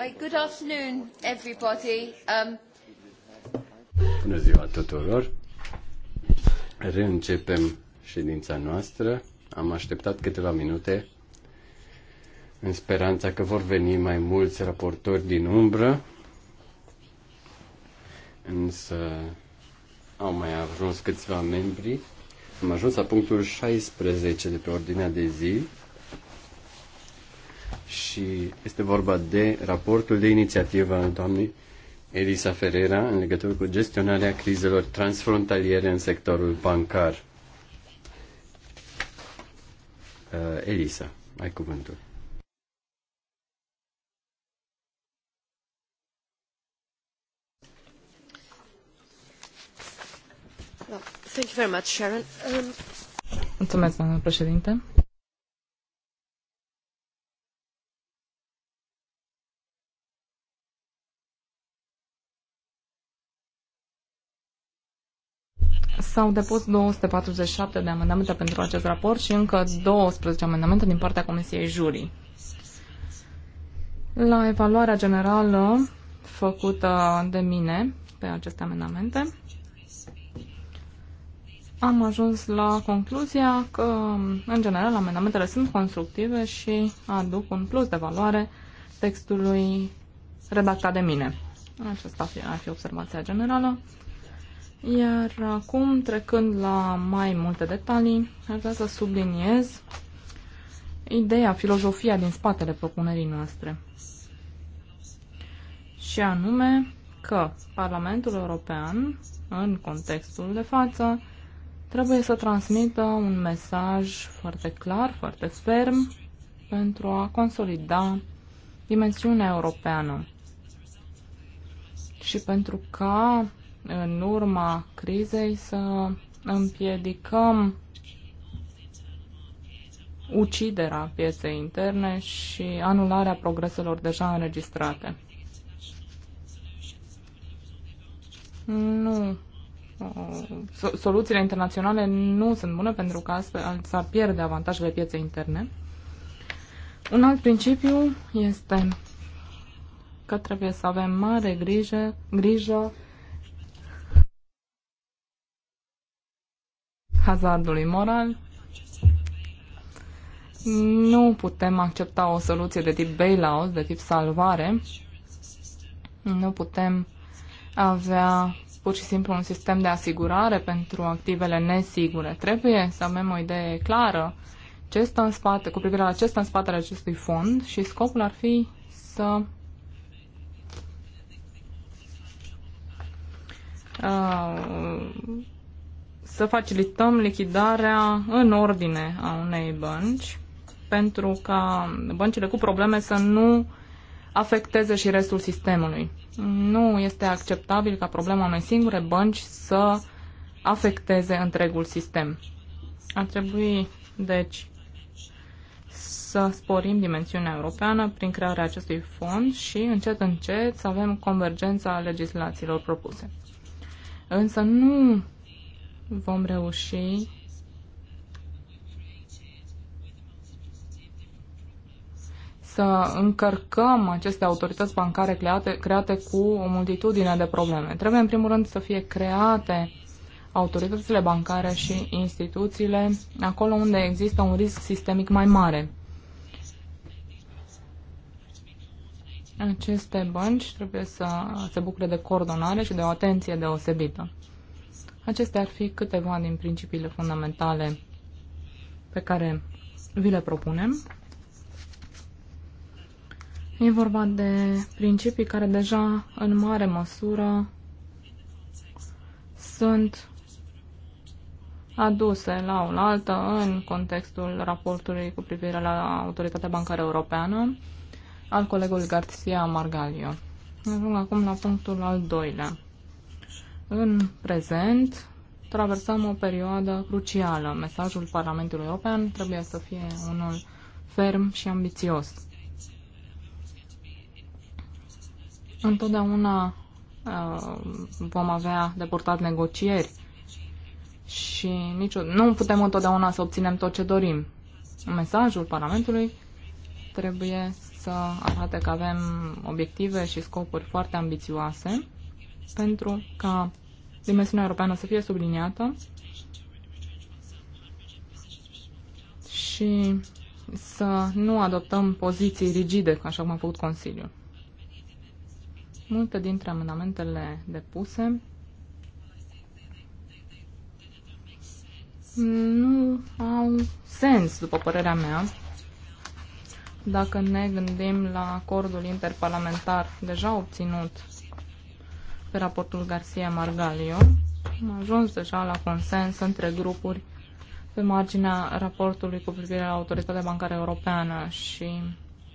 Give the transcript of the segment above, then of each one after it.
Hi, good afternoon, everybody. Um... Bună ziua tuturor! Reîncepem ședința noastră. Am așteptat câteva minute în speranța că vor veni mai mulți raportori din umbră, însă au mai ajuns câțiva membri. Am ajuns la punctul 16 de pe ordinea de zi, și este vorba de raportul de inițiativă al doamnei Elisa Ferreira în legătură cu gestionarea crizelor transfrontaliere în sectorul bancar. Uh, Elisa, ai cuvântul. Thank you very much, Sharon. Um... Mulțumesc, doamnă președinte. S-au depus 247 de amendamente pentru acest raport și încă 12 amendamente din partea Comisiei Jurii. La evaluarea generală făcută de mine pe aceste amendamente, am ajuns la concluzia că, în general, amendamentele sunt constructive și aduc un plus de valoare textului redactat de mine. Aceasta ar fi observația generală. Iar acum, trecând la mai multe detalii, aș vrea să subliniez ideea, filozofia din spatele propunerii noastre. Și anume că Parlamentul European, în contextul de față, trebuie să transmită un mesaj foarte clar, foarte ferm, pentru a consolida dimensiunea europeană și pentru ca în urma crizei să împiedicăm uciderea pieței interne și anularea progreselor deja înregistrate. Nu. Soluțiile internaționale nu sunt bune pentru că astfel s-ar pierde avantajele pieței interne. Un alt principiu este că trebuie să avem mare grijă, grijă hazardului moral, nu putem accepta o soluție de tip bailout, de tip salvare. Nu putem avea pur și simplu un sistem de asigurare pentru activele nesigure. Trebuie să avem o idee clară ce stă în spate, cu privire la ce stă în spatele acestui fond și scopul ar fi să uh, să facilităm lichidarea în ordine a unei bănci pentru ca băncile cu probleme să nu afecteze și restul sistemului. Nu este acceptabil ca problema unei singure bănci să afecteze întregul sistem. Ar trebui, deci, să sporim dimensiunea europeană prin crearea acestui fond și, încet, încet, să avem convergența legislațiilor propuse. Însă nu vom reuși să încărcăm aceste autorități bancare create, create cu o multitudine de probleme. Trebuie, în primul rând, să fie create autoritățile bancare și instituțiile acolo unde există un risc sistemic mai mare. Aceste bănci trebuie să se bucure de coordonare și de o atenție deosebită. Acestea ar fi câteva din principiile fundamentale pe care vi le propunem. E vorba de principii care deja în mare măsură sunt aduse la oaltă în contextul raportului cu privire la Autoritatea Bancară Europeană al colegului Garcia Margalio. Ajung acum la punctul al doilea. În prezent, traversăm o perioadă crucială. Mesajul Parlamentului European trebuie să fie unul ferm și ambițios. Întotdeauna uh, vom avea de purtat negocieri și nicio, nu putem întotdeauna să obținem tot ce dorim. Mesajul Parlamentului trebuie să arate că avem obiective și scopuri foarte ambițioase pentru ca dimensiunea europeană să fie subliniată și să nu adoptăm poziții rigide, așa cum a făcut Consiliul. Multe dintre amendamentele depuse nu au sens, după părerea mea, dacă ne gândim la acordul interparlamentar deja obținut pe raportul Garcia Margalio. Am ajuns deja la consens între grupuri pe marginea raportului cu privire la Autoritatea Bancară Europeană și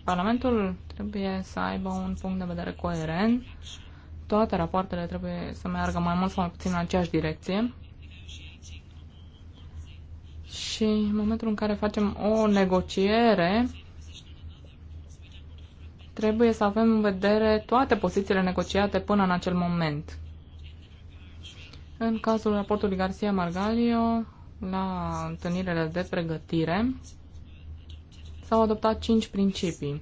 Parlamentul trebuie să aibă un punct de vedere coerent. Toate rapoartele trebuie să meargă mai mult sau mai puțin în aceeași direcție. Și în momentul în care facem o negociere, trebuie să avem în vedere toate pozițiile negociate până în acel moment. În cazul raportului Garcia Margalio, la întâlnirile de pregătire, s-au adoptat cinci principii.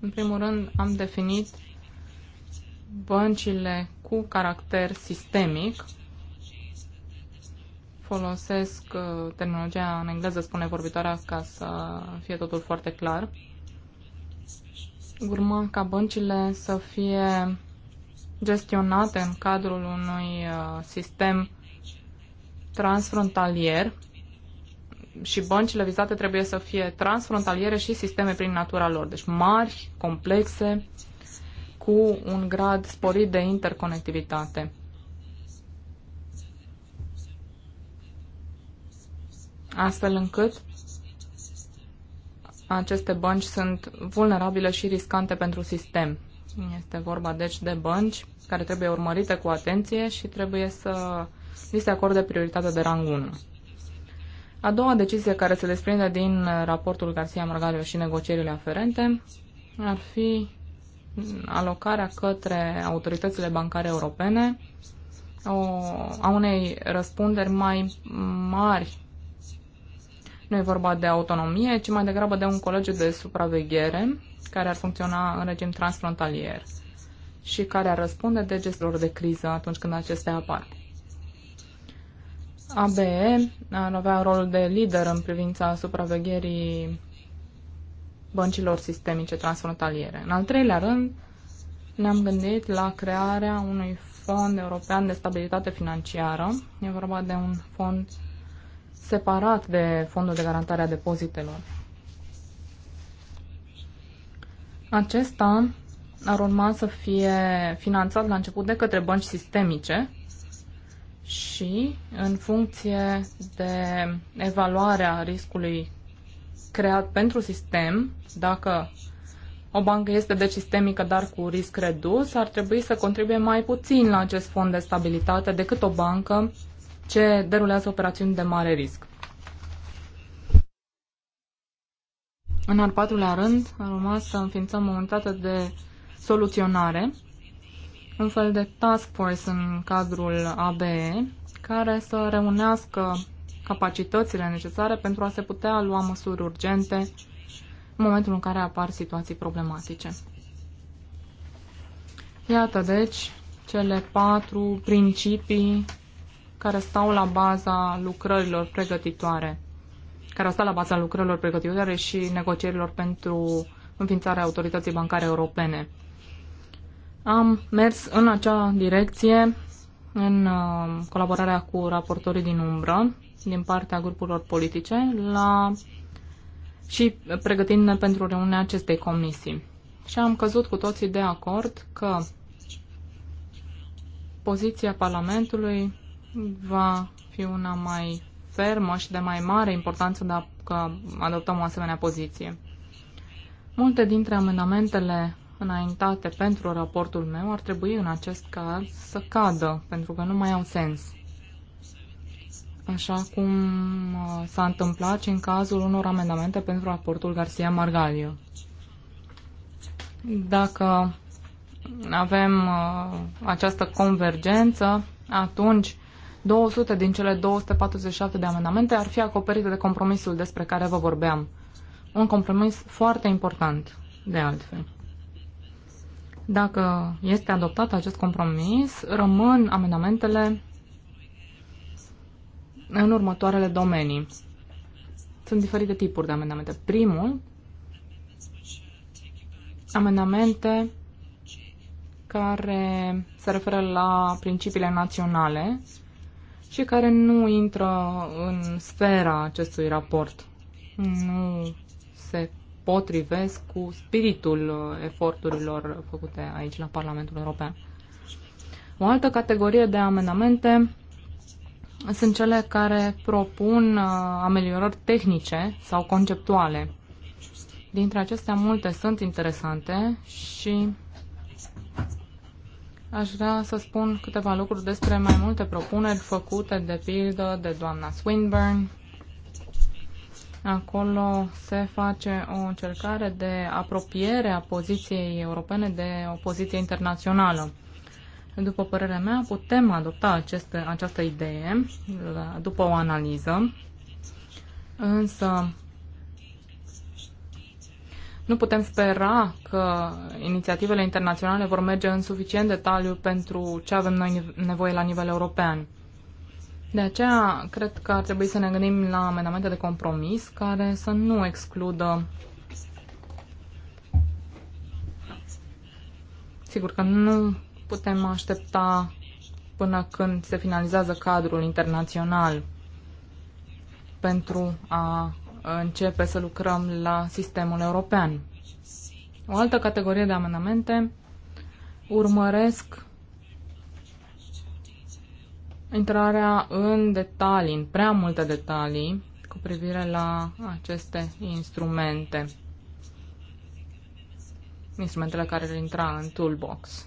În primul rând, am definit băncile cu caracter sistemic. Folosesc uh, terminologia în engleză, spune vorbitoarea, ca să fie totul foarte clar urmăm ca băncile să fie gestionate în cadrul unui uh, sistem transfrontalier și băncile vizate trebuie să fie transfrontaliere și sisteme prin natura lor, deci mari, complexe, cu un grad sporit de interconectivitate. Astfel încât aceste bănci sunt vulnerabile și riscante pentru sistem. Este vorba deci de bănci care trebuie urmărite cu atenție și trebuie să li se acorde prioritate de rang 1. A doua decizie care se desprinde din raportul Garcia Margalio și negocierile aferente ar fi alocarea către autoritățile bancare europene o, a unei răspunderi mai mari nu e vorba de autonomie, ci mai degrabă de un colegiu de supraveghere care ar funcționa în regim transfrontalier și care ar răspunde de gestelor de criză atunci când acestea apar. ABE ar avea rolul de lider în privința supravegherii băncilor sistemice transfrontaliere. În al treilea rând, ne-am gândit la crearea unui fond european de stabilitate financiară. E vorba de un fond uh, separat de fondul de garantare a depozitelor. Acesta ar urma să fie finanțat la început de către bănci sistemice și în funcție de evaluarea riscului creat pentru sistem, dacă o bancă este de deci sistemică, dar cu risc redus, ar trebui să contribuie mai puțin la acest fond de stabilitate decât o bancă ce derulează operațiuni de mare risc. În al patrulea rând, am rămas să înființăm o unitate de soluționare, un fel de task force în cadrul ABE, care să reunească capacitățile necesare pentru a se putea lua măsuri urgente în momentul în care apar situații problematice. Iată, deci, cele patru principii care stau la baza lucrărilor pregătitoare, care au stat la baza lucrărilor pregătitoare și negocierilor pentru înființarea autorității bancare europene. Am mers în acea direcție în uh, colaborarea cu raportorii din umbră, din partea grupurilor politice, la și pregătindu-ne pentru reuniunea acestei comisii. Și am căzut cu toții de acord că poziția Parlamentului va fi una mai fermă și de mai mare importanță dacă adoptăm o asemenea poziție. Multe dintre amendamentele înaintate pentru raportul meu ar trebui în acest caz să cadă, pentru că nu mai au sens. Așa cum uh, s-a întâmplat și în cazul unor amendamente pentru raportul Garcia Margalio. Dacă avem uh, această convergență, atunci 200 din cele 247 de amendamente ar fi acoperite de compromisul despre care vă vorbeam. Un compromis foarte important, de altfel. Dacă este adoptat acest compromis, rămân amendamentele în următoarele domenii. Sunt diferite tipuri de amendamente. Primul, amendamente care se referă la principiile naționale și care nu intră în sfera acestui raport. Nu se potrivesc cu spiritul uh, eforturilor făcute aici la Parlamentul European. O altă categorie de amendamente sunt cele care propun uh, ameliorări tehnice sau conceptuale. Dintre acestea, multe sunt interesante și Aș vrea să spun câteva lucruri despre mai multe propuneri făcute, de pildă, de doamna Swinburne. Acolo se face o încercare de apropiere a poziției europene de o poziție internațională. După părerea mea, putem adopta aceste, această idee după o analiză, însă nu putem spera că inițiativele internaționale vor merge în suficient detaliu pentru ce avem noi nevoie la nivel european. De aceea, cred că ar trebui să ne gândim la amendamente de compromis care să nu excludă. Sigur că nu putem aștepta până când se finalizează cadrul internațional pentru a începe să lucrăm la sistemul european. O altă categorie de amendamente urmăresc intrarea în detalii, în prea multe detalii cu privire la aceste instrumente, instrumentele care intra în toolbox.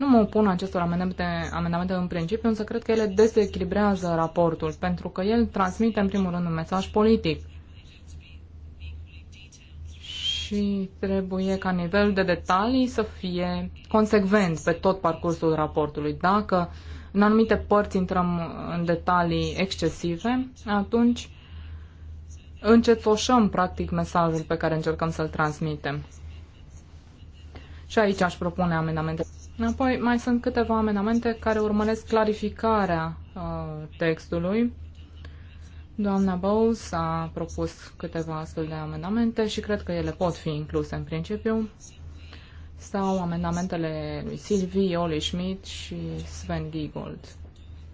Nu mă opun acestor amendamente, amendamente în principiu, însă cred că ele dezechilibrează raportul, pentru că el transmite în primul rând un mesaj politic. Și trebuie ca nivel de detalii să fie consecvent pe tot parcursul raportului. Dacă în anumite părți intrăm în detalii excesive, atunci încetoșăm practic mesajul pe care încercăm să-l transmitem. Și aici aș propune amendamente. Apoi mai sunt câteva amendamente care urmăresc clarificarea uh, textului. Doamna Bowles a propus câteva astfel de amendamente și cred că ele pot fi incluse în principiu. Sau amendamentele lui Silvii, Oli Schmidt și Sven Giegold.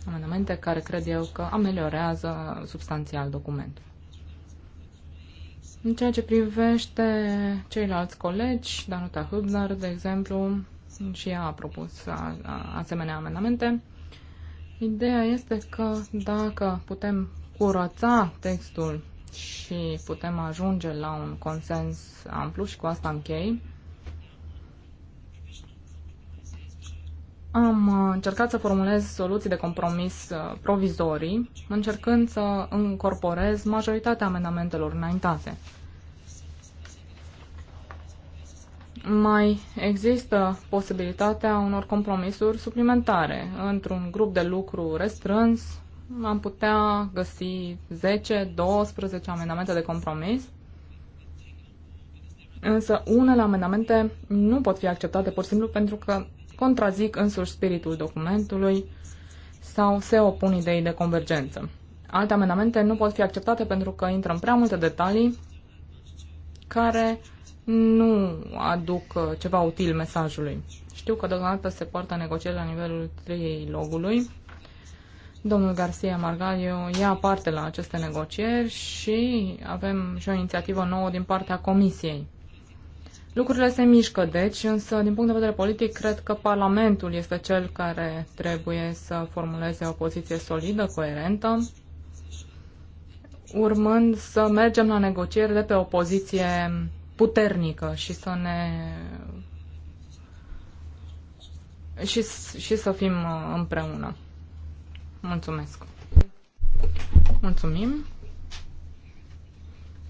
Amendamente care cred eu că ameliorează substanțial documentul. În ceea ce privește ceilalți colegi, Danuta Hübner, de exemplu, și ea a propus a, a, asemenea amendamente. Ideea este că dacă putem curăța textul și putem ajunge la un consens amplu și cu asta închei, am uh, încercat să formulez soluții de compromis uh, provizorii, încercând să încorporez majoritatea amendamentelor înaintate. mai există posibilitatea unor compromisuri suplimentare. Într-un grup de lucru restrâns am putea găsi 10-12 amendamente de compromis, însă unele amendamente nu pot fi acceptate pur și simplu pentru că contrazic însuși spiritul documentului sau se opun idei de convergență. Alte amendamente nu pot fi acceptate pentru că intră în prea multe detalii care uh, nu aduc uh, ceva util mesajului. Știu că deodată se poartă negocieri la nivelul logului. Domnul Garcia Margalio ia parte la aceste negocieri și avem și o inițiativă nouă din partea Comisiei. Lucrurile se mișcă, deci, însă, din punct de vedere politic, cred că Parlamentul este cel care trebuie să formuleze o poziție solidă, coerentă, urmând să mergem la negocieri de pe o poziție puternică și să ne și, și să fim uh, împreună. Mulțumesc. Mulțumim.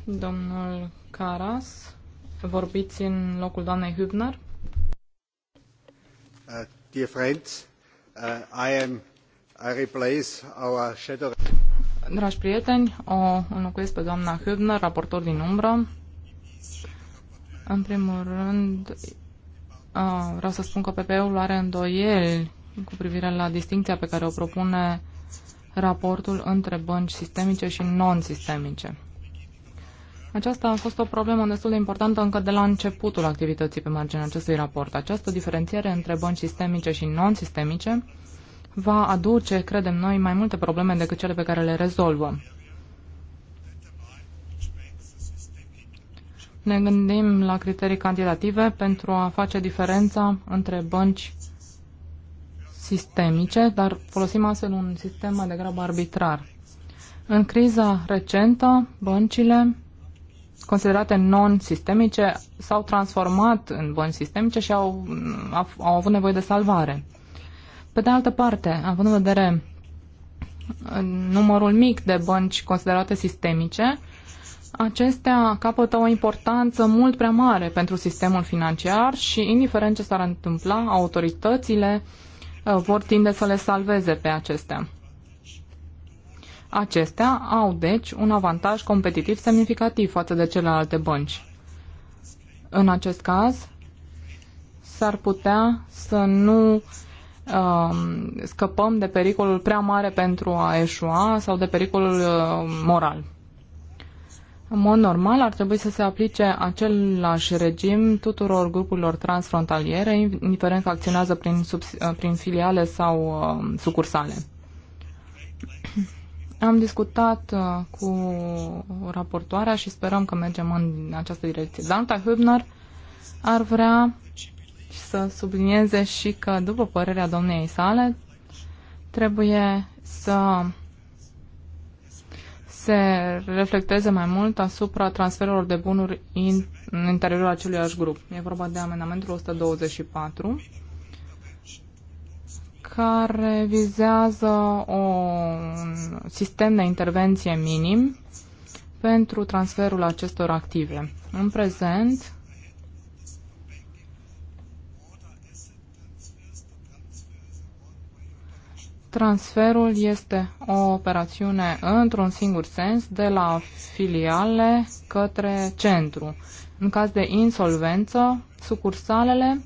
Domnul Caras, vorbiți în locul doamnei Hübner. Uh, dear friends, uh, I am I replace our shadow Dragi prieteni, o înlocuiesc pe doamna Hübner, raportor din umbră în primul rând, a, vreau să spun că PPE-ul are îndoieli cu privire la distinția pe care o propune raportul între bănci sistemice și non-sistemice. Aceasta a fost o problemă destul de importantă încă de la începutul activității pe marginea acestui raport. Această diferențiere între bănci sistemice și non-sistemice va aduce, credem noi, mai multe probleme decât cele pe care le rezolvă. ne gândim la criterii cantitative pentru a face diferența între bănci sistemice, dar folosim astfel un sistem mai degrabă arbitrar. În criza recentă, băncile considerate non-sistemice s-au transformat în bănci sistemice și au, au avut nevoie de salvare. Pe de altă parte, având în vedere numărul mic de bănci considerate sistemice, acestea capătă o importanță mult prea mare pentru sistemul financiar și, indiferent ce s-ar întâmpla, autoritățile uh, vor tinde să le salveze pe acestea. Acestea au, deci, un avantaj competitiv semnificativ față de celelalte bănci. În acest caz, s-ar putea să nu uh, scăpăm de pericolul prea mare pentru a eșua sau de pericolul uh, moral. În mod normal ar trebui să se aplice același regim tuturor grupurilor transfrontaliere, indiferent că acționează prin, sub, uh, prin filiale sau uh, sucursale. Am discutat uh, cu raportoarea și sperăm că mergem în această direcție. Danta Hübner ar vrea să sublinieze și că, după părerea domniei sale, trebuie să se reflecteze mai mult asupra transferurilor de bunuri in, în interiorul aceluiași grup. E vorba de amendamentul 124, care vizează o, un sistem de intervenție minim pentru transferul acestor active. În prezent, Transferul este o operațiune într-un singur sens de la filiale către centru. În caz de insolvență, sucursalele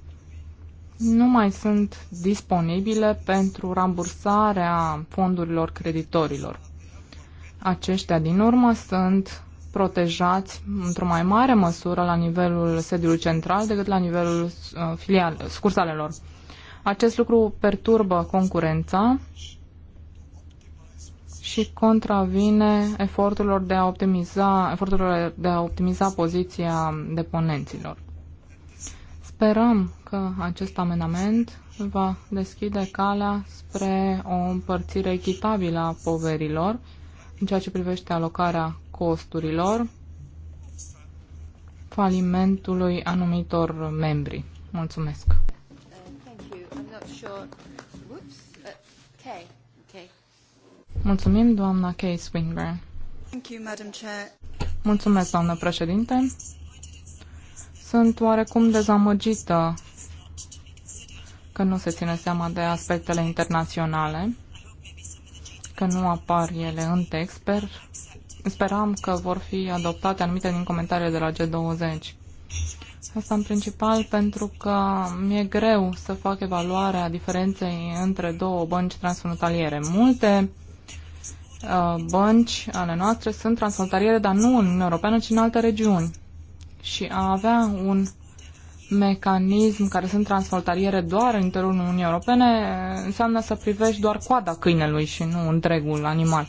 nu mai sunt disponibile pentru rambursarea fondurilor creditorilor. Aceștia, din urmă, sunt protejați într-o mai mare măsură la nivelul sediului central decât la nivelul uh, filial, uh, sucursalelor. Acest lucru perturbă concurența și contravine eforturilor de a optimiza, eforturilor de a optimiza poziția deponenților. Sperăm că acest amendament va deschide calea spre o împărțire echitabilă a poverilor în ceea ce privește alocarea costurilor falimentului anumitor membri. Mulțumesc! not sure. Whoops. Uh, Kay. Okay. Mulțumim, doamna Kay Swinburne. Thank you, Madam Chair. Mulțumesc, doamnă președinte. Sunt oarecum dezamăgită că nu se ține seama de aspectele internaționale, că nu apar ele în text. Sper, speram că vor fi adoptate anumite din comentariile de la G20. Asta în principal pentru că mi-e greu să fac evaluarea diferenței între două bănci transfrontaliere. Multe uh, bănci ale noastre sunt transfrontaliere, dar nu în Uniunea Europeană, ci în alte regiuni. Și a avea un mecanism care sunt transfrontaliere doar în interiorul Uniunii Europene uh, înseamnă să privești doar coada câinelui și nu întregul animal.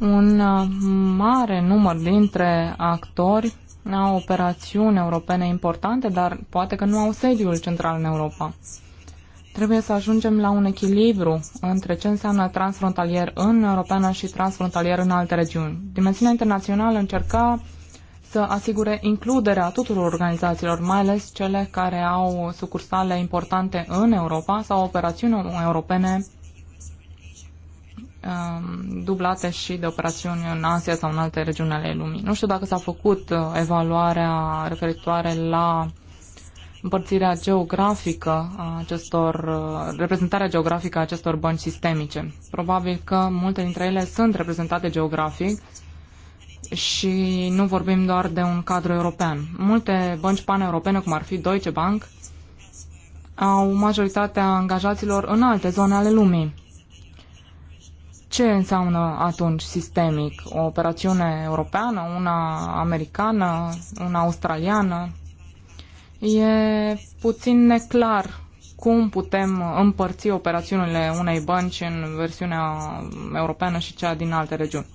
un uh, mare număr dintre actori au operațiuni europene importante, dar poate că nu au sediul central în Europa. Trebuie să ajungem la un echilibru între ce înseamnă transfrontalier în Europeană și transfrontalier în alte regiuni. Dimensiunea internațională încerca să asigure includerea tuturor organizațiilor, mai ales cele care au sucursale importante în Europa sau operațiuni europene Um, dublate și de operațiuni în Asia sau în alte regiuni ale lumii. Nu știu dacă s-a făcut uh, evaluarea referitoare la împărțirea geografică a acestor, uh, reprezentarea geografică a acestor bănci sistemice. Probabil că multe dintre ele sunt reprezentate geografic și nu vorbim doar de un cadru european. Multe bănci paneuropene, cum ar fi Deutsche Bank, au majoritatea angajaților în alte zone ale lumii. Ce înseamnă atunci sistemic? O operațiune europeană, una americană, una australiană? E puțin neclar cum putem împărți operațiunile unei bănci în versiunea europeană și cea din alte regiuni.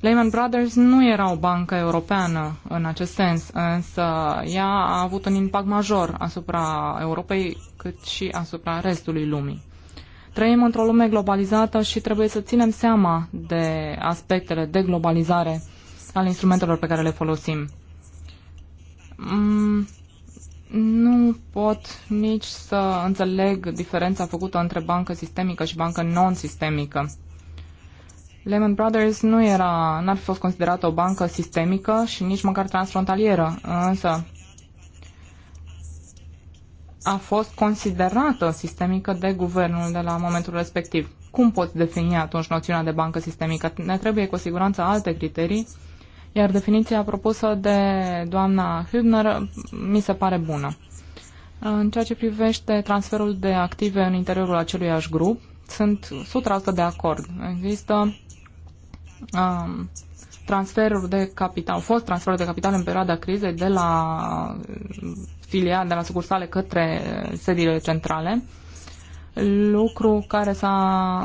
Lehman Brothers nu era o bancă europeană în acest sens, însă ea a avut un impact major asupra Europei cât și asupra restului lumii. Trăim într-o lume globalizată și trebuie să ținem seama de aspectele de globalizare ale instrumentelor pe care le folosim. Mm, nu pot nici să înțeleg diferența făcută între bancă sistemică și bancă non-sistemică. Lehman Brothers nu era, n-ar fi fost considerată o bancă sistemică și nici măcar transfrontalieră, însă a fost considerată sistemică de guvernul de la momentul respectiv. Cum poți defini atunci noțiunea de bancă sistemică? Ne trebuie cu siguranță alte criterii, iar definiția propusă de doamna Hübner mi se pare bună. În ceea ce privește transferul de active în interiorul aceluiași grup, sunt 100% de acord. Există um, transferul de capital, au fost transferul de capital în perioada crizei de la filiale, de la sucursale către sediile centrale, lucru care s-a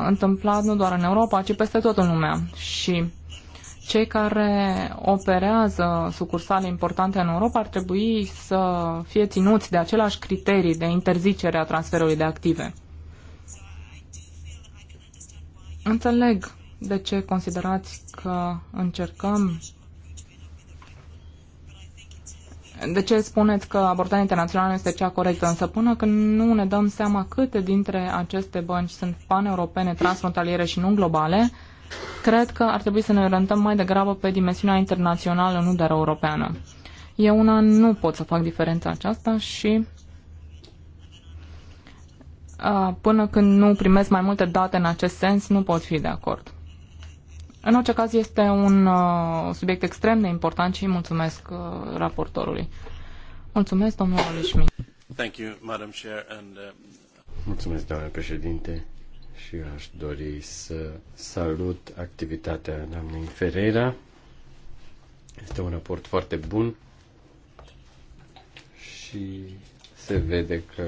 întâmplat nu doar în Europa, ci peste tot în lumea. Și cei care operează sucursale importante în Europa ar trebui să fie ținuți de aceleași criterii de interzicere a transferului de active. Înțeleg de ce considerați că încercăm de ce spuneți că abordarea internațională este cea corectă? Însă până când nu ne dăm seama câte dintre aceste bănci sunt paneuropene, transfrontaliere și nu globale, cred că ar trebui să ne orientăm mai degrabă pe dimensiunea internațională, nu doar europeană. Eu una nu pot să fac diferența aceasta și până când nu primesc mai multe date în acest sens, nu pot fi de acord. În orice caz, este un uh, subiect extrem de important și mulțumesc uh, raportorului. Mulțumesc, domnul Olișmi. Thank you, Madam Chair, and, uh... Mulțumesc, doamnă președinte, și eu aș dori să salut activitatea doamnei Ferreira. Este un raport foarte bun și se vede că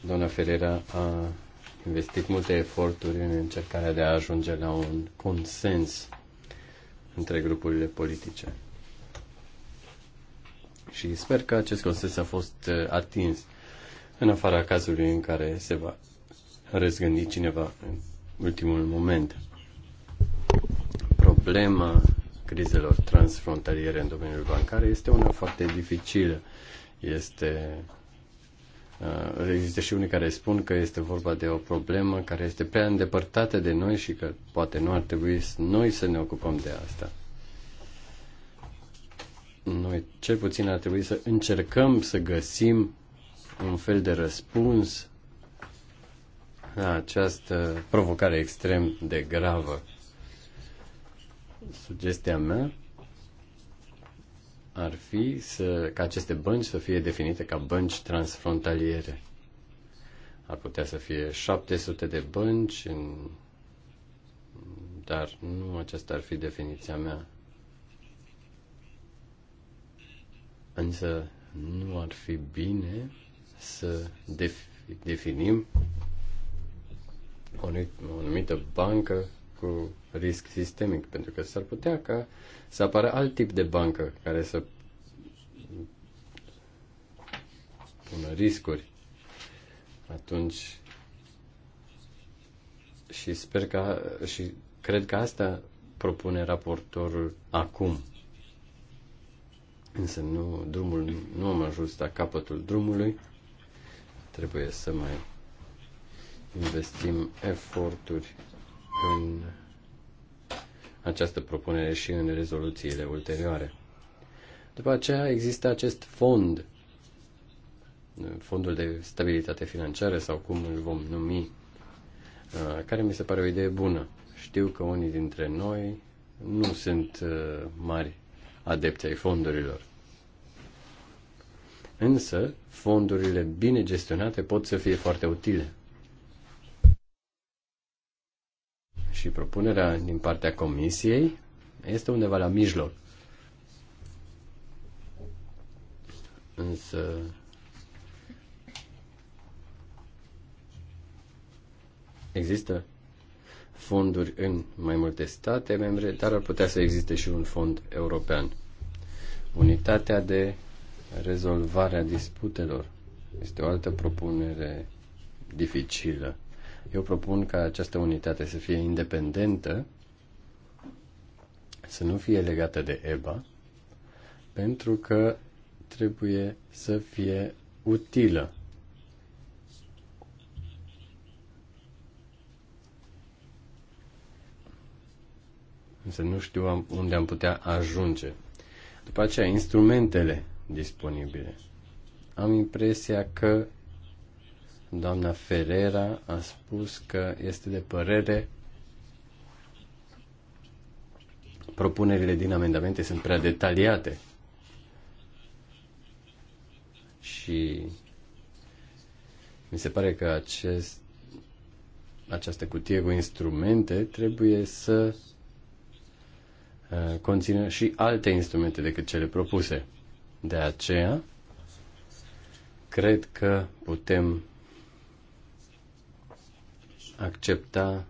doamna Ferreira a investit multe eforturi în încercarea de a ajunge la un consens între grupurile politice. Și sper că acest consens a fost uh, atins, în afara cazului în care se va răzgândi cineva în ultimul moment. Problema crizelor transfrontaliere în domeniul bancar este una foarte dificilă. Este Uh, există și unii care spun că este vorba de o problemă care este prea îndepărtată de noi și că poate nu ar trebui noi să ne ocupăm de asta. Noi cel puțin ar trebui să încercăm să găsim un fel de răspuns la această provocare extrem de gravă. Sugestia mea ar fi să, ca aceste bănci să fie definite ca bănci transfrontaliere. Ar putea să fie 700 de bănci, în, dar nu aceasta ar fi definiția mea. Însă nu ar fi bine să def- definim o anumită bancă cu risc sistemic, pentru că s-ar putea ca să apară alt tip de bancă care să pună riscuri. Atunci și sper că și cred că asta propune raportorul acum. Însă nu, drumul nu am ajuns la capătul drumului. Trebuie să mai investim eforturi în această propunere și în rezoluțiile ulterioare. După aceea există acest fond, fondul de stabilitate financiară sau cum îl vom numi, uh, care mi se pare o idee bună. Știu că unii dintre noi nu sunt uh, mari adepți ai fondurilor. Însă, fondurile bine gestionate pot să fie foarte utile. și propunerea din partea Comisiei este undeva la mijloc. Însă există fonduri în mai multe state membre, dar ar putea să existe și un fond european. Unitatea de rezolvare a disputelor este o altă propunere dificilă. Eu propun ca această unitate să fie independentă, să nu fie legată de EBA, pentru că trebuie să fie utilă. Însă nu știu unde am putea ajunge. După aceea, instrumentele disponibile. Am impresia că Doamna Ferrera a spus că este de părere propunerile din amendamente sunt prea detaliate și mi se pare că acest, această cutie cu instrumente trebuie să uh, conțină și alte instrumente decât cele propuse. De aceea, cred că putem accepta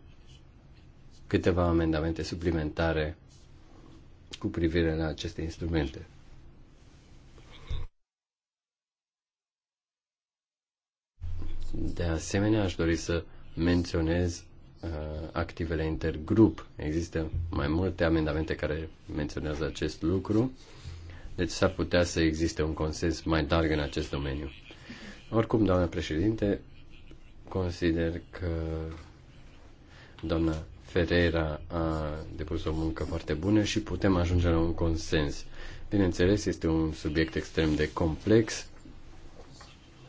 câteva amendamente suplimentare cu privire la aceste instrumente. De asemenea, aș dori să menționez uh, activele intergrup. Există mai multe amendamente care menționează acest lucru, deci s-ar putea să existe un consens mai larg în acest domeniu. Oricum, doamnă președinte, Consider că doamna Ferreira a depus o muncă foarte bună și putem ajunge la un consens. Bineînțeles, este un subiect extrem de complex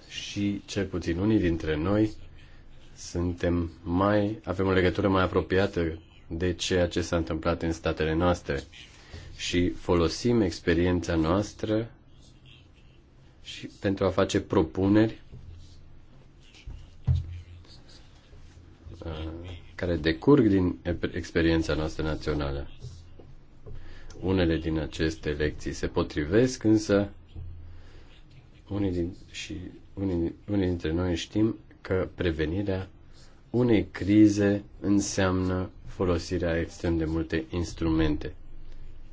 și cel puțin unii dintre noi suntem mai, avem o legătură mai apropiată de ceea ce s-a întâmplat în statele noastre și folosim experiența noastră și pentru a face propuneri Uh, care decurg din experiența noastră națională. Unele din aceste lecții se potrivesc, însă unii, din, și, unii, unii dintre noi știm că prevenirea unei crize înseamnă folosirea extrem de multe instrumente.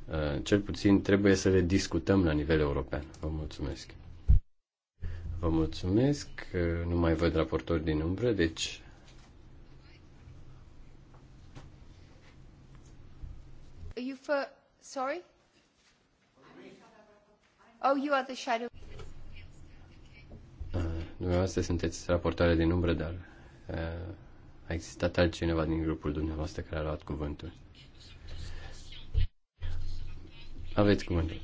Uh, cel puțin trebuie să le discutăm la nivel european. Vă mulțumesc. Vă mulțumesc. Uh, nu mai văd raportori din umbră, deci for, sorry? Oh, you are the shadow. Uh, dumneavoastră sunteți raportoare din umbră, dar uh, a existat altcineva din grupul dumneavoastră care a luat cuvântul. Aveți cuvântul.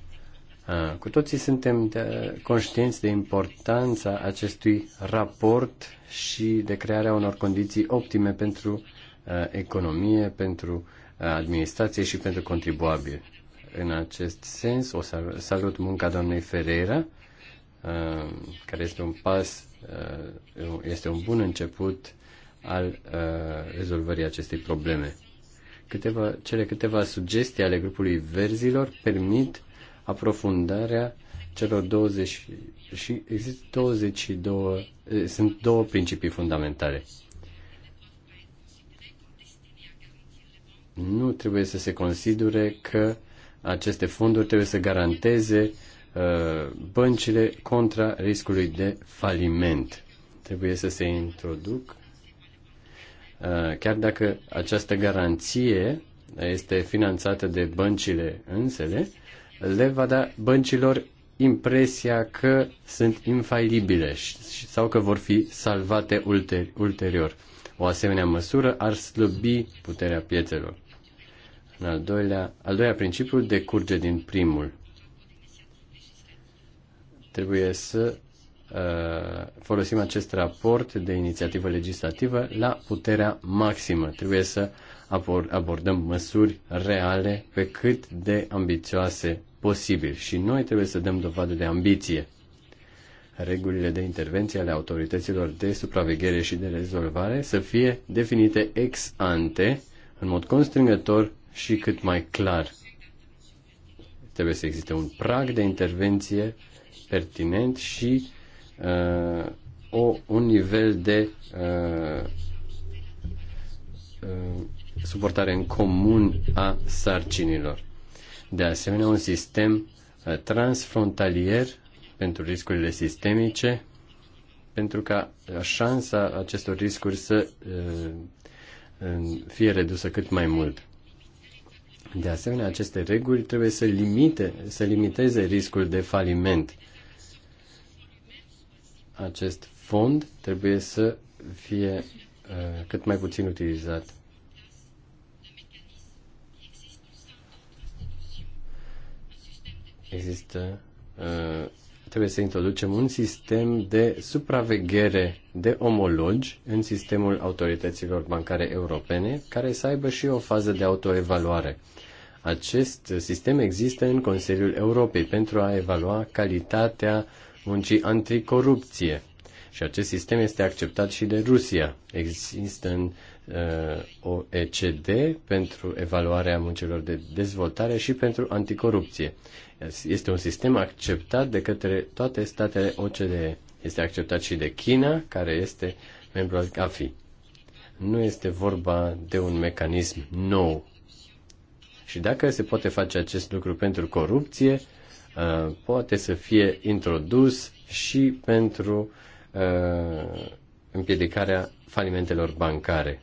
Uh, cu toții suntem de, uh, conștienți de importanța acestui raport și de crearea unor condiții optime pentru uh, economie, pentru uh, administrației și pentru contribuabili. În acest sens, o salut munca doamnei Ferreira, uh, care este un pas, uh, este un bun început al uh, rezolvării acestei probleme. Câteva, cele câteva sugestii ale grupului verzilor permit aprofundarea celor 20 și există 22, eh, sunt două principii fundamentale. nu trebuie să se considere că aceste fonduri trebuie să garanteze uh, băncile contra riscului de faliment. Trebuie să se introduc, uh, chiar dacă această garanție este finanțată de băncile însele, le va da băncilor impresia că sunt infailibile sau că vor fi salvate ulterior. O asemenea măsură ar slăbi puterea piețelor. În al doilea, al doilea principiu decurge din primul. Trebuie să uh, folosim acest raport de inițiativă legislativă la puterea maximă. Trebuie să abordăm măsuri reale pe cât de ambițioase posibil și noi trebuie să dăm dovadă de ambiție regulile de intervenție ale autorităților de supraveghere și de rezolvare să fie definite ex ante, în mod constrângător și cât mai clar. Trebuie să existe un prag de intervenție pertinent și uh, o, un nivel de uh, uh, suportare în comun a sarcinilor. De asemenea, un sistem uh, transfrontalier pentru riscurile sistemice, pentru ca uh, șansa acestor riscuri să uh, fie redusă cât mai mult. De asemenea, aceste reguli trebuie să, limite, să limiteze riscul de faliment. Acest fond trebuie să fie uh, cât mai puțin utilizat. Există uh, trebuie să introducem un sistem de supraveghere de omologi în sistemul autorităților bancare europene, care să aibă și o fază de autoevaluare. Acest sistem există în Consiliul Europei pentru a evalua calitatea muncii anticorupție. Și acest sistem este acceptat și de Rusia. Există în uh, OECD pentru evaluarea muncilor de dezvoltare și pentru anticorupție. Este un sistem acceptat de către toate statele OCDE. Este acceptat și de China, care este membru al GAFI. Nu este vorba de un mecanism nou. Și dacă se poate face acest lucru pentru corupție, uh, poate să fie introdus și pentru uh, Uh, împiedicarea falimentelor bancare.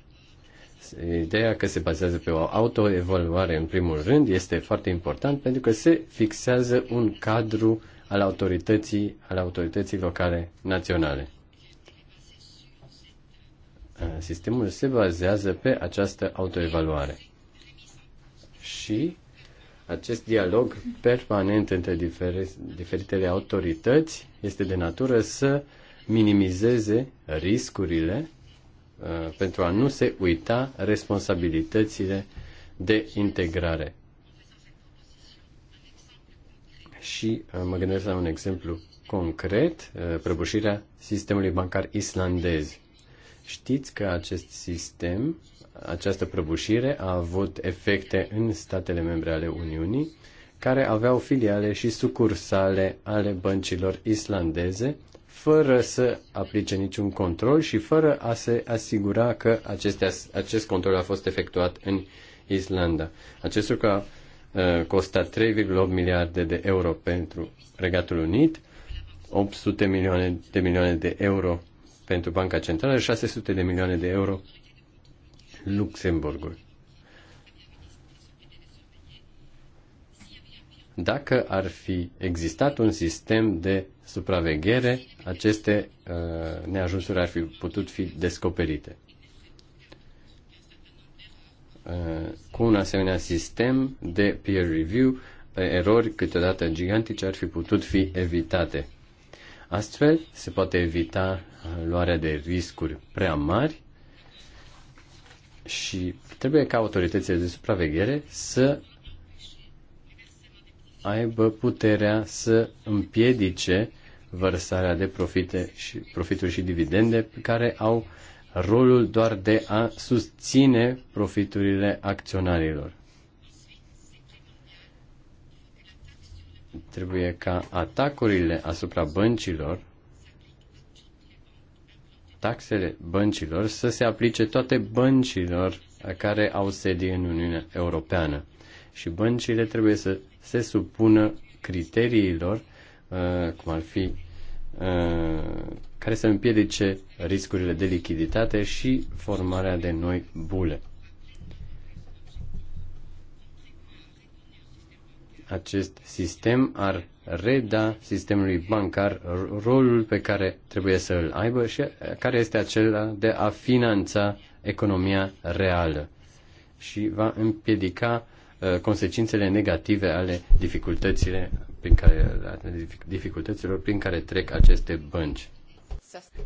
Ideea că se bazează pe o autoevaluare în primul rând este foarte important pentru că se fixează un cadru al autorității, al autorității locale naționale. Uh, sistemul se bazează pe această autoevaluare. Și acest dialog permanent între diferitele autorități este de natură să minimizeze riscurile uh, pentru a nu se uita responsabilitățile de integrare. Și uh, mă gândesc la un exemplu concret, uh, prăbușirea sistemului bancar islandez. Știți că acest sistem, această prăbușire a avut efecte în statele membre ale Uniunii, care aveau filiale și sucursale ale băncilor islandeze fără să aplice niciun control și fără a se asigura că acestea, acest control a fost efectuat în Islanda. Acest lucru a uh, costat 3,8 miliarde de euro pentru Regatul Unit, 800 milioane de milioane de euro pentru Banca Centrală, 600 de milioane de euro Luxemburgul. Dacă ar fi existat un sistem de supraveghere, aceste uh, neajunsuri ar fi putut fi descoperite. Uh, cu un asemenea sistem de peer review, uh, erori câteodată gigantice ar fi putut fi evitate. Astfel, se poate evita uh, luarea de riscuri prea mari și trebuie ca autoritățile de supraveghere să aibă puterea să împiedice vărsarea de profite și, profituri și dividende care au rolul doar de a susține profiturile acționarilor. Trebuie ca atacurile asupra băncilor, taxele băncilor, să se aplice toate băncilor care au sedii în Uniunea Europeană și băncile trebuie să se supună criteriilor, uh, cum ar fi uh, care să împiedice riscurile de lichiditate și formarea de noi bule. Acest sistem ar reda sistemului bancar rolul pe care trebuie să îl aibă și uh, care este acela de a finanța economia reală și va împiedica Uh, consecințele negative ale dificultățile prin care, dificultăților prin care trec aceste bănci.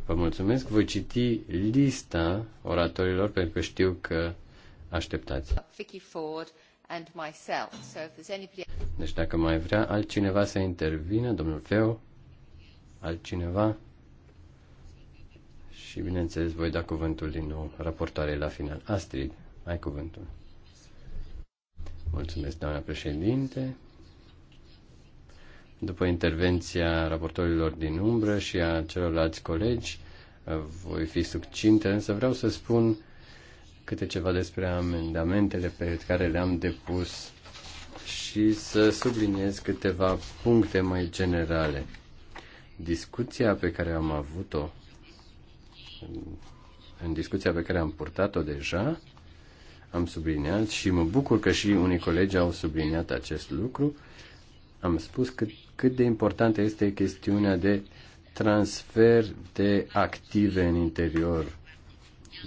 Vă mulțumesc. Voi citi lista oratorilor pentru că știu că așteptați. Deci dacă mai vrea altcineva să intervină, domnul Feo, altcineva și bineînțeles voi da cuvântul din nou raportoarei la final. Astrid, ai cuvântul. Mulțumesc, doamna președinte. După intervenția raportorilor din umbră și a celorlalți colegi, uh, voi fi succintă, însă vreau să spun câte ceva despre amendamentele pe care le-am depus și să subliniez câteva puncte mai generale. Discuția pe care am avut-o, în discuția pe care am purtat-o deja, am subliniat și mă bucur că și unii colegi au subliniat acest lucru. Am spus că cât de importantă este chestiunea de transfer de active în interior.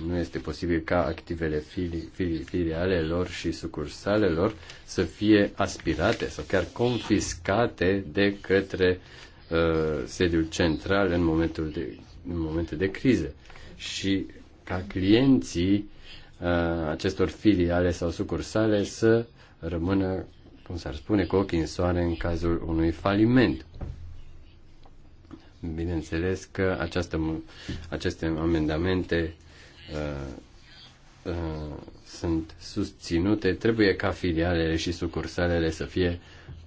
Nu este posibil ca activele filiale lor filialelor și sucursalelor să fie aspirate sau chiar confiscate de către uh, sediul central în momentul de, în momente de criză. Și ca clienții acestor filiale sau sucursale să rămână, cum s-ar spune, cu ochii în soare în cazul unui faliment. Bineînțeles că această, aceste amendamente uh, uh, sunt susținute. Trebuie ca filialele și sucursalele să fie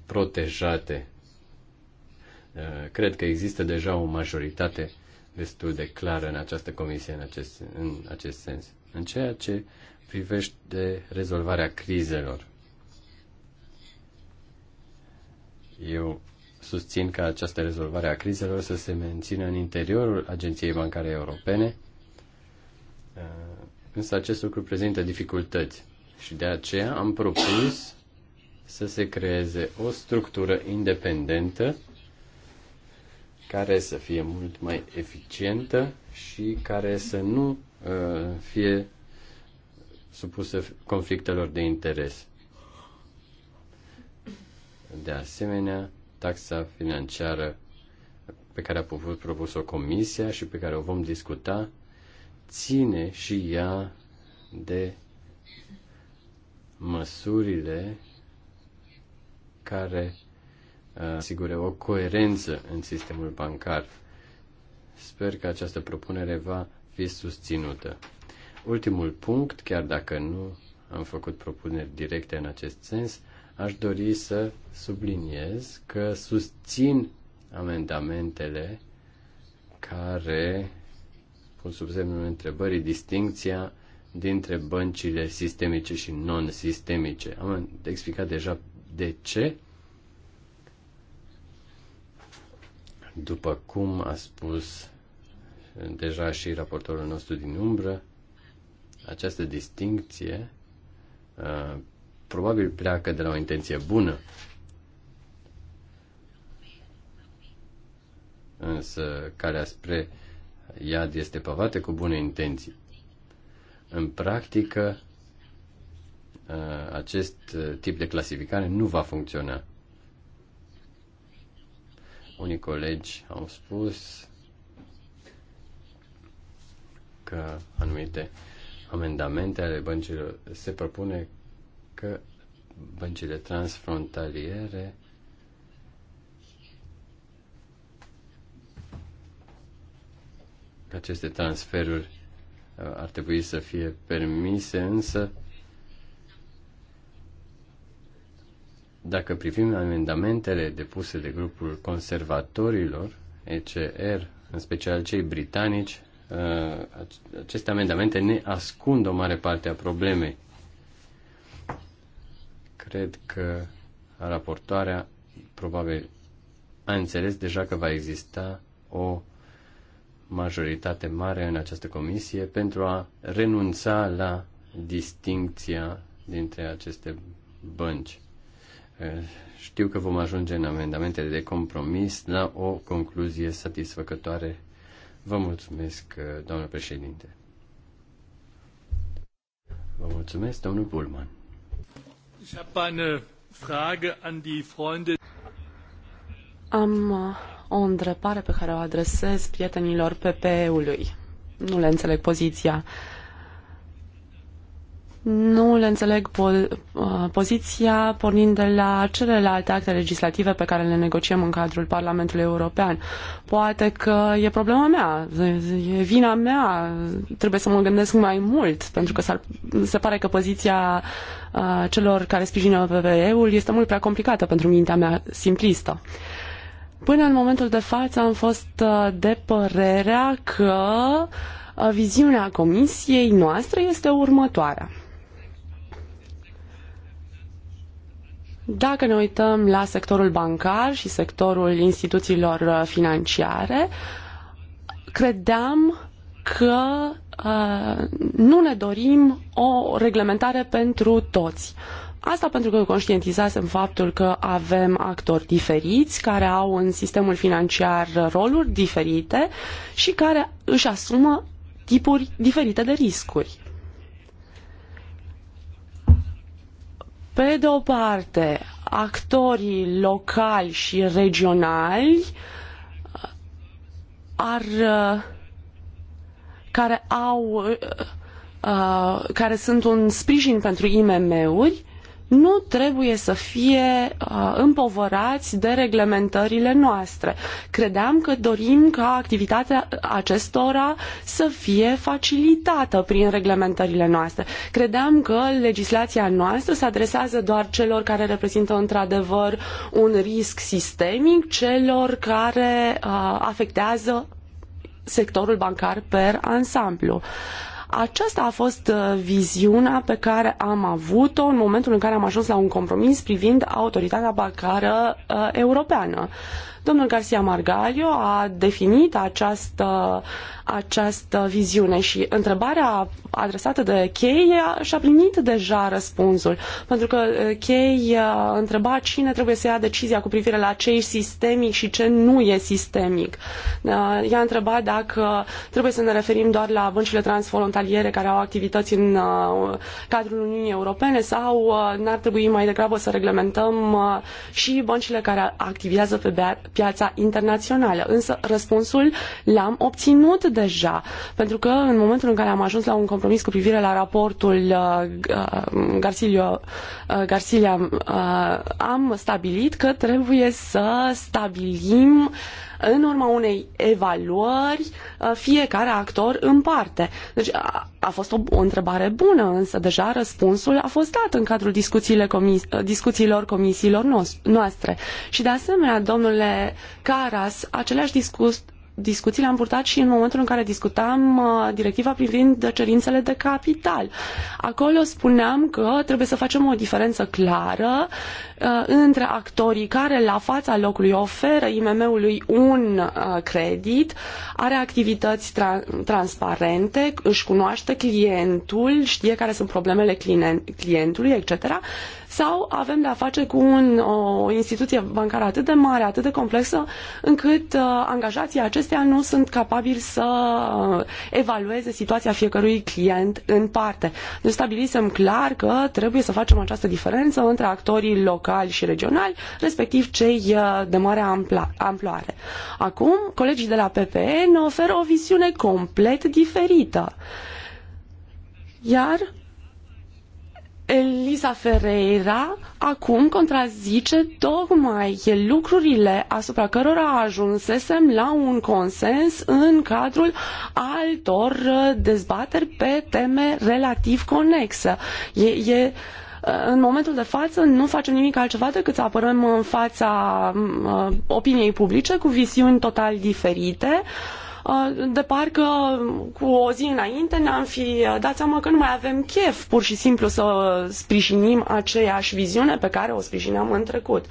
protejate. Uh, cred că există deja o majoritate destul de clară în această comisie în acest, în acest sens. În ceea ce privește rezolvarea crizelor, eu susțin ca această rezolvare a crizelor să se mențină în interiorul Agenției Bancare Europene, uh, însă acest lucru prezintă dificultăți și de aceea am propus să se creeze o structură independentă care să fie mult mai eficientă și care să nu Uh, fie supuse conflictelor de interes. De asemenea, taxa financiară pe care a propus-o Comisia și pe care o vom discuta ține și ea de măsurile care uh, asigură o coerență în sistemul bancar. Sper că această propunere va fi susținută. Ultimul punct, chiar dacă nu am făcut propuneri directe în acest sens, aș dori să subliniez că susțin amendamentele care pun sub semnul întrebării distincția dintre băncile sistemice și non-sistemice. Am explicat deja de ce. După cum a spus deja și raportorul nostru din umbră, această distincție uh, probabil pleacă de la o intenție bună. Însă calea spre iad este pavată cu bune intenții. În practică, uh, acest tip de clasificare nu va funcționa. Unii colegi au spus că anumite amendamente ale băncilor se propune că băncile transfrontaliere aceste transferuri uh, ar trebui să fie permise, însă dacă privim amendamentele depuse de grupul conservatorilor, ECR, er, în special cei britanici, Uh, aceste amendamente ne ascund o mare parte a problemei. Cred că raportoarea probabil a înțeles deja că va exista o majoritate mare în această comisie pentru a renunța la distincția dintre aceste bănci. Uh, știu că vom ajunge în amendamentele de compromis la o concluzie satisfăcătoare Vă mulțumesc, uh, doamnă președinte. Vă mulțumesc, domnul Pullman. Am uh, o întrebare pe care o adresez prietenilor PPE-ului. Nu le înțeleg poziția. Nu le înțeleg pol, uh, poziția pornind de la celelalte acte legislative pe care le negociem în cadrul Parlamentului European. Poate că e problema mea, e vina mea, trebuie să mă gândesc mai mult, pentru că se pare că poziția uh, celor care sprijină PPE-ul este mult prea complicată pentru mintea mea simplistă. Până în momentul de față am fost uh, de părerea că viziunea comisiei noastre este următoarea. Dacă ne uităm la sectorul bancar și sectorul instituțiilor uh, financiare, credeam că uh, nu ne dorim o reglementare pentru toți. Asta pentru că conștientizasem faptul că avem actori diferiți care au în sistemul financiar roluri diferite și care își asumă tipuri diferite de riscuri. Pe de o parte, actorii locali și regionali ar care au uh, uh, care sunt un sprijin pentru IMM-uri nu trebuie să fie uh, împovărați de reglementările noastre. Credeam că dorim ca activitatea acestora să fie facilitată prin reglementările noastre. Credeam că legislația noastră se adresează doar celor care reprezintă într-adevăr un risc sistemic, celor care uh, afectează sectorul bancar per ansamblu. Uh, aceasta a fost uh, viziunea pe care am avut-o în momentul în care am ajuns la un compromis privind autoritatea bancară uh, europeană. Domnul Garcia Margalio a definit această, această viziune și întrebarea adresată de Chei și-a primit deja răspunsul, pentru că Chei eh, eh, întreba cine trebuie să ia decizia cu privire la ce e sistemic și ce nu e sistemic. Ea eh, întrebat dacă trebuie să ne referim doar la băncile transfrontaliere care au activități în cadrul Uniunii Europene sau n-ar trebui mai degrabă să reglementăm și băncile care activează pe piața internațională. Însă răspunsul l-am obținut deja, pentru că în momentul în care am ajuns la un compromis cu privire la raportul uh, uh, uh, Garcilia, Garcilia am stabilit că trebuie să stabilim în urma unei evaluări fiecare actor în parte. Deci a fost o, o întrebare bună, însă deja răspunsul a fost dat în cadrul comis, discuțiilor comisiilor noastre. Și de asemenea, domnule Caras, aceleași discuții discuții le-am purtat și în momentul în care discutam uh, directiva privind cerințele de capital. Acolo spuneam că trebuie să facem o diferență clară uh, între actorii care la fața locului oferă IMM-ului un uh, credit, are activități tra- transparente, își cunoaște clientul, știe care sunt problemele clientului, etc sau avem de a face cu un, o instituție bancară atât de mare, atât de complexă, încât uh, angajații acesteia nu sunt capabili să evalueze situația fiecărui client în parte. Deci stabilisem clar că trebuie să facem această diferență între actorii locali și regionali, respectiv cei uh, de mare amploare. Acum, colegii de la PPE ne oferă o viziune complet diferită. Iar Elisa Ferreira acum contrazice tocmai lucrurile asupra cărora ajunsesem la un consens în cadrul altor uh, dezbateri pe teme relativ conexe. E, e, uh, în momentul de față nu facem nimic altceva decât să apărăm în fața mm, uh, opiniei publice cu viziuni total diferite. Uh, Uh, de parcă cu o zi înainte ne-am fi uh, dat seama că nu mai avem chef pur și simplu să sprijinim aceeași viziune pe care o sprijineam în trecut.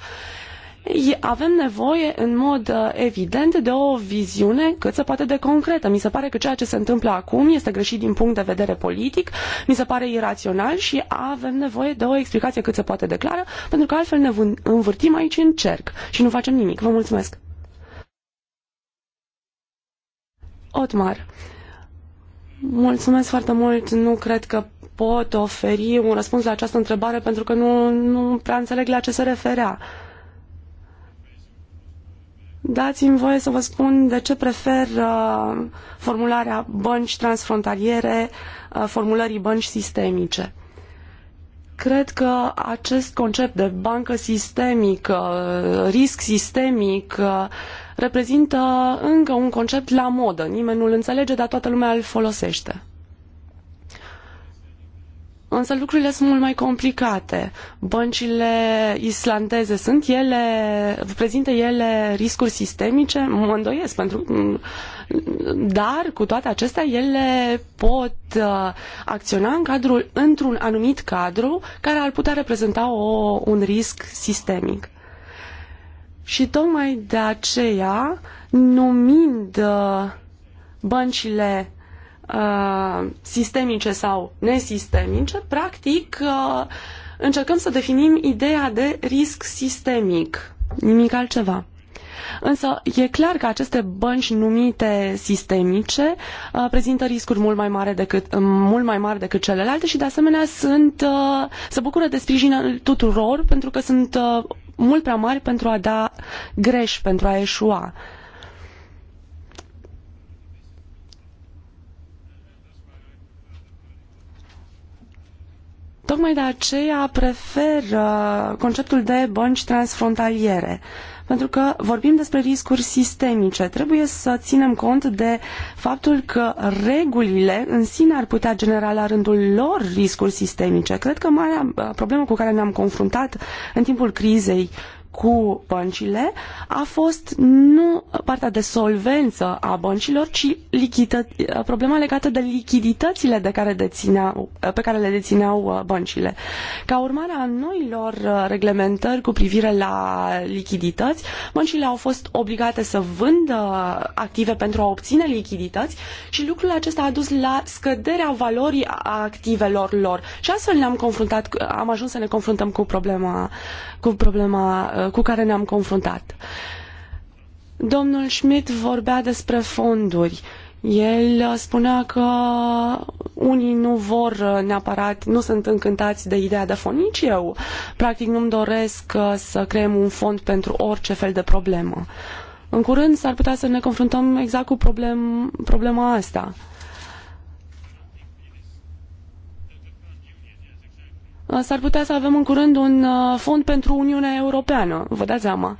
Avem nevoie, în mod uh, evident, de o viziune cât se poate de concretă. Mi se pare că ceea ce se întâmplă acum este greșit din punct de vedere politic, mi se pare irațional și avem nevoie de o explicație cât se poate de clară, pentru că altfel ne învârtim aici în cerc și nu facem nimic. Vă mulțumesc! Otmar, mulțumesc foarte mult. Nu cred că pot oferi un răspuns la această întrebare pentru că nu, nu prea înțeleg la ce se referea. Dați-mi voie să vă spun de ce prefer uh, formularea bănci transfrontaliere uh, formulării bănci sistemice. Cred că acest concept de bancă sistemică, risc sistemic, uh, reprezintă încă un concept la modă. Nimeni nu-l înțelege, dar toată lumea îl folosește. Însă lucrurile sunt mult mai complicate. Băncile islandeze sunt ele, prezintă ele riscuri sistemice? Mă îndoiesc, pentru, dar cu toate acestea ele pot uh, acționa în cadrul, într-un anumit cadru care ar putea reprezenta o, un risc sistemic. Și tocmai de aceea, numind uh, băncile uh, sistemice sau nesistemice, practic uh, încercăm să definim ideea de risc sistemic, nimic altceva. Însă e clar că aceste bănci numite sistemice prezintă riscuri mult mai, mare decât, mult mai mari decât celelalte și de asemenea sunt, se bucură de sprijinul tuturor pentru că sunt mult prea mari pentru a da greș, pentru a eșua. Tocmai de aceea prefer uh, conceptul de bănci transfrontaliere pentru că vorbim despre riscuri sistemice. Trebuie să ținem cont de faptul că regulile în sine ar putea genera la rândul lor riscuri sistemice. Cred că marea uh, problemă cu care ne-am confruntat în timpul crizei cu băncile a fost nu partea de solvență a băncilor, ci lichită, problema legată de lichiditățile de care dețineau, pe care le dețineau uh, băncile. Ca urmare a noilor uh, reglementări cu privire la lichidități, băncile au fost obligate să vândă active pentru a obține lichidități și lucrul acesta a dus la scăderea valorii activelor lor. Și astfel ne-am confruntat, am ajuns să ne confruntăm cu problema, cu problema uh, cu care ne-am confruntat. Domnul Schmidt vorbea despre fonduri. El spunea că unii nu vor neapărat, nu sunt încântați de ideea de fond, nici eu. Practic nu-mi doresc uh, să creăm un fond pentru orice fel de problemă. În curând s-ar putea să ne confruntăm exact cu problem, problema asta. Uh, Uh, s-ar putea să avem în curând un uh, fond pentru Uniunea Europeană, vă dați seama.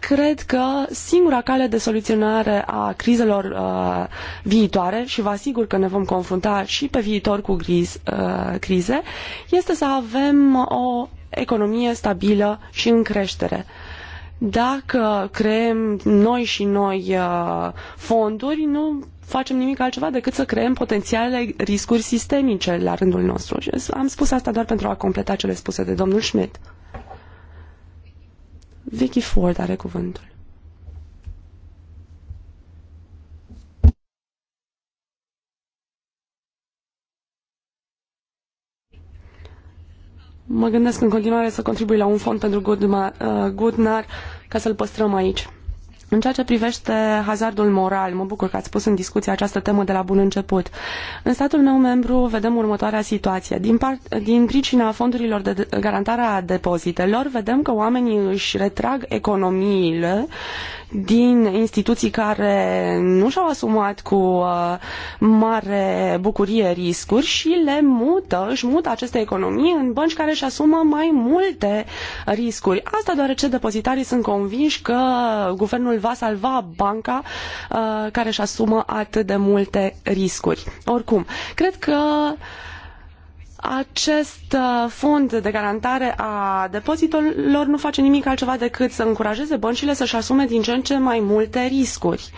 Cred că singura cale de soluționare a crizelor uh, viitoare, și vă asigur că ne vom confrunta și pe viitor cu griz, uh, crize, este să avem o economie stabilă și în creștere dacă creăm noi și noi uh, fonduri, nu facem nimic altceva decât să creăm potențiale riscuri sistemice la rândul nostru. Și am spus asta doar pentru a completa cele spuse de domnul Schmidt. Vicky Ford are cuvântul. Mă gândesc în continuare să contribui la un fond pentru Goodmar, uh, Goodnar ca să-l păstrăm aici. În ceea ce privește hazardul moral, mă bucur că ați pus în discuție această temă de la bun început. În statul meu membru vedem următoarea situație. Din, part, din pricina fondurilor de garantare a depozitelor, vedem că oamenii își retrag economiile din instituții care nu și-au asumat cu uh, mare bucurie riscuri și le mută, își mută aceste economii în bănci care își asumă mai multe riscuri. Asta deoarece depozitarii sunt convinși că guvernul va salva banca uh, care își asumă atât de multe riscuri. Oricum, cred că acest uh, fond de garantare a depozitelor nu face nimic altceva decât să încurajeze băncile să-și asume din ce în ce mai multe riscuri.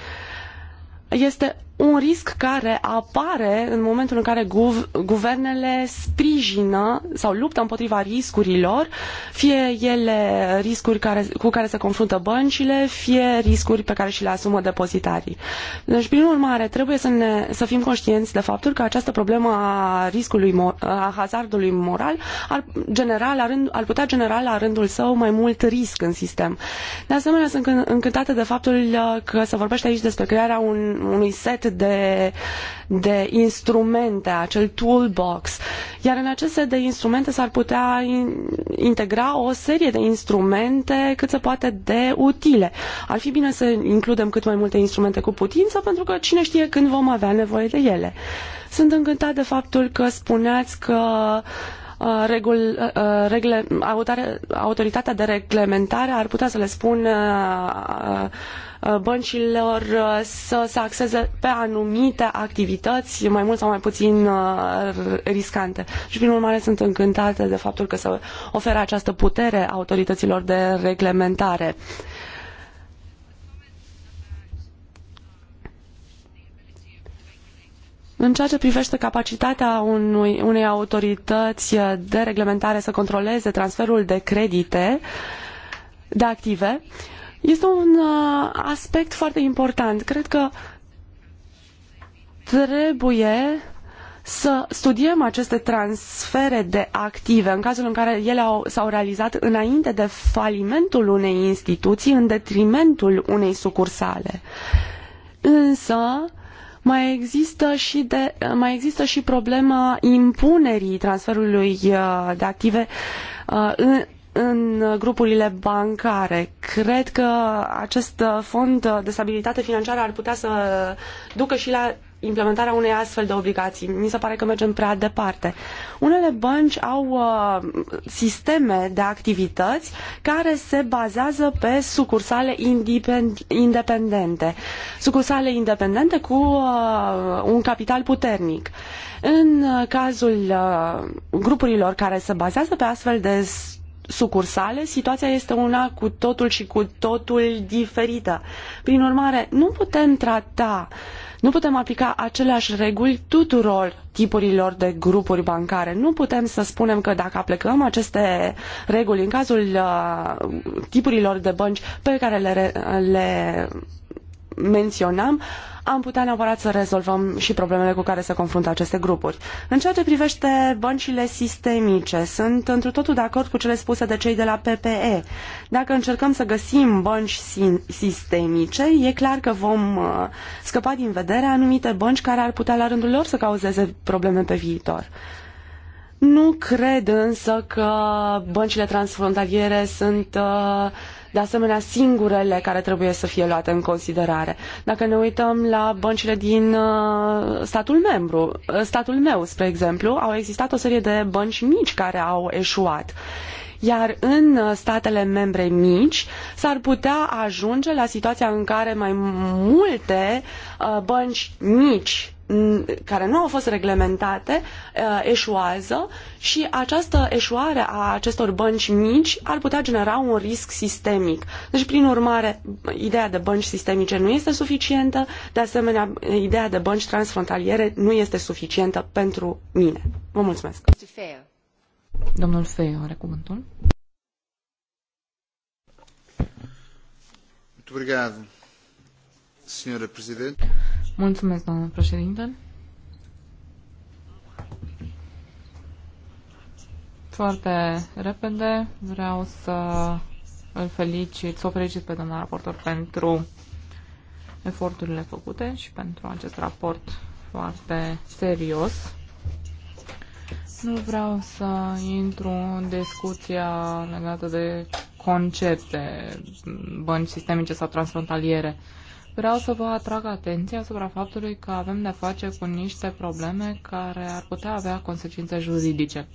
Este un risc care apare în momentul în care guv- guvernele sprijină sau luptă împotriva riscurilor, fie ele riscuri care, cu care se confruntă băncile, fie riscuri pe care și le asumă depozitarii. Deci, prin urmare, trebuie să, ne, să fim conștienți de faptul că această problemă a riscului, a hazardului moral ar, genera, la rând, ar putea genera la rândul său mai mult risc în sistem. De asemenea, sunt încântată de faptul uh, că se vorbește aici despre crearea un, unui set de, de instrumente, acel toolbox. Iar în aceste de instrumente s-ar putea integra o serie de instrumente cât se poate de utile. Ar fi bine să includem cât mai multe instrumente cu putință, pentru că cine știe când vom avea nevoie de ele. Sunt încântat de faptul că spuneați că uh, regul, uh, uh, regle, autoritatea de reglementare ar putea să le spună Uh, băncilor uh, să se axeze pe anumite activități mai mult sau mai puțin uh, riscante. Și prin urmare sunt încântată de faptul că se oferă această putere autorităților de reglementare. În ceea ce privește capacitatea unui, unei autorități de reglementare să controleze transferul de credite, de active, uh, este un uh, aspect foarte important. Cred că trebuie să studiem aceste transfere de active în cazul în care ele au, s-au realizat înainte de falimentul unei instituții în detrimentul unei sucursale. Însă, mai există și, de, mai există și problema impunerii transferului uh, de active uh, în, în grupurile bancare. Cred că acest fond de stabilitate financiară ar putea să ducă și la implementarea unei astfel de obligații. Mi se pare că mergem prea departe. Unele bănci au uh, sisteme de activități care se bazează pe sucursale independente. Sucursale independente cu uh, un capital puternic. În cazul uh, grupurilor care se bazează pe astfel de sucursale, situația este una cu totul și cu totul diferită. Prin urmare, nu putem trata, nu putem aplica aceleași reguli tuturor tipurilor de grupuri bancare. Nu putem să spunem că dacă aplicăm aceste reguli în cazul uh, tipurilor de bănci pe care le, le menționam, am putea neapărat să rezolvăm și problemele cu care se confruntă aceste grupuri. În ceea ce privește băncile sistemice, sunt întru totul de acord cu cele spuse de cei de la PPE. Dacă încercăm să găsim bănci sistemice, e clar că vom uh, scăpa din vedere anumite bănci care ar putea la rândul lor să cauzeze probleme pe viitor. Nu cred însă că băncile transfrontaliere sunt uh, de asemenea singurele care trebuie să fie luate în considerare. Dacă ne uităm la băncile din uh, statul membru, uh, statul meu, spre exemplu, au existat o serie de bănci mici care au eșuat iar în uh, statele membre mici s-ar putea ajunge la situația în care mai multe bănci mici care nu au fost reglementate uh, eșuează și această eșuare a acestor bănci mici ar putea genera un risc sistemic. Deci, prin urmare, ideea de bănci sistemice nu este suficientă, de asemenea, ideea de bănci transfrontaliere nu este suficientă pentru mine. Vă mulțumesc! Domnul Feo are cuvântul. Mulțumesc, obrigado, Senhora Presidente. Mulțumesc, doamnă președinte. Foarte repede vreau să îl felicit, să o felicit pe doamna raportor pentru eforturile făcute și pentru acest raport foarte serios. Nu vreau să intru în discuția legată de concepte, bănci sistemice sau transfrontaliere. Vreau să vă atrag atenția asupra faptului că avem de face cu niște probleme care ar putea avea consecințe juridice.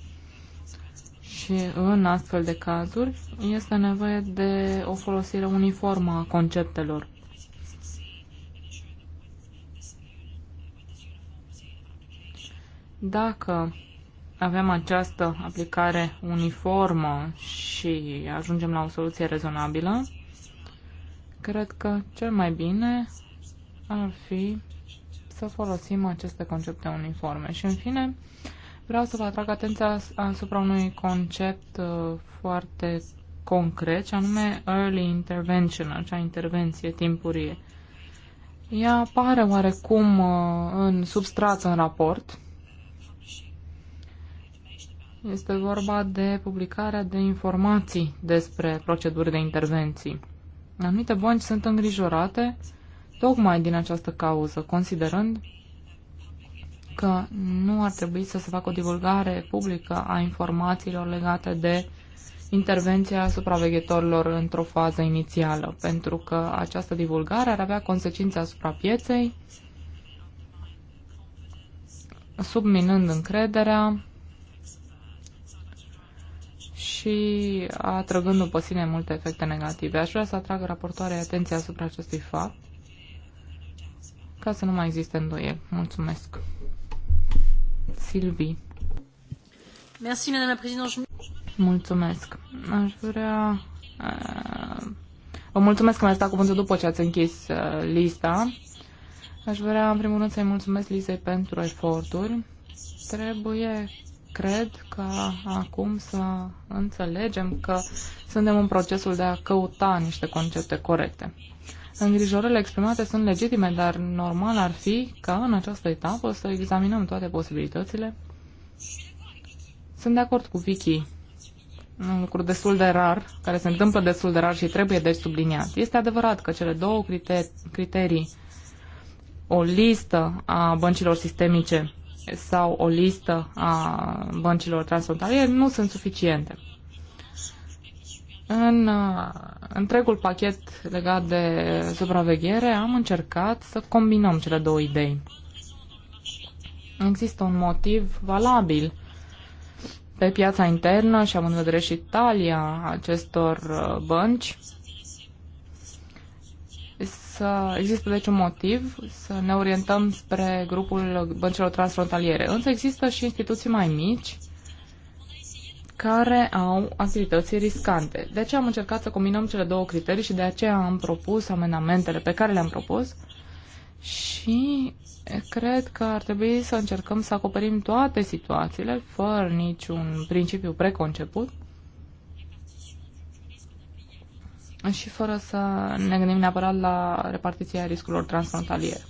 Și în astfel de cazuri este nevoie de o folosire uniformă a conceptelor. Dacă avem această aplicare uniformă și ajungem la o soluție rezonabilă, Cred că cel mai bine ar fi să folosim aceste concepte uniforme. Și în fine, vreau să vă atrag atenția asupra unui concept uh, foarte concret, și anume early intervention, acea intervenție timpurie. Ea apare oarecum uh, în substrat în raport. Este vorba de publicarea de informații despre proceduri de intervenții. Anumite bănci sunt îngrijorate tocmai din această cauză, considerând că nu ar trebui să se facă o divulgare publică a informațiilor legate de intervenția supraveghetorilor într-o fază inițială, pentru că această divulgare ar avea consecințe asupra pieței, subminând încrederea și atrăgând după sine multe efecte negative. Aș vrea să atrag raportoarea atenția asupra acestui fapt ca să nu mai existe îndoieli. Mulțumesc. Silvi. Merci, Madame la Mulțumesc. Aș vrea... Uh, vă mulțumesc că mi-ați dat cuvântul după ce ați închis uh, lista. Aș vrea, în primul rând, să-i mulțumesc Lisei pentru eforturi. Trebuie cred că acum să înțelegem că suntem în procesul de a căuta niște concepte corecte. Îngrijorările exprimate sunt legitime, dar normal ar fi ca în această etapă să examinăm toate posibilitățile. Sunt de acord cu Vicky. Un lucru destul de rar, care se întâmplă destul de rar și trebuie deci subliniat. Este adevărat că cele două criterii, o listă a băncilor sistemice sau o listă a băncilor transfrontaliere nu sunt suficiente. În uh, întregul pachet legat de supraveghere am încercat să combinăm cele două idei. Există un motiv valabil pe piața internă și am în vedere și talia acestor uh, bănci să există deci un motiv să ne orientăm spre grupul băncilor transfrontaliere. Însă există și instituții mai mici care au activități riscante. De aceea am încercat să combinăm cele două criterii și de aceea am propus amendamentele pe care le-am propus și cred că ar trebui să încercăm să acoperim toate situațiile fără niciun principiu preconceput și fără să ne gândim neapărat la repartiția riscurilor transfrontaliere.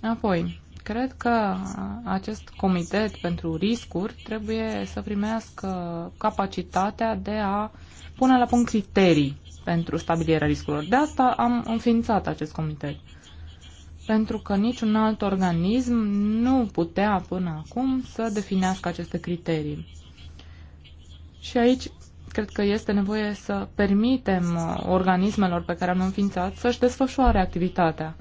Apoi, cred că acest comitet pentru riscuri trebuie să primească capacitatea de a pune la punct criterii pentru stabilirea riscurilor. De asta am înființat acest comitet. Pentru că niciun alt organism nu putea până acum să definească aceste criterii. Și aici cred că este nevoie să permitem organismelor pe care am înființat să-și desfășoare activitatea.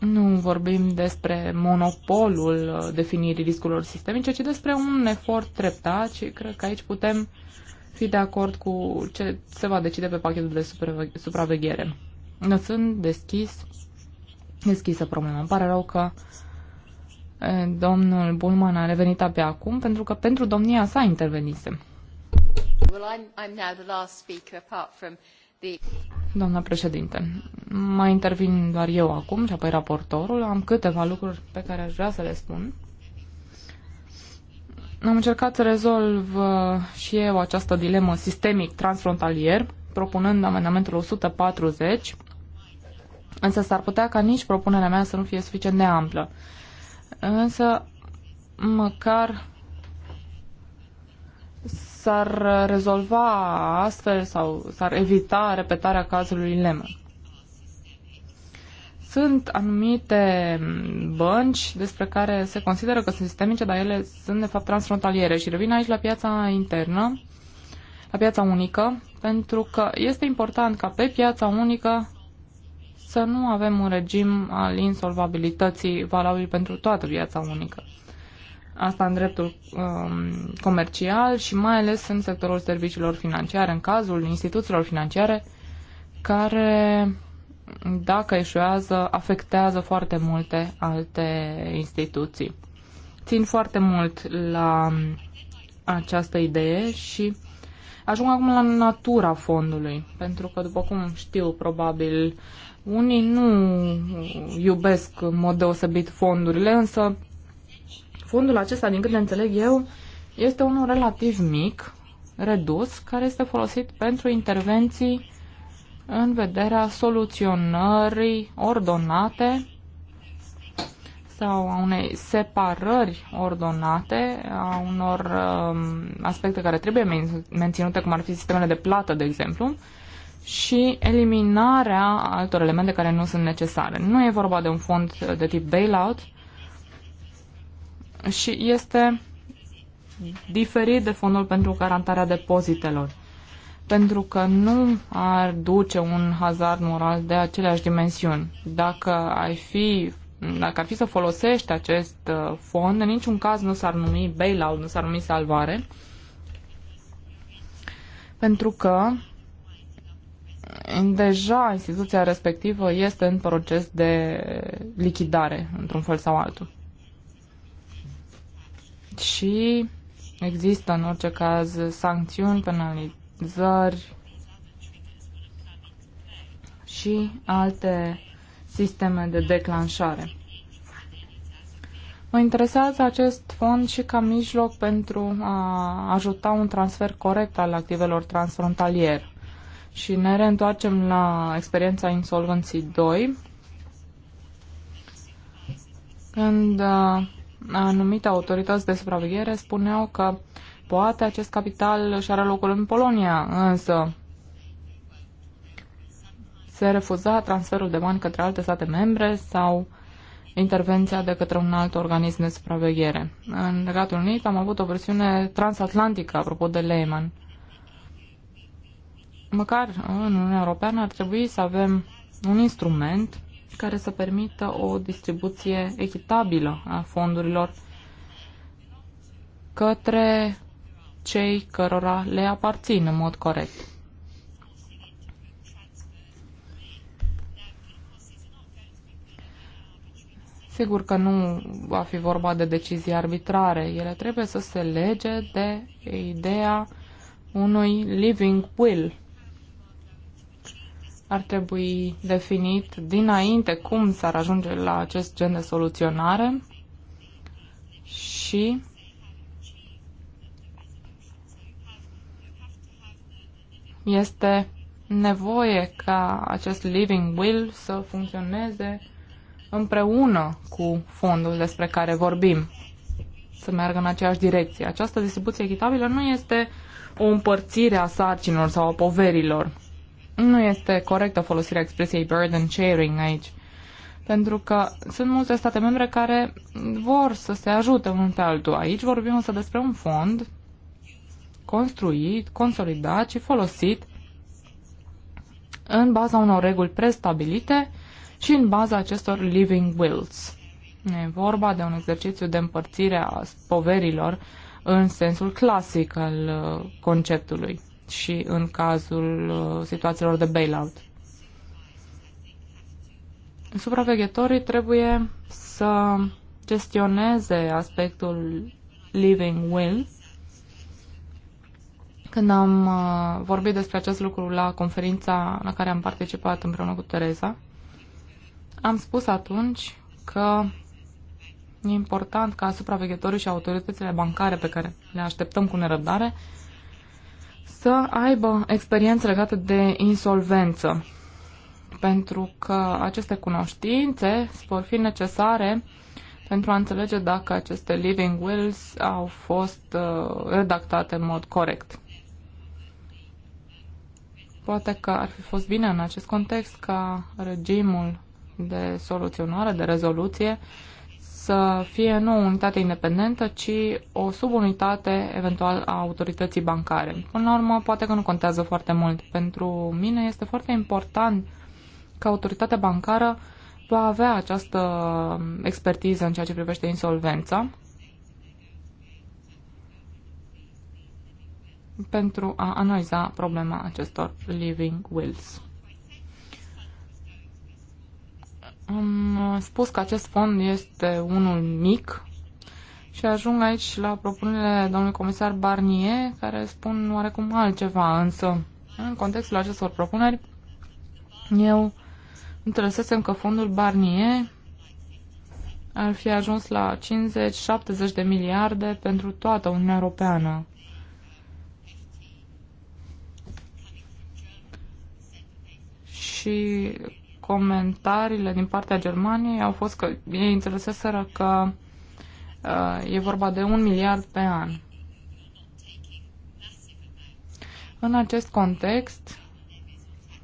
Nu vorbim despre monopolul definirii riscurilor sistemice, ci despre un efort treptat și cred că aici putem fi de acord cu ce se va decide pe pachetul de supraveghere. Sunt deschis, deschisă problema. Îmi pare rău că uh, domnul Bulman a revenit abia acum, pentru că pentru domnia sa intervenise. Well, I'm, I'm now the last speaker, apart from the... Doamna președinte, mai intervin doar eu acum și apoi raportorul. Am câteva lucruri pe care aș vrea să le spun. Am încercat să rezolv uh, și eu această dilemă sistemic transfrontalier, propunând amendamentul 140, însă s-ar putea ca nici propunerea mea să nu fie suficient de amplă însă măcar s-ar rezolva astfel sau s-ar evita repetarea cazului Lehman. Sunt anumite bănci despre care se consideră că sunt sistemice, dar ele sunt de fapt transfrontaliere și revin aici la piața internă, la piața unică, pentru că este important ca pe piața unică să nu avem un regim al insolvabilității valabil pentru toată viața unică. Asta în dreptul um, comercial și mai ales în sectorul serviciilor financiare, în cazul instituțiilor financiare care, dacă eșuează, afectează foarte multe alte instituții. Țin foarte mult la această idee și Ajung acum la natura fondului, pentru că, după cum știu probabil unii nu iubesc în mod deosebit fondurile, însă fondul acesta, din câte înțeleg eu, este unul relativ mic, redus, care este folosit pentru intervenții în vederea soluționării ordonate sau a unei separări ordonate a unor um, aspecte care trebuie menținute, cum ar fi sistemele de plată, de exemplu, și eliminarea altor elemente care nu sunt necesare. Nu e vorba de un fond de tip bailout și este diferit de fondul pentru garantarea depozitelor, pentru că nu ar duce un hazard moral de aceleași dimensiuni. Dacă ai fi dacă ar fi să folosești acest uh, fond, în niciun caz nu s-ar numi bailout, nu s-ar numi salvare, pentru că deja instituția respectivă este în proces de lichidare, într-un fel sau altul. Și există, în orice caz, sancțiuni, penalizări și alte sisteme de declanșare. Mă interesează acest fond și ca mijloc pentru a ajuta un transfer corect al activelor transfrontalier. Și ne reîntoarcem la experiența Insolvency 2, când uh, anumite autorități de supraveghere spuneau că poate acest capital își are locul în Polonia, însă se refuza transferul de bani către alte state membre sau intervenția de către un alt organism de supraveghere. În Regatul Unit am avut o versiune transatlantică apropo de Lehman măcar în Uniunea Europeană ar trebui să avem un instrument care să permită o distribuție echitabilă a fondurilor către cei cărora le aparțin în mod corect. Sigur că nu va fi vorba de decizii arbitrare, ele trebuie să se lege de ideea unui living will, ar trebui definit dinainte cum s-ar ajunge la acest gen de soluționare și este nevoie ca acest living will să funcționeze împreună cu fondul despre care vorbim, să meargă în aceeași direcție. Această distribuție echitabilă nu este o împărțire a sarcinilor sau a poverilor nu este corectă folosirea expresiei burden sharing aici. Pentru că sunt multe state membre care vor să se ajute unul pe altul. Aici vorbim însă despre un fond construit, consolidat și folosit în baza unor reguli prestabilite și în baza acestor living wills. E vorba de un exercițiu de împărțire a poverilor în sensul clasic al uh, conceptului și în cazul uh, situațiilor de bailout. Supraveghetorii trebuie să gestioneze aspectul living will. Când am uh, vorbit despre acest lucru la conferința la care am participat împreună cu Tereza, am spus atunci că e important ca supraveghetorii și autoritățile bancare pe care le așteptăm cu nerăbdare să aibă experiențe legate de insolvență, pentru că aceste cunoștințe vor fi necesare pentru a înțelege dacă aceste living wills au fost uh, redactate în mod corect. Poate că ar fi fost bine în acest context ca regimul de soluționare, de rezoluție, să fie nu o unitate independentă, ci o subunitate eventual a autorității bancare. Până la urmă, poate că nu contează foarte mult. Pentru mine este foarte important că autoritatea bancară va avea această expertiză în ceea ce privește insolvența pentru a analiza problema acestor living wills. Am uh, spus că acest fond este unul mic și ajung aici la propunerile domnului comisar Barnier, care spun oarecum altceva, însă în contextul acestor propuneri eu interesesem că fondul Barnier ar fi ajuns la 50-70 de miliarde pentru toată Uniunea Europeană. Și comentariile din partea Germaniei au fost că ei intereseseră că uh, e vorba de un miliard pe an. În acest context,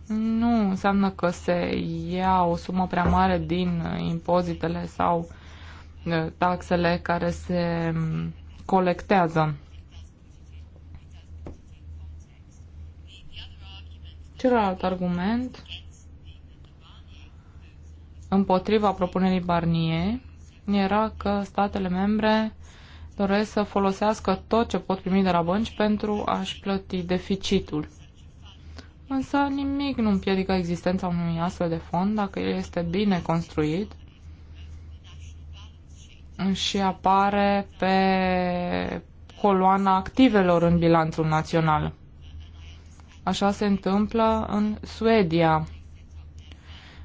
nu înseamnă că se ia o sumă prea mare din impozitele sau uh, taxele care se um, colectează. Celălalt argument împotriva propunerii Barnier era că statele membre doresc să folosească tot ce pot primi de la bănci pentru a-și plăti deficitul. Însă nimic nu împiedică existența unui astfel de fond dacă el este bine construit și apare pe coloana activelor în bilanțul național. Așa se întâmplă în Suedia,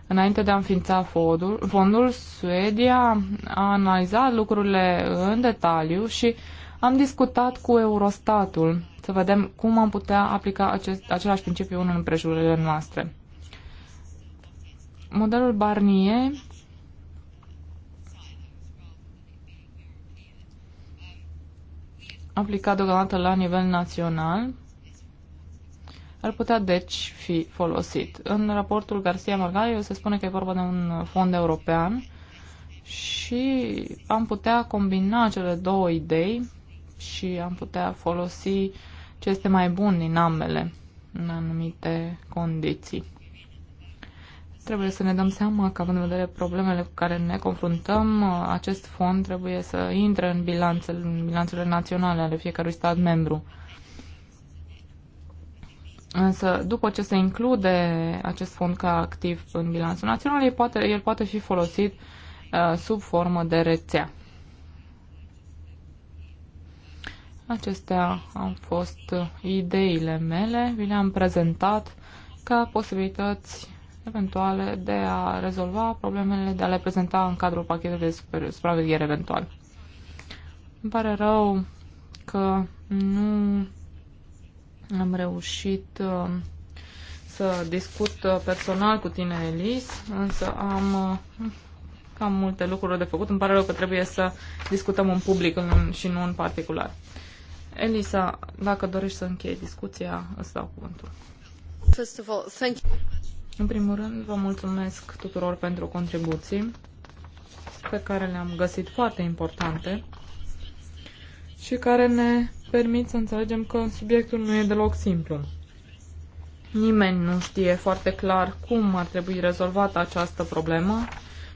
Înainte de a înființa fondul, fondul, Suedia a analizat lucrurile în detaliu și am discutat cu Eurostatul să vedem cum am putea aplica acest, același principiu în împrejurile noastre. Modelul Barnier aplicat deocamdată la nivel național ar putea deci fi folosit. În raportul Garcia Margallo se spune că e vorba de un fond european și am putea combina cele două idei și am putea folosi ce este mai bun din ambele în anumite condiții. Trebuie să ne dăm seama că, având în vedere problemele cu care ne confruntăm, acest fond trebuie să intre în bilanțele, în bilanțele naționale ale fiecărui stat membru. Însă, după ce se include acest fond ca activ în bilanțul național, el poate, el poate fi folosit uh, sub formă de rețea. Acestea au fost uh, ideile mele. Vi le-am prezentat ca posibilități eventuale de a rezolva problemele, de a le prezenta în cadrul pachetului de supraveghere eventual. Îmi pare rău că nu am reușit uh, să discut uh, personal cu tine, Elis, însă am uh, cam multe lucruri de făcut. Îmi pare rău că trebuie să discutăm în public și nu în particular. Elisa, dacă dorești să închei discuția, îți dau cuvântul. First of all, thank you. În primul rând, vă mulțumesc tuturor pentru contribuții pe care le-am găsit foarte importante și care ne permit să înțelegem că subiectul nu e deloc simplu. Nimeni nu știe foarte clar cum ar trebui rezolvată această problemă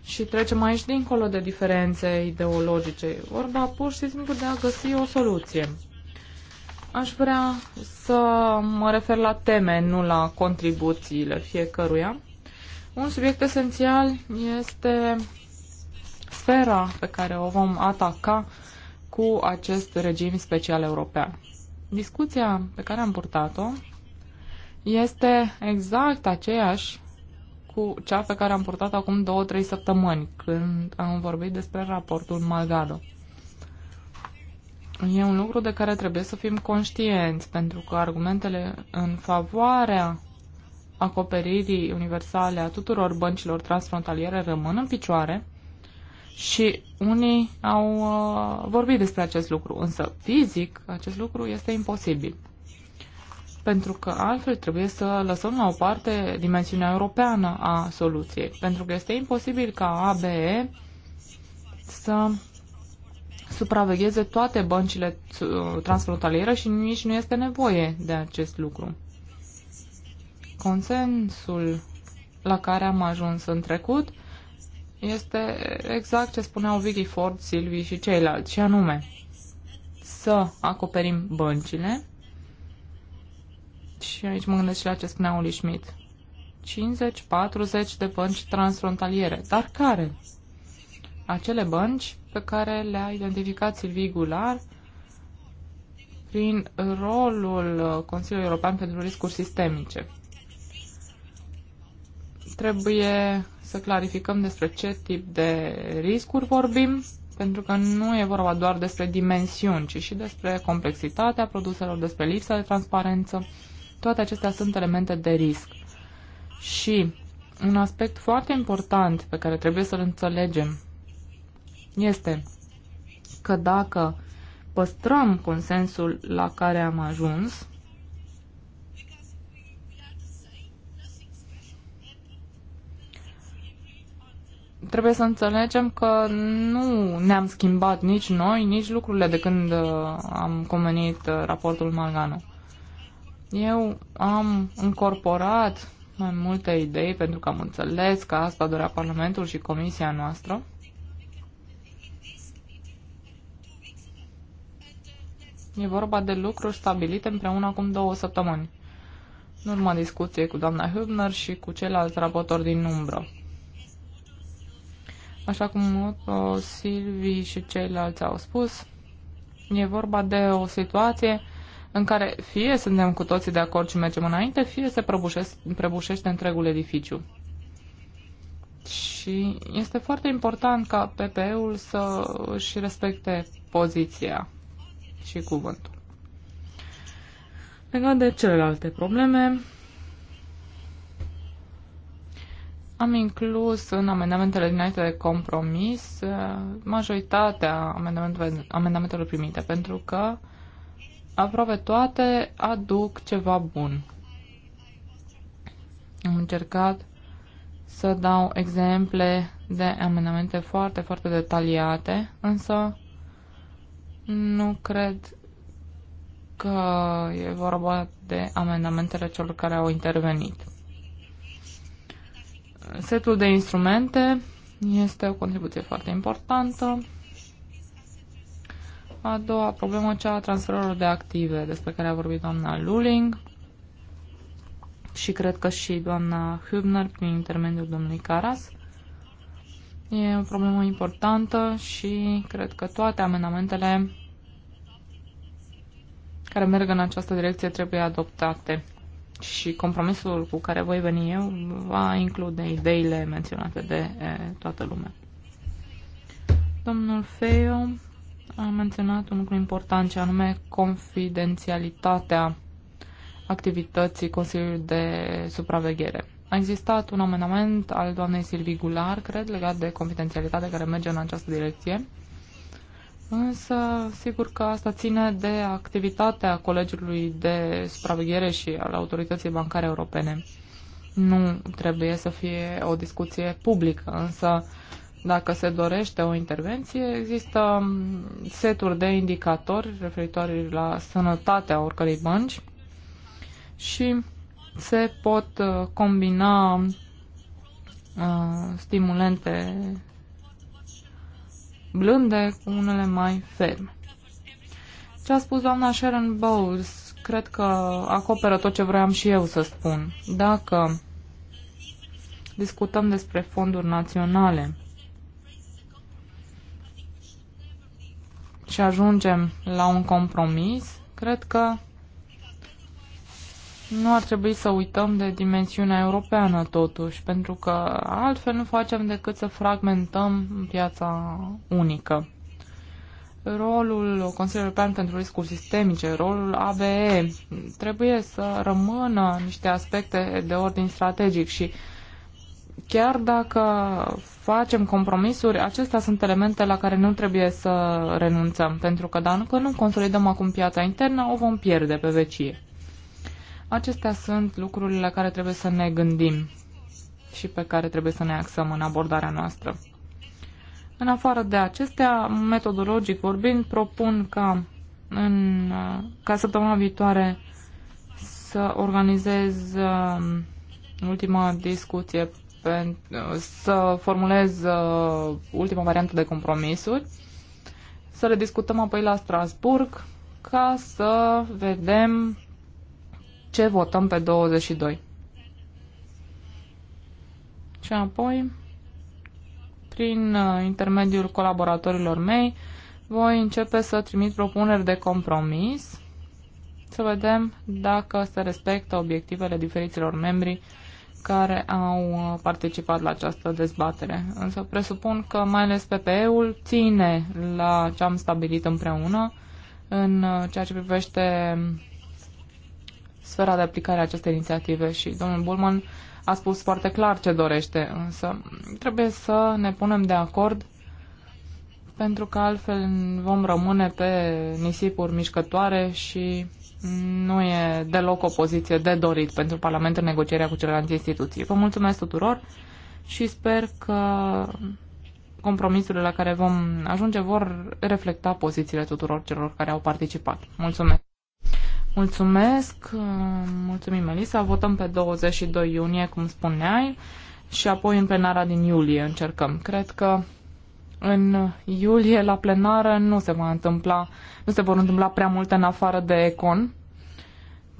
și trecem aici dincolo de diferențe ideologice. vorba pur și simplu de a găsi o soluție. Aș vrea să mă refer la teme, nu la contribuțiile fiecăruia. Un subiect esențial este sfera pe care o vom ataca cu acest regim special european. Discuția pe care am purtat-o este exact aceeași cu cea pe care am purtat acum două, trei săptămâni, când am vorbit despre raportul Malgado. E un lucru de care trebuie să fim conștienți, pentru că argumentele în favoarea acoperirii universale a tuturor băncilor transfrontaliere rămân în picioare, și unii au uh, vorbit despre acest lucru, însă fizic acest lucru este imposibil. Pentru că altfel trebuie să lăsăm la o parte dimensiunea europeană a soluției. Pentru că este imposibil ca ABE să supravegheze toate băncile uh, transfrontaliere și nici nu este nevoie de acest lucru. Consensul la care am ajuns în trecut este exact ce spuneau Vicky Ford, Silvi și ceilalți, și anume să acoperim băncile și aici mă gândesc și la ce spunea Uli Schmidt 50-40 de bănci transfrontaliere, dar care? Acele bănci pe care le-a identificat Silvii Gular prin rolul Consiliului European pentru Riscuri Sistemice. Trebuie să clarificăm despre ce tip de riscuri vorbim, pentru că nu e vorba doar despre dimensiuni, ci și despre complexitatea produselor, despre lipsa de transparență. Toate acestea sunt elemente de risc. Și un aspect foarte important pe care trebuie să-l înțelegem este că dacă păstrăm consensul la care am ajuns, trebuie să înțelegem că nu ne-am schimbat nici noi, nici lucrurile de când uh, am convenit uh, raportul Malgano. Eu am incorporat mai multe idei pentru că am înțeles că asta dorea Parlamentul și Comisia noastră. E vorba de lucruri stabilite împreună acum două săptămâni, în urma discuției cu doamna Hübner și cu ceilalți raportori din umbră. Așa cum o uh, Silvi și ceilalți au spus, e vorba de o situație în care fie suntem cu toții de acord și mergem înainte, fie se prăbușește întregul edificiu. Și este foarte important ca PPE-ul să își respecte poziția și cuvântul. Legat de celelalte probleme, Am inclus în amendamentele dinainte de compromis uh, majoritatea amendamentelor primite, pentru că aproape toate aduc ceva bun. Am încercat să dau exemple de amendamente foarte, foarte detaliate, însă nu cred că e vorba de amendamentele celor care au intervenit. Setul de instrumente este o contribuție foarte importantă. A doua problemă, cea a transferurilor de active, despre care a vorbit doamna Luling și cred că și doamna Hübner prin intermediul domnului Caras. E o problemă importantă și cred că toate amendamentele care merg în această direcție trebuie adoptate și compromisul cu care voi veni eu va include ideile menționate de toată lumea. Domnul Feo a menționat un lucru important, ce anume confidențialitatea activității Consiliului de Supraveghere. A existat un amendament al doamnei Silvi Gular, cred, legat de confidențialitate care merge în această direcție Însă, sigur că asta ține de activitatea Colegiului de Supraveghere și al Autorității Bancare Europene. Nu trebuie să fie o discuție publică, însă dacă se dorește o intervenție, există seturi de indicatori referitori la sănătatea oricărei bănci și se pot uh, combina uh, stimulente blânde cu unele mai ferme. Ce a spus doamna Sharon Bowles, cred că acoperă tot ce vreau și eu să spun. Dacă discutăm despre fonduri naționale și ajungem la un compromis, cred că nu ar trebui să uităm de dimensiunea europeană, totuși, pentru că altfel nu facem decât să fragmentăm piața unică. Rolul Consiliului European pentru Riscuri Sistemice, rolul ABE, trebuie să rămână niște aspecte de ordin strategic și chiar dacă facem compromisuri, acestea sunt elemente la care nu trebuie să renunțăm, pentru că dacă nu consolidăm acum piața internă, o vom pierde pe vecie. Acestea sunt lucrurile la care trebuie să ne gândim și pe care trebuie să ne axăm în abordarea noastră. În afară de acestea, metodologic vorbind, propun ca, în, ca săptămâna viitoare să organizez um, ultima discuție, pe, să formulez uh, ultima variantă de compromisuri, să le discutăm apoi la Strasburg ca să vedem ce votăm pe 22. Și apoi, prin uh, intermediul colaboratorilor mei, voi începe să trimit propuneri de compromis, să vedem dacă se respectă obiectivele diferiților membri care au uh, participat la această dezbatere. Însă presupun că mai ales PPE-ul ține la ce am stabilit împreună în uh, ceea ce privește sfera de aplicare a acestei inițiative și domnul Bulman a spus foarte clar ce dorește, însă trebuie să ne punem de acord pentru că altfel vom rămâne pe nisipuri mișcătoare și nu e deloc o poziție de dorit pentru Parlament în negocierea cu celelalte instituții. Vă mulțumesc tuturor și sper că compromisurile la care vom ajunge vor reflecta pozițiile tuturor celor care au participat. Mulțumesc! Mulțumesc, mulțumim Melisa. votăm pe 22 iunie, cum spuneai, și apoi în plenara din iulie încercăm. Cred că în iulie la plenară nu se va întâmpla, nu se vor întâmpla prea multe în afară de Econ.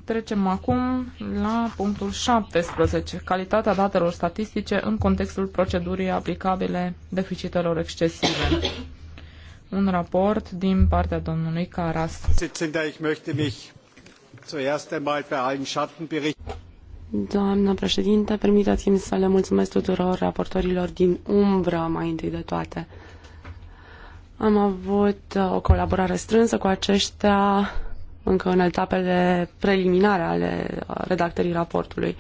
Trecem acum la punctul 17, calitatea datelor statistice în contextul procedurii aplicabile deficitelor excesive. Un raport din partea domnului Caras. Doamnă președintă, permiteți-mi să le mulțumesc tuturor raportorilor din umbră, mai întâi de toate. Am avut uh, o colaborare strânsă cu aceștia încă în etapele preliminare ale uh, redactării raportului.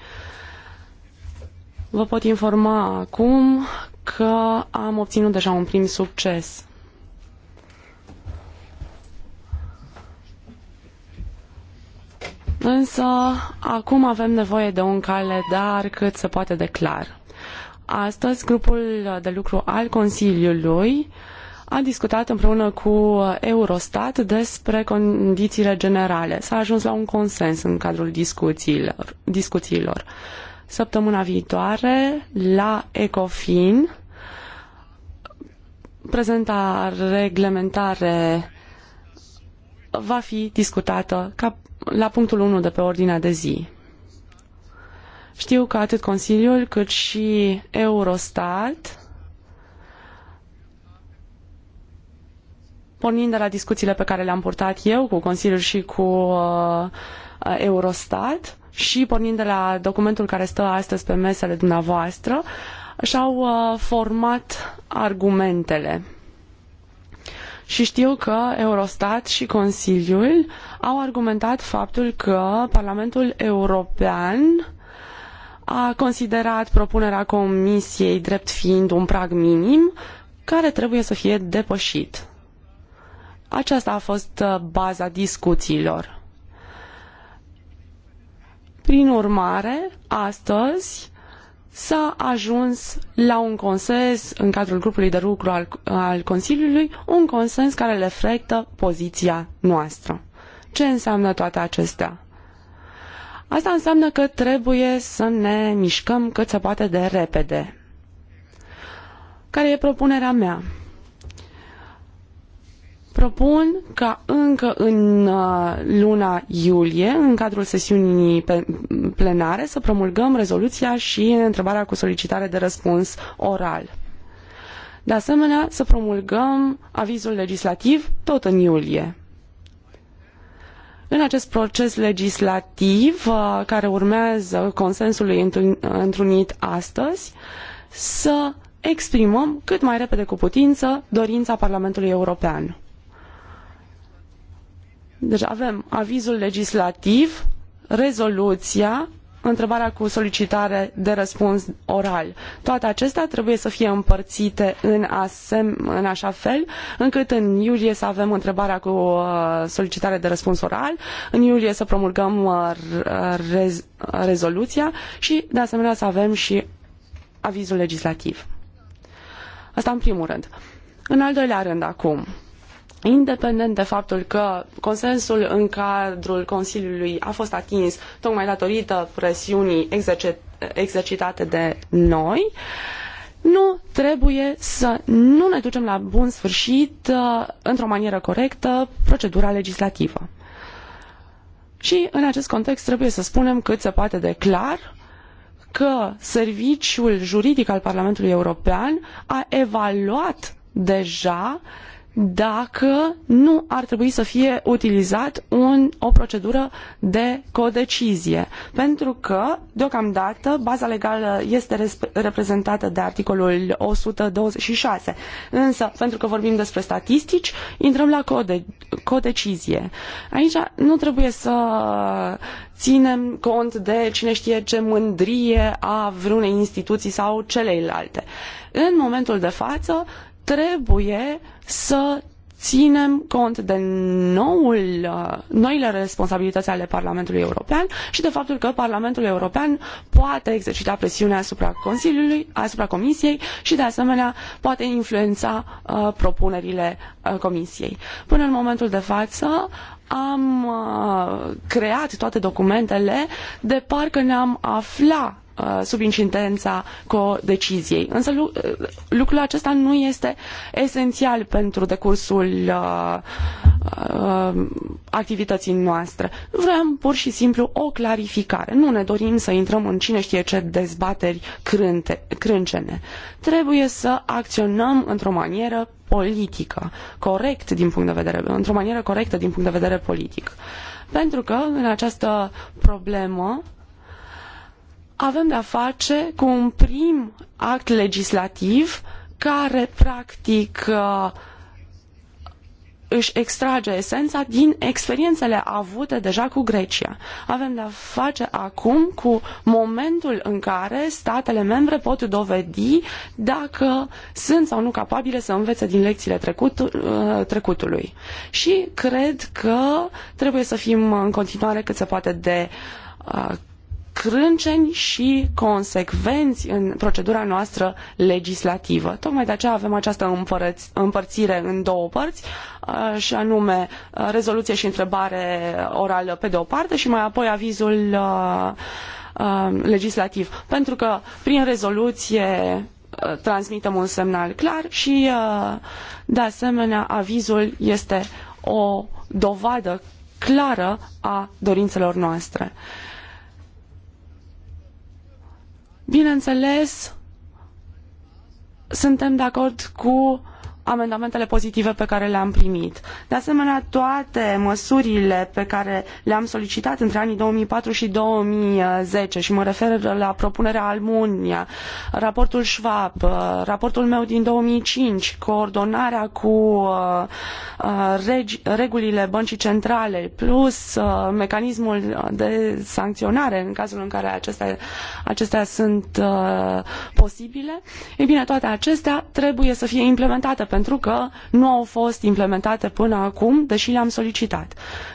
Vă pot informa acum că am obținut deja un prim succes Însă, acum avem nevoie de un calendar cât se poate de clar. Astăzi, grupul de lucru al Consiliului a discutat împreună cu Eurostat despre condițiile generale. S-a ajuns la un consens în cadrul discuțiilor. discuțiilor. Săptămâna viitoare, la ECOFIN, prezenta reglementare va fi discutată ca la punctul 1 de pe ordinea de zi. Știu că atât Consiliul cât și Eurostat, pornind de la discuțiile pe care le-am purtat eu cu Consiliul și cu uh, Eurostat și pornind de la documentul care stă astăzi pe mesele dumneavoastră, și-au uh, format argumentele. Și știu că Eurostat și Consiliul au argumentat faptul că Parlamentul European a considerat propunerea Comisiei drept fiind un prag minim care trebuie să fie depășit. Aceasta a fost uh, baza discuțiilor. Prin urmare, astăzi s-a ajuns la un consens în cadrul grupului de lucru al, al Consiliului, un consens care reflectă poziția noastră. Ce înseamnă toate acestea? Asta înseamnă că trebuie să ne mișcăm cât se poate de repede. Care e propunerea mea? propun ca încă în uh, luna iulie, în cadrul sesiunii plenare, să promulgăm rezoluția și întrebarea cu solicitare de răspuns oral. De asemenea, să promulgăm avizul legislativ tot în iulie. În acest proces legislativ uh, care urmează consensului întrunit astăzi, să exprimăm cât mai repede cu putință dorința Parlamentului European. Deci avem avizul legislativ, rezoluția, întrebarea cu solicitare de răspuns oral. Toate acestea trebuie să fie împărțite în, asem, în așa fel încât în iulie să avem întrebarea cu uh, solicitare de răspuns oral, în iulie să promulgăm uh, rez, rezoluția și de asemenea să avem și avizul legislativ. Asta în primul rând. În al doilea rând acum, independent de faptul că consensul în cadrul Consiliului a fost atins tocmai datorită presiunii exercitate de noi, nu trebuie să nu ne ducem la bun sfârșit, uh, într-o manieră corectă, procedura legislativă. Și în acest context trebuie să spunem cât se poate de clar că serviciul juridic al Parlamentului European a evaluat deja dacă nu ar trebui să fie utilizat un, o procedură de codecizie. Pentru că, deocamdată, baza legală este reprezentată de articolul 126. Însă, pentru că vorbim despre statistici, intrăm la code, codecizie. Aici nu trebuie să ținem cont de cine știe ce mândrie a vreunei instituții sau celeilalte. În momentul de față, trebuie să ținem cont de noul, noile responsabilități ale Parlamentului European și de faptul că Parlamentul European poate exercita presiune asupra Consiliului, asupra Comisiei și de asemenea poate influența uh, propunerile uh, Comisiei. Până în momentul de față am uh, creat toate documentele de parcă ne-am afla Uh, sub incidența codeciziei. Însă uh, lucrul acesta nu este esențial pentru decursul uh, activității noastre. Vrem pur și simplu o clarificare. Nu ne dorim să intrăm în cine știe ce dezbateri crânte, crâncene. Trebuie să acționăm într-o manieră politică, corect din punct de vedere, într-o manieră corectă din punct de vedere politic. Pentru că în această problemă avem de-a face cu un prim act legislativ care, practic, uh, își extrage esența din experiențele avute deja cu Grecia. Avem de-a face acum cu momentul în care statele membre pot dovedi dacă sunt sau nu capabile să învețe din lecțiile trecut, uh, trecutului. Și cred că trebuie să fim în continuare cât se poate de uh, crânceni și consecvenți în procedura noastră legislativă. Tocmai de aceea avem această împărțire în două părți, uh, și anume uh, rezoluție și întrebare orală pe de o parte și mai apoi avizul uh, legislativ. Pentru că prin rezoluție transmitem un semnal clar și de asemenea avizul este o dovadă clară a dorințelor noastre. Uh, Bineînțeles, suntem de acord cu amendamentele pozitive pe care le-am primit. De asemenea, toate măsurile pe care le-am solicitat între anii 2004 și 2010 și mă refer la propunerea Almunia, raportul Schwab, uh, raportul meu din 2005, coordonarea cu uh, uh, regulile băncii centrale plus mecanismul de sancționare în cazul în care acestea, acestea sunt posibile, ei bine, toate acestea trebuie să fie implementate pentru că nu au fost implementate până acum, deși le-am solicitat.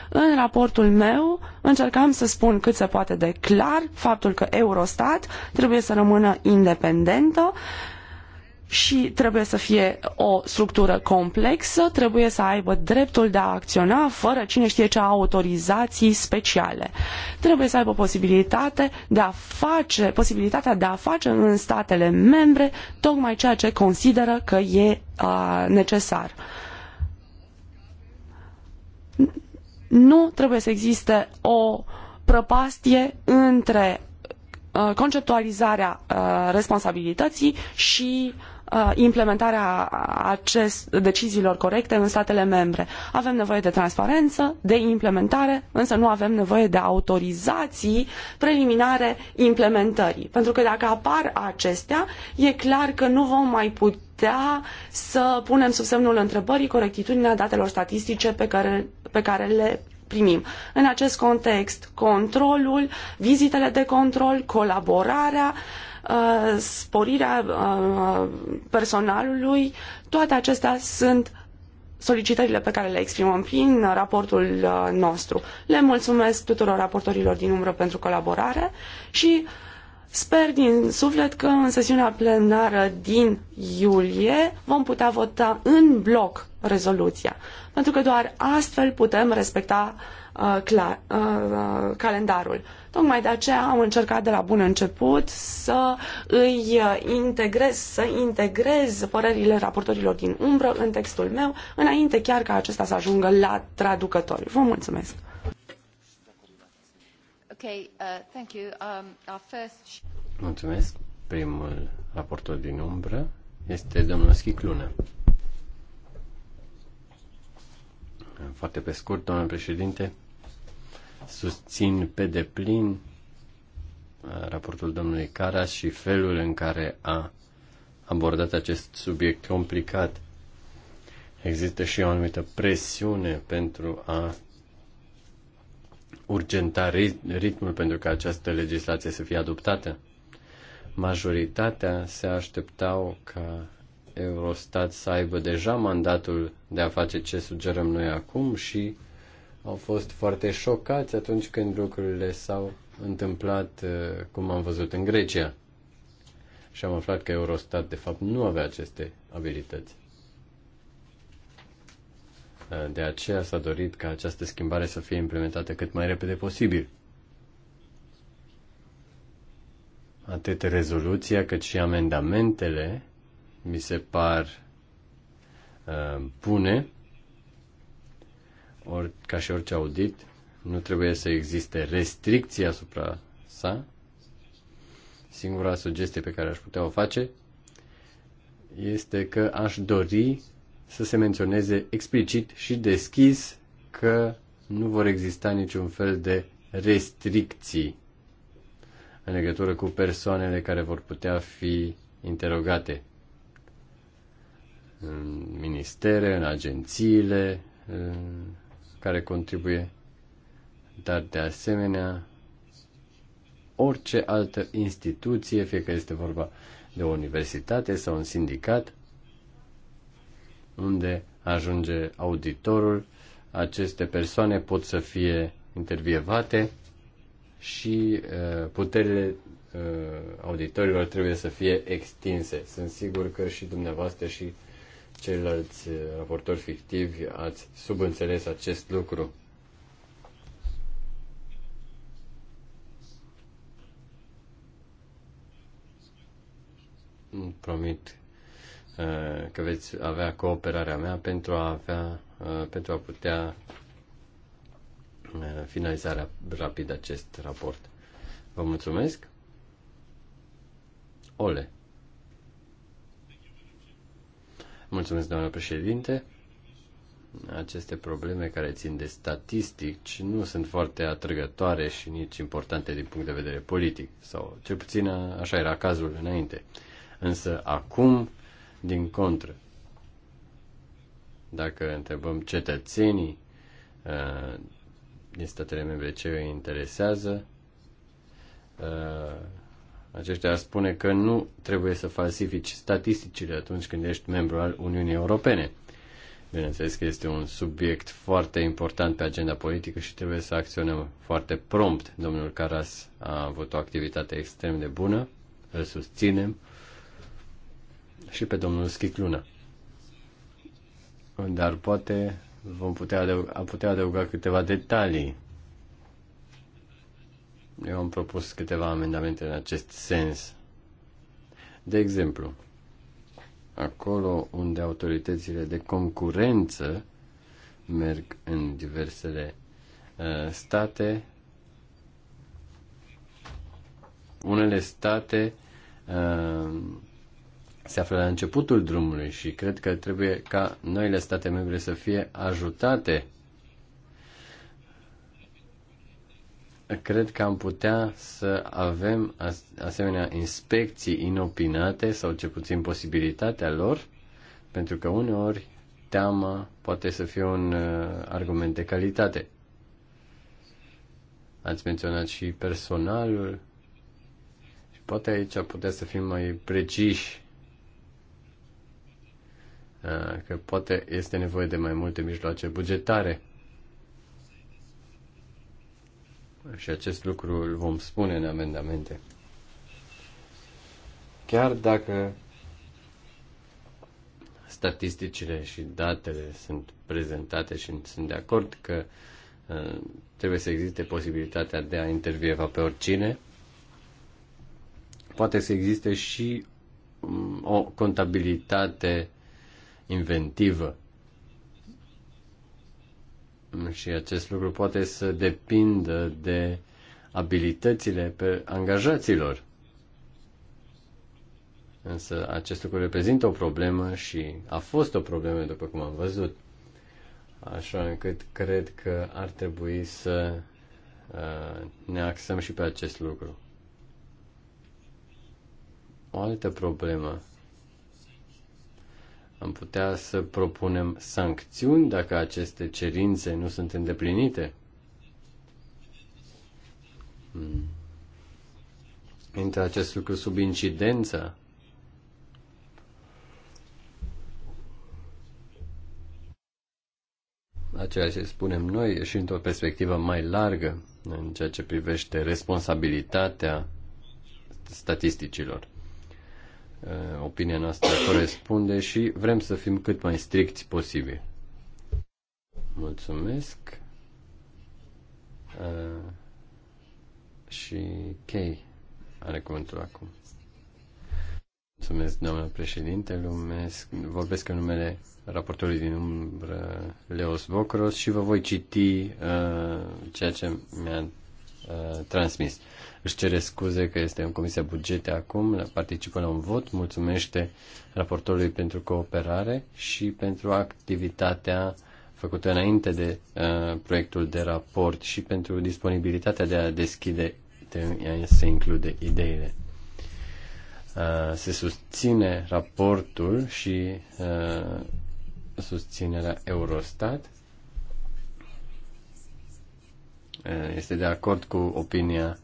În raportul meu încercam să spun cât se poate de clar faptul că Eurostat trebuie să rămână independentă, uh, și trebuie să fie o structură complexă, trebuie să aibă dreptul de a acționa fără cine știe ce autorizații speciale. Trebuie să aibă posibilitate de a face, posibilitatea de a face în statele membre tocmai ceea ce consideră că e a, necesar. Nu trebuie să existe o prăpastie între conceptualizarea responsabilității și uh, Uh, implementarea acest, deciziilor corecte în statele membre. Avem nevoie de transparență, de implementare, însă nu avem nevoie de autorizații preliminare implementării. Pentru că dacă apar acestea, e clar că nu vom mai putea să punem sub semnul întrebării corectitudinea datelor statistice pe care, pe care le primim. În acest context, controlul, vizitele de control, colaborarea, uh, Uh, sporirea uh, personalului, toate acestea sunt solicitările pe care le exprimăm prin raportul uh, nostru. Le mulțumesc tuturor raportorilor din umbră pentru colaborare și Sper din suflet că în sesiunea plenară din iulie vom putea vota în bloc rezoluția, pentru că doar astfel putem respecta uh, Uh, clar, uh, uh, calendarul. Tocmai de aceea am încercat de la bun început să îi uh, integrez, să integrez părerile raportorilor din umbră în textul meu, înainte chiar ca acesta să ajungă la traducători. Vă mulțumesc! Okay, uh, thank you. Um, our first... Mulțumesc. Primul raportor din umbră este domnul Schicluna. Foarte pe scurt, domnul președinte, Susțin pe deplin uh, raportul domnului Caras și felul în care a abordat acest subiect complicat. Există și o anumită presiune pentru a urgenta ritmul pentru ca această legislație să fie adoptată. Majoritatea se așteptau ca Eurostat să aibă deja mandatul de a face ce sugerăm noi acum și au fost foarte șocați atunci când lucrurile s-au întâmplat uh, cum am văzut în Grecia. Și am aflat că Eurostat, de fapt, nu avea aceste abilități. Uh, de aceea s-a dorit ca această schimbare să fie implementată cât mai repede posibil. Atât rezoluția cât și amendamentele mi se par uh, bune Or, ca și orice audit, nu trebuie să existe restricții asupra sa. Singura sugestie pe care aș putea o face este că aș dori să se menționeze explicit și deschis că nu vor exista niciun fel de restricții în legătură cu persoanele care vor putea fi interogate în ministere, în agențiile, care contribuie, dar de asemenea orice altă instituție, fie că este vorba de o universitate sau un sindicat, unde ajunge auditorul, aceste persoane pot să fie intervievate și uh, puterile uh, auditorilor trebuie să fie extinse. Sunt sigur că și dumneavoastră și ceilalți uh, raportori fictivi ați subînțeles acest lucru. Promit uh, că veți avea cooperarea mea pentru a avea, uh, pentru a putea finaliza rapid acest raport. Vă mulțumesc. Ole. Mulțumesc, doamnă președinte. Aceste probleme care țin de statistici nu sunt foarte atrăgătoare și nici importante din punct de vedere politic, sau cel puțin așa era cazul înainte. Însă acum, din contră, dacă întrebăm cetățenii uh, din statele membre ce îi interesează, uh, aceștia spune că nu trebuie să falsifici statisticile atunci când ești membru al Uniunii Europene. Bineînțeles că este un subiect foarte important pe agenda politică și trebuie să acționăm foarte prompt. Domnul Caras a avut o activitate extrem de bună, îl susținem și pe domnul Schicluna. Dar poate vom putea adăuga, putea adăuga câteva detalii eu am propus câteva amendamente în acest sens. De exemplu, acolo unde autoritățile de concurență merg în diversele uh, state, unele state uh, se află la începutul drumului și cred că trebuie ca noile state membre să fie ajutate cred că am putea să avem asemenea inspecții inopinate sau ce puțin posibilitatea lor, pentru că uneori teama poate să fie un uh, argument de calitate. Ați menționat și personalul și poate aici putea să fim mai preciși uh, că poate este nevoie de mai multe mijloace bugetare și acest lucru îl vom spune în amendamente. Chiar dacă statisticile și datele sunt prezentate și sunt de acord că uh, trebuie să existe posibilitatea de a intervieva pe oricine, poate să existe și um, o contabilitate inventivă și acest lucru poate să depindă de abilitățile pe angajaților. Însă acest lucru reprezintă o problemă și a fost o problemă, după cum am văzut. Așa încât cred că ar trebui să uh, ne axăm și pe acest lucru. O altă problemă am putea să propunem sancțiuni dacă aceste cerințe nu sunt îndeplinite. Hmm. Intră acest lucru sub incidența a ceea ce spunem noi și într-o perspectivă mai largă în ceea ce privește responsabilitatea statisticilor. Uh, opinia noastră corespunde și vrem să fim cât mai stricți posibil. Mulțumesc. Uh, și Kay are cuvântul acum. Mulțumesc, doamnă președinte. Lumesc, vorbesc în numele raportorului din umbră, Leos Bocros, și vă voi citi uh, ceea ce mi-a uh, transmis. Își cere scuze că este în Comisia Bugete acum, participă la un vot, mulțumește raportorului pentru cooperare și pentru activitatea făcută înainte de uh, proiectul de raport și pentru disponibilitatea de a deschide, de a se include ideile. Uh, se susține raportul și uh, susținerea Eurostat Eh, este de acord cu opinia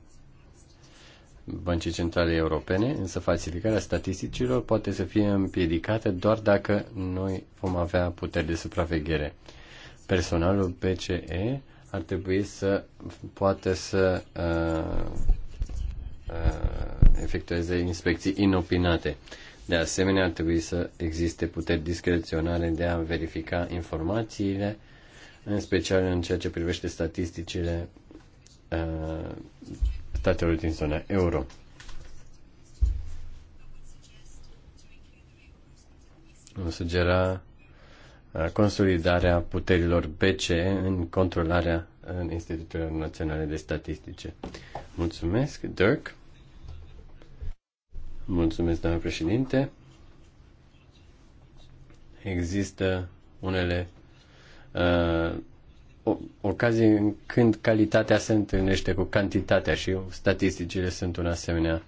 Băncii Centrale Europene, însă falsificarea statisticilor poate să fie împiedicată doar dacă noi vom avea puteri de supraveghere. Personalul BCE ar trebui să poată să uh, uh, efectueze inspecții inopinate. De asemenea, ar trebui să existe puteri discreționare de a verifica informațiile în special în ceea ce privește statisticile uh, statelor din zona euro. sugera uh, consolidarea puterilor BCE în controlarea în Institutul Naționale de Statistice. Mulțumesc, Dirk. Mulțumesc, doamnă președinte. Există unele uh, ocazii când calitatea se întâlnește cu cantitatea și statisticile sunt un asemenea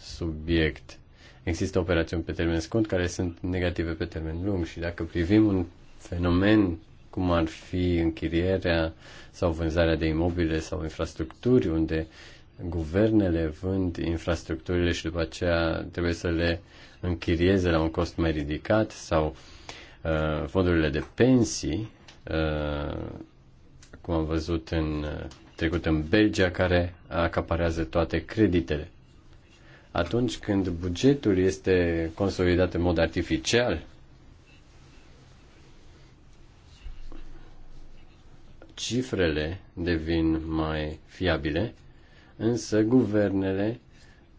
subiect. Există operațiuni pe termen scurt care sunt negative pe termen lung și dacă privim un fenomen cum ar fi închirierea sau vânzarea de imobile sau infrastructuri, unde guvernele vând infrastructurile și după aceea trebuie să le închirieze la un cost mai ridicat sau uh, fondurile de pensii, Uh, cum am văzut în uh, trecut în Belgia, care acaparează toate creditele. Atunci când bugetul este consolidat în mod artificial, cifrele devin mai fiabile, însă guvernele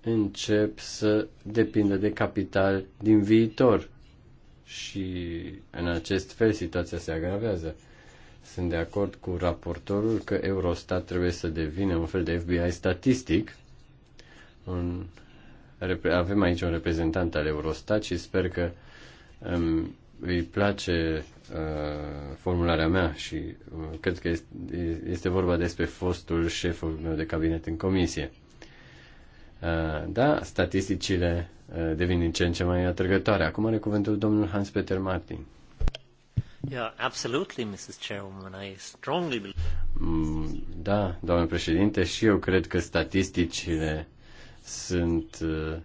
încep să depindă de capital din viitor, și în acest fel situația se agravează. Sunt de acord cu raportorul că Eurostat trebuie să devină un fel de FBI statistic. Un, avem aici un reprezentant al Eurostat și sper că um, îi place uh, formularea mea și uh, cred că este, este vorba despre fostul șeful meu de cabinet în comisie. Uh, da, statisticile uh, devin din ce în ce mai atrăgătoare. Acum are cuvântul domnul Hans-Peter Martin. Yeah, absolutely, Mrs. Chairwoman. I strongly believe... Mm, da, doamnă președinte, și eu cred că statisticile sunt uh,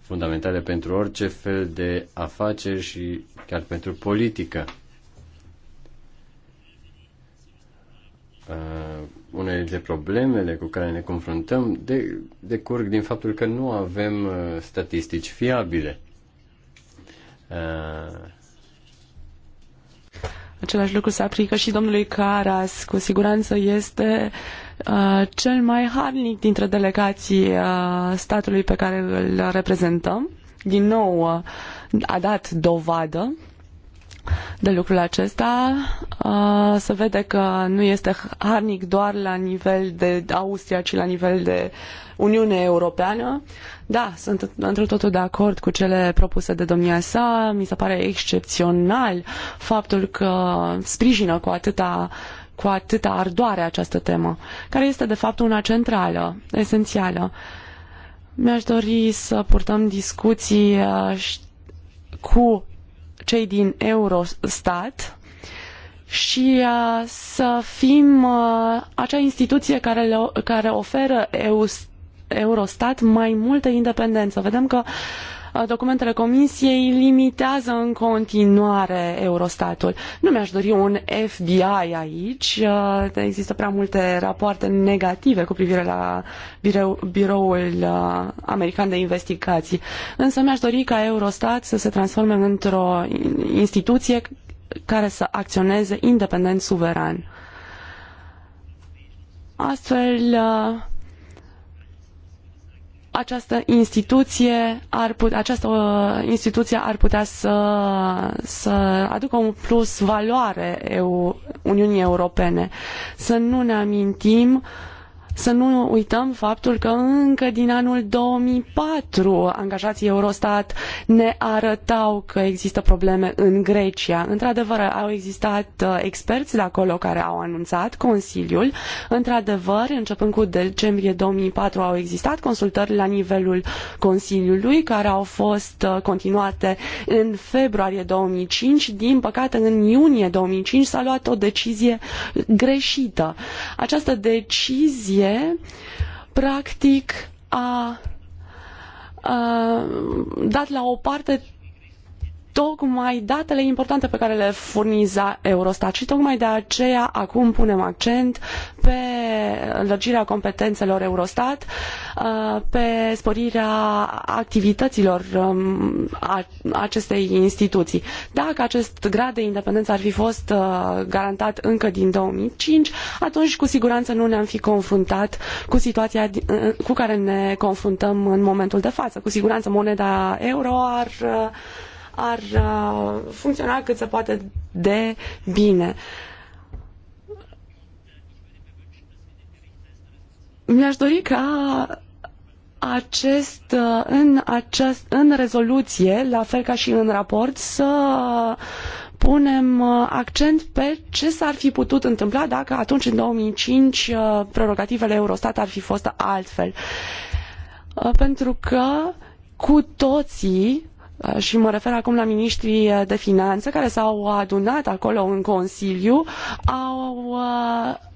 fundamentale pentru orice fel de afaceri și chiar pentru politică unele dintre problemele cu care ne confruntăm de, decurg din faptul că nu avem uh, statistici fiabile. Uh... Același lucru se aplică și domnului Caras. Cu siguranță este uh, cel mai harnic dintre delegații uh, statului pe care îl reprezentăm. Din nou, uh, a dat dovadă de lucrul acesta. Uh, se vede că nu este harnic doar la nivel de Austria, ci la nivel de Uniune Europeană. Da, sunt într totul de acord cu cele propuse de domnia sa. Mi se pare excepțional faptul că sprijină cu atâta cu atâta ardoare această temă, care este de fapt una centrală, esențială. Mi-aș dori să purtăm discuții uh, cu cei din Eurostat și uh, să fim uh, acea instituție care, le, care oferă Eurostat mai multă independență. Vedem că documentele comisiei limitează în continuare Eurostatul. Nu mi-aș dori un FBI aici. Există prea multe rapoarte negative cu privire la birou, biroul american de investigații. Însă mi-aș dori ca Eurostat să se transforme într-o instituție care să acționeze independent, suveran. Astfel, această instituție ar, put, această uh, instituție ar putea să, să aducă un plus valoare EU, Uniunii Europene. Să nu ne amintim uh, să nu uităm faptul că încă din anul 2004 angajații Eurostat ne arătau că există probleme în Grecia. Într-adevăr, au existat uh, experți de acolo care au anunțat Consiliul. Într-adevăr, începând cu decembrie 2004 au existat consultări la nivelul Consiliului care au fost uh, continuate în februarie 2005. Din păcate, în iunie 2005 s-a luat o decizie greșită. Această decizie UE, practic, a, a dat la o parte tocmai datele importante pe care le furniza Eurostat și tocmai de aceea acum punem accent pe lărgirea competențelor Eurostat, uh, pe sporirea activităților um, acestei instituții. Dacă acest grad de independență ar fi fost uh, garantat încă din 2005, atunci cu siguranță nu ne-am fi confruntat cu situația uh, cu care ne confruntăm în momentul de față. Cu siguranță moneda euro ar ar uh, funcționa cât se poate de bine. Mi-aș dori ca acest, uh, în, acest, în rezoluție, la fel ca și în raport, să punem uh, accent pe ce s-ar fi putut întâmpla dacă atunci, în 2005, prerogativele Eurostat ar fi fost altfel. Pentru că cu toții Eh, și mă refer acum la ministrii eh, de finanțe care s-au adunat acolo în Consiliu, au eh,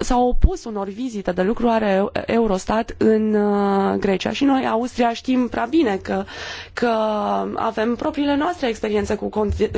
s au opus unor vizite de lucru are Eurostat în uh, Grecia și noi, Austria, știm prea bine că, că avem propriile noastre experiențe cu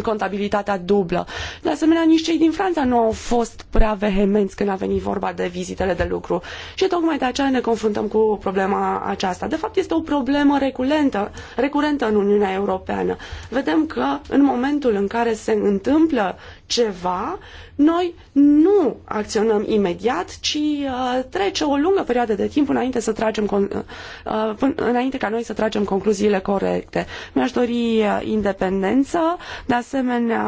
contabilitatea dublă. De asemenea, nici cei din Franța nu au fost prea vehemenți când a venit vorba de vizitele de lucru și tocmai de aceea ne confruntăm cu problema aceasta. De fapt, este o problemă recurentă, recurentă în Uniunea Europeană. Vedem că în momentul în care se întâmplă ceva, noi nu acționăm imediat, ci uh, trece o lungă perioadă de timp înainte, să tragem con- uh, până, înainte ca noi să tragem concluziile corecte. Mi-aș dori uh, independență, de asemenea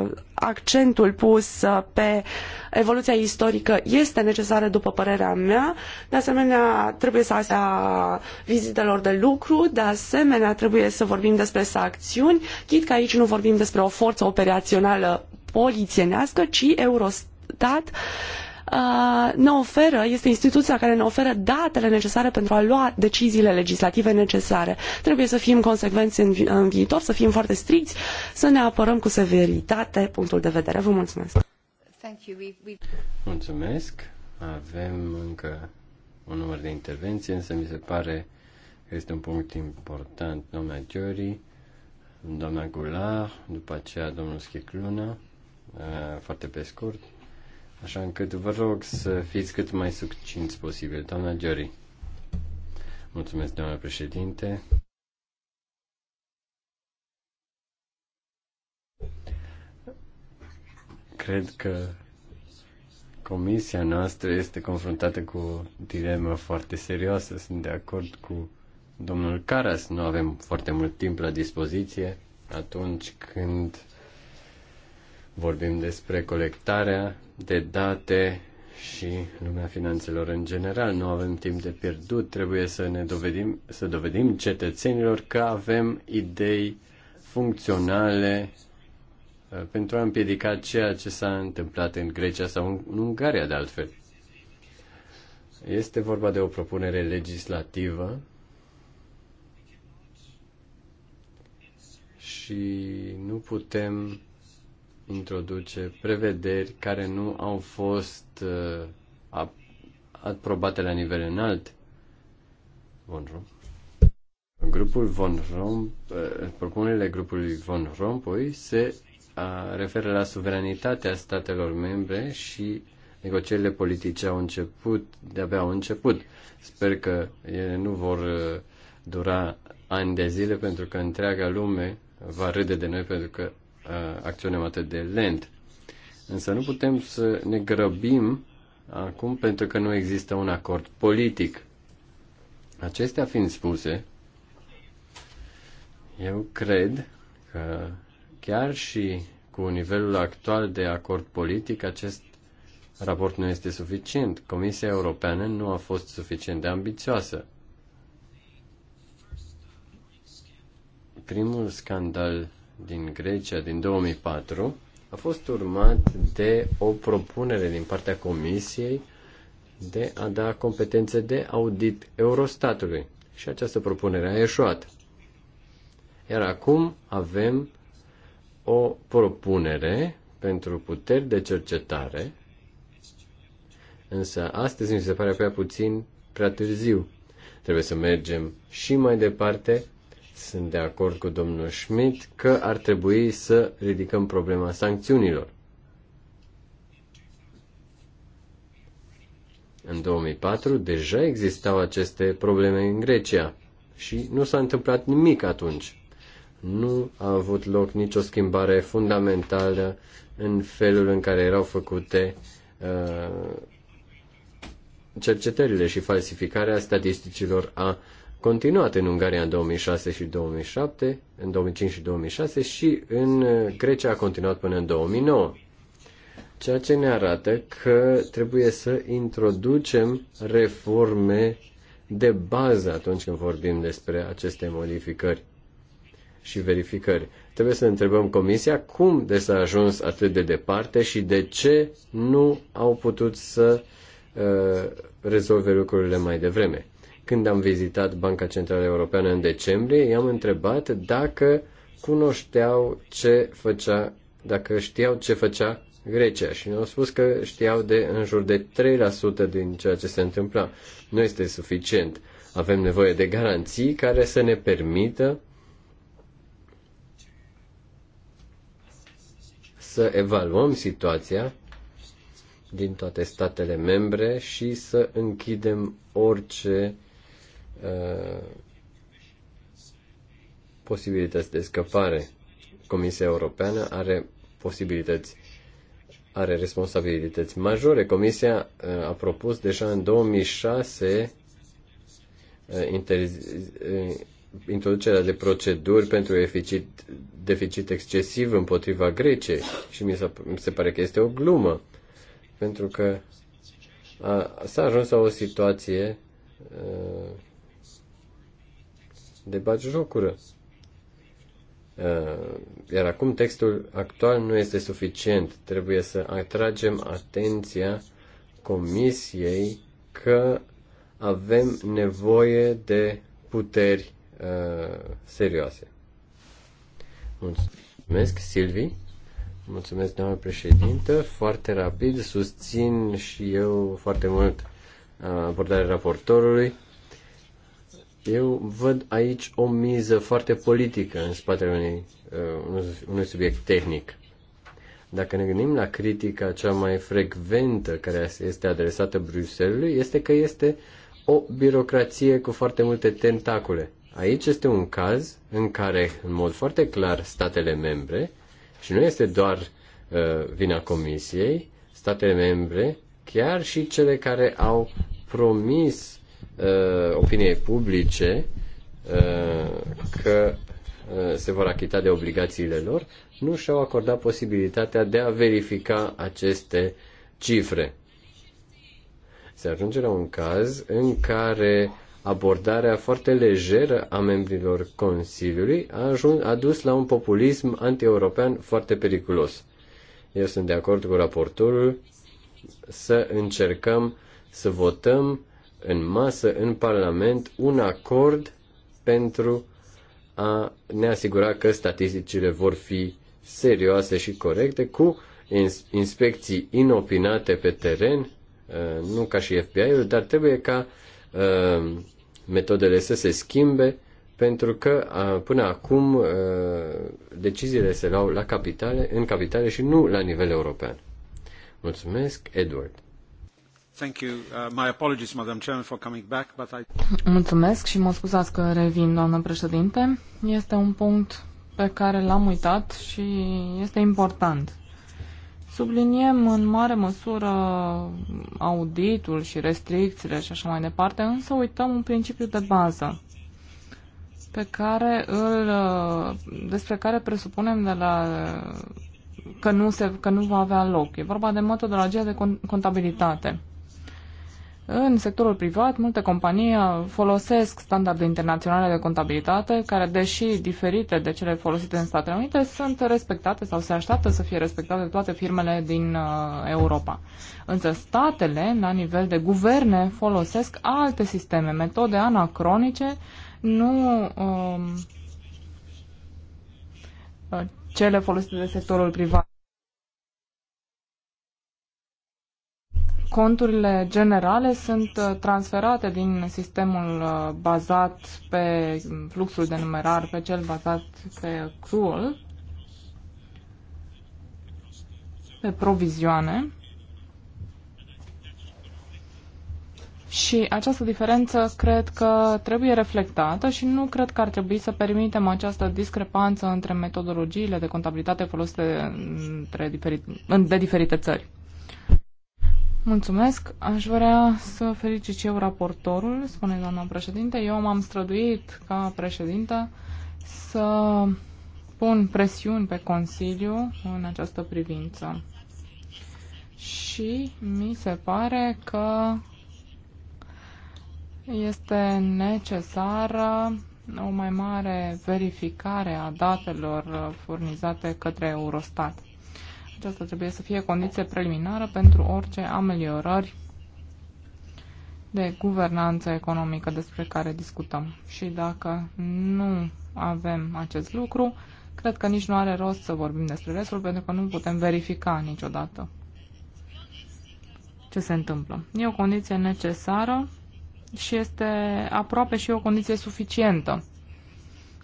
uh, accentul pus uh, pe evoluția istorică este necesară după părerea mea. De asemenea, trebuie să astea vizitelor de lucru, de asemenea trebuie să vorbim despre sancțiuni, chit că aici nu vorbim despre o forță operațională polițienească, ci Eurostat uh, ne oferă, este instituția care ne oferă datele necesare pentru a lua deciziile legislative necesare. Trebuie să fim consecvenți în, vi în viitor, să fim foarte stricți, să ne apărăm cu severitate punctul de vedere. Vă mulțumesc! Mulțumesc! Avem încă un număr de intervenții, însă mi se pare că este un punct important. Doamna Giori, doamna Goulard, după aceea domnul Schicluna Eh, foarte pe scurt, așa încât vă rog să fiți cât mai succinți posibil. Doamna Giori. Mulțumesc, doamna președinte. Cred că comisia noastră este confruntată cu o dilemă foarte serioasă. Sunt de acord cu domnul Caras. Nu avem foarte mult timp la dispoziție atunci când uh, Vorbim despre colectarea de date și lumea finanțelor în general. Nu avem timp de pierdut, trebuie să ne dovedim, să dovedim cetățenilor că avem idei funcționale uh, pentru a împiedica ceea ce s-a întâmplat în Grecia sau în Ungaria, de altfel. Este vorba de o propunere legislativă și nu putem introduce prevederi care nu au fost uh, aprobate la nivel înalt. Von Rom. Grupul Von uh, propunerile grupului Von Rompuy se uh, referă la suveranitatea statelor membre și negocierile politice au început, de-abia au început. Sper că ele nu vor uh, dura ani de zile pentru că întreaga lume va râde de noi pentru că acționăm atât de lent. Însă nu putem să ne grăbim acum pentru că nu există un acord politic. Acestea fiind spuse, eu cred că chiar și cu nivelul actual de acord politic, acest raport nu este suficient. Comisia Europeană nu a fost suficient de ambițioasă. Primul scandal din Grecia din 2004 a fost urmat de o propunere din partea Comisiei de a da competențe de audit Eurostatului. Și această propunere a ieșuat. Iar acum avem o propunere pentru puteri de cercetare, însă astăzi mi se pare prea puțin, prea târziu. Trebuie să mergem și mai departe sunt de acord cu domnul Schmidt că ar trebui să ridicăm problema sancțiunilor. În 2004 deja existau aceste probleme în Grecia și nu s-a întâmplat nimic atunci. Nu a avut loc nicio schimbare fundamentală în felul în care erau făcute uh, cercetările și falsificarea statisticilor a uh, continuat în Ungaria în 2006 și 2007, în 2005 și 2006 și în uh, Grecia a continuat până în 2009. Ceea ce ne arată că trebuie să introducem reforme de bază atunci când vorbim despre aceste modificări și verificări. Trebuie să întrebăm Comisia cum de s-a ajuns atât de departe și de ce nu au putut să uh, rezolve lucrurile mai devreme. Când am vizitat Banca Centrală Europeană în decembrie, i-am întrebat dacă cunoșteau ce făcea, dacă știau ce făcea Grecia și ne-au spus că știau de în jur de 3% din ceea ce se întâmpla. Nu este suficient. Avem nevoie de garanții care să ne permită să evaluăm situația din toate statele membre și să închidem orice Uh, posibilități de scăpare. Comisia Europeană are posibilități, are responsabilități majore. Comisia uh, a propus deja în 2006 uh, introducerea de proceduri pentru deficit, deficit excesiv împotriva Greciei și mi se pare că este o glumă, pentru că s-a ajuns la o situație de jocură. Uh, iar acum textul actual nu este suficient. Trebuie să atragem atenția Comisiei că avem nevoie de puteri uh, serioase. Mulțumesc, Silvi. Mulțumesc, doamnă președintă. Foarte rapid, susțin și eu foarte mult uh, abordarea raportorului. Eu văd aici o miză foarte politică în spatele unei, uh, unui subiect tehnic. Dacă ne gândim la critica cea mai frecventă care este adresată Bruxellesului, este că este o birocrație cu foarte multe tentacule. Aici este un caz în care, în mod foarte clar, statele membre, și nu este doar uh, vina Comisiei, statele membre, chiar și cele care au promis uh, opiniei publice uh, că uh, se vor achita de obligațiile lor, nu și-au acordat posibilitatea de a verifica aceste cifre. Se ajunge la un caz în care abordarea foarte lejeră a membrilor Consiliului a, ajuns, a dus la un populism anti-european foarte periculos. Eu sunt de acord cu raportorul să încercăm să votăm în masă în Parlament un acord pentru a ne asigura că statisticile vor fi serioase și corecte cu inspecții inopinate pe teren, uh, nu ca și FBI-ul, dar trebuie ca uh, metodele să se schimbe pentru că până acum uh, deciziile se luau la capitale, în capitale și nu la nivel european. Mulțumesc, Edward. Mulțumesc și mă scuzați că revin, doamnă președinte. Este un punct pe care l-am uitat și este important. Subliniem în mare măsură auditul și restricțiile și așa mai departe, însă uităm un principiu de bază pe care îl, uh, despre care presupunem de la, că, nu se, că nu va avea loc. E vorba de metodologia de contabilitate. În sectorul privat, multe companii folosesc standarde internaționale de contabilitate, care, deși diferite de cele folosite în Statele Unite, sunt respectate sau se așteaptă să fie respectate toate firmele din uh, Europa. Însă statele, la nivel de guverne, folosesc alte sisteme, metode anacronice, nu um, uh, cele folosite de sectorul privat. conturile generale sunt uh, transferate din sistemul uh, bazat pe fluxul de numerar, pe cel bazat pe accrual, pe provizioane. Și această diferență cred că trebuie reflectată și nu cred că ar trebui să permitem această discrepanță între metodologiile de contabilitate folosite între diferi, de diferite țări. Mulțumesc. Aș vrea să felicit eu raportorul, spune doamna președinte. Eu m-am străduit ca președinte să pun presiuni pe Consiliu în această privință. Și mi se pare că este necesară o mai mare verificare a datelor furnizate către Eurostat. Aceasta trebuie să fie condiție preliminară pentru orice ameliorări de guvernanță economică despre care discutăm. Și dacă nu avem acest lucru, cred că nici nu are rost să vorbim despre restul, pentru că nu putem verifica niciodată ce se întâmplă. E o condiție necesară și este aproape și o condiție suficientă.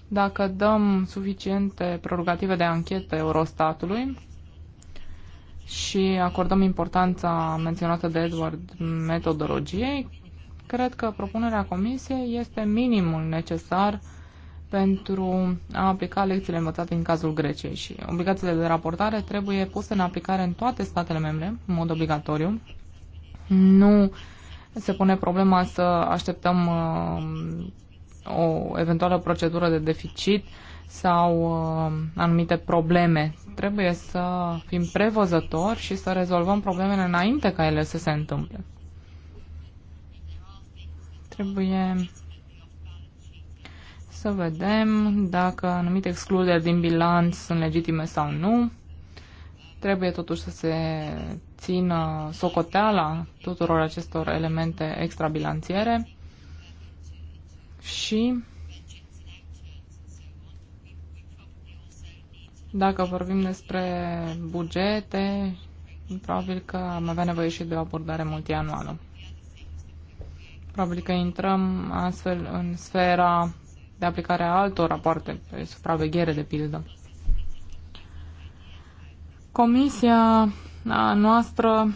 Dacă dăm suficiente prerogative de anchetă Eurostatului, și acordăm importanța menționată de Edward metodologiei, cred că propunerea comisiei este minimul necesar pentru a aplica lecțiile învățate în cazul Greciei și obligațiile de raportare trebuie puse în aplicare în toate statele membre, în mod obligatoriu. Nu se pune problema să așteptăm uh, o eventuală procedură de deficit uh, sau uh, anumite probleme. Trebuie să fim prevăzători și să rezolvăm problemele înainte ca ele să se întâmple. Trebuie să vedem dacă anumite excluderi din bilanț sunt legitime sau nu. Trebuie totuși să se țină socoteala tuturor acestor elemente extrabilanțiere și Dacă vorbim despre bugete, probabil că am avea nevoie și de o abordare multianuală. Probabil că intrăm astfel în sfera de aplicare a altor rapoarte, pe supraveghere de pildă. Comisia noastră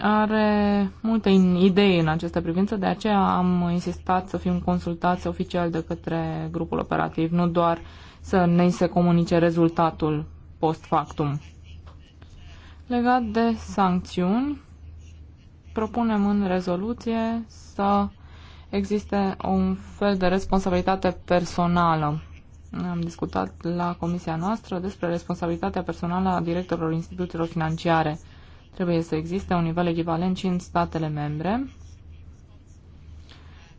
are multe idei în această privință, de aceea am insistat să fim consultați oficial de către grupul operativ, nu doar uh, să ne se comunice rezultatul post factum. Legat de sancțiuni, propunem în rezoluție să existe un fel de responsabilitate personală. Am discutat la comisia noastră despre responsabilitatea personală a directorilor instituțiilor financiare. Trebuie să existe un nivel echivalent și în statele membre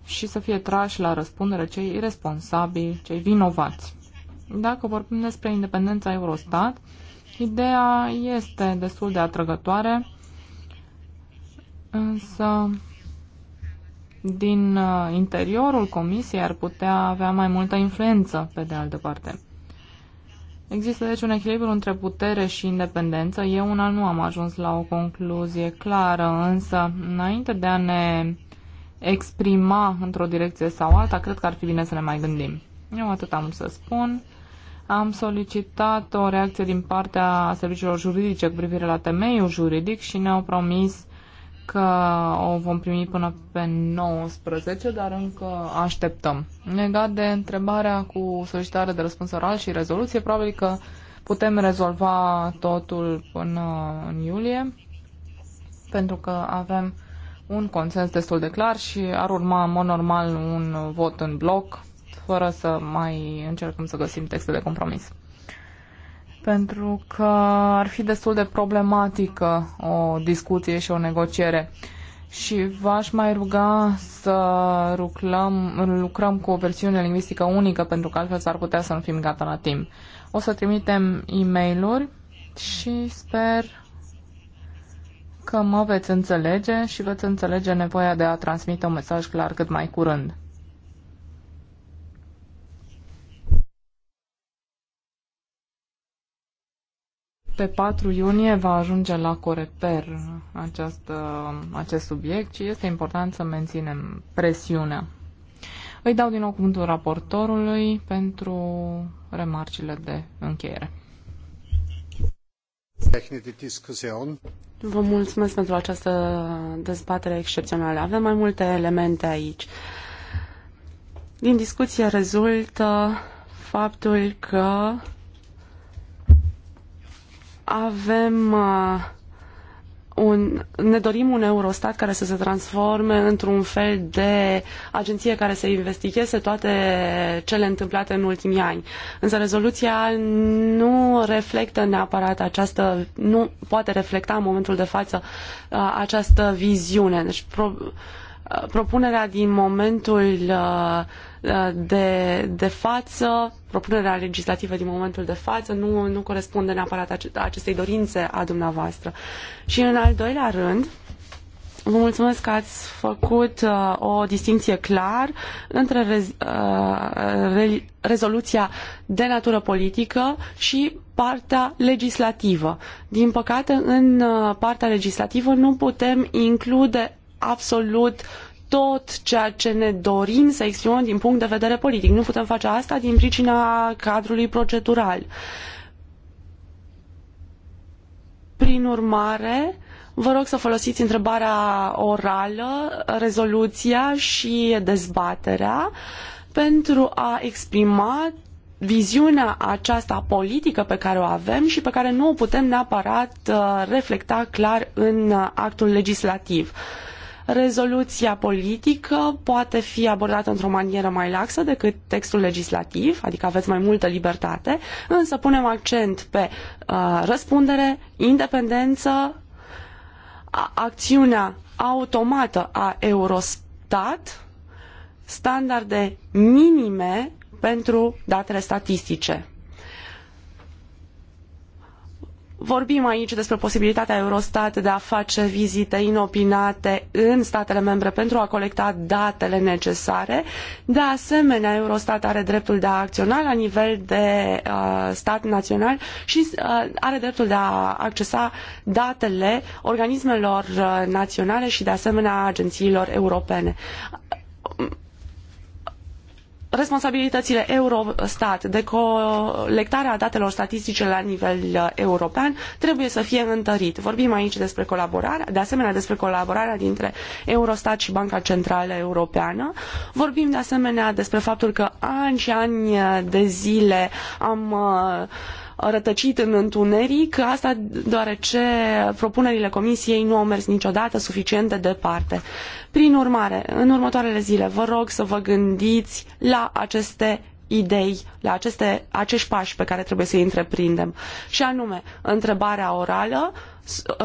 și să fie trași la răspundere cei responsabili, cei vinovați. Dacă vorbim despre independența Eurostat, ideea este destul de atrăgătoare, însă din uh, interiorul comisiei ar putea avea mai multă influență, pe de altă parte. Există deci un echilibru între putere și independență. Eu una nu am ajuns la o concluzie clară, însă înainte de a ne exprima într-o direcție sau alta, cred că ar fi bine să ne mai gândim. Eu atât am să spun am solicitat o reacție din partea serviciilor juridice cu privire la temeiul juridic și ne-au promis că o vom primi până pe 19, dar încă așteptăm. Legat de întrebarea cu solicitare de răspuns oral și rezoluție, probabil că putem rezolva totul până în iulie, pentru că avem un consens destul de clar și ar urma în mod normal un vot în bloc fără să mai încercăm să găsim texte de compromis. Pentru că ar fi destul de problematică o discuție și o negociere. Și v-aș mai ruga să lucrăm, lucrăm cu o versiune lingvistică unică, pentru că altfel s-ar putea să nu fim gata la timp. O să trimitem e mail și sper că mă veți înțelege și veți înțelege nevoia de a transmite un mesaj clar cât mai curând. Pe 4 iunie va ajunge la Coreper acest acest subiect și este important să menținem presiunea. Îi dau din nou cuvântul raportorului pentru remarcile de încheiere. Vă mulțumesc pentru această dezbatere excepțională. Avem mai multe elemente aici. Din discuție rezultă faptul că avem uh, un, ne dorim un Eurostat care să se transforme într-un fel de agenție care să investigheze toate cele întâmplate în ultimii ani. Însă rezoluția nu reflectă neapărat această, nu poate reflecta în momentul de față uh, această viziune. Deci pro, uh, propunerea din momentul de, de față, propunerea legislativă din momentul de față nu, nu corespunde neapărat acestei dorințe a dumneavoastră. Și în al doilea rând, Vă mulțumesc că ați făcut uh, o distinție clar între rez, uh, re, rezoluția de natură politică și partea legislativă. Din păcate, în uh, partea legislativă nu putem include absolut tot ceea ce ne dorim să exprimăm din punct de vedere politic. Nu putem face asta din pricina cadrului procedural. Prin urmare, vă rog să folosiți întrebarea orală, rezoluția și dezbaterea pentru a exprima viziunea aceasta politică pe care o avem și pe care nu o putem neapărat uh, reflecta clar în uh, actul legislativ. Uh, rezoluția politică poate fi abordată într-o manieră mai laxă decât textul legislativ, adică aveți mai multă libertate, însă punem accent pe uh, răspundere, independență, a, acțiunea automată a Eurostat, standarde minime pentru datele statistice. Vorbim aici despre posibilitatea Eurostat de a face vizite inopinate în statele membre pentru a colecta datele necesare. De asemenea, Eurostat are dreptul de a acționa la nivel de uh, stat național și uh, are dreptul de a accesa datele organismelor uh, naționale și de asemenea agențiilor europene responsabilitățile Eurostat de colectarea datelor statistice la nivel uh, european trebuie să fie întărit. Vorbim aici despre colaborare, de asemenea despre colaborarea dintre Eurostat și Banca Centrală Europeană. Vorbim de asemenea despre faptul că ani și ani de zile am uh, rătăcit în întuneric, asta deoarece propunerile comisiei nu au mers niciodată suficient de departe. Prin urmare, în următoarele zile, vă rog să vă gândiți la aceste idei, la aceste, acești pași pe care trebuie să-i întreprindem. Și anume, întrebarea orală,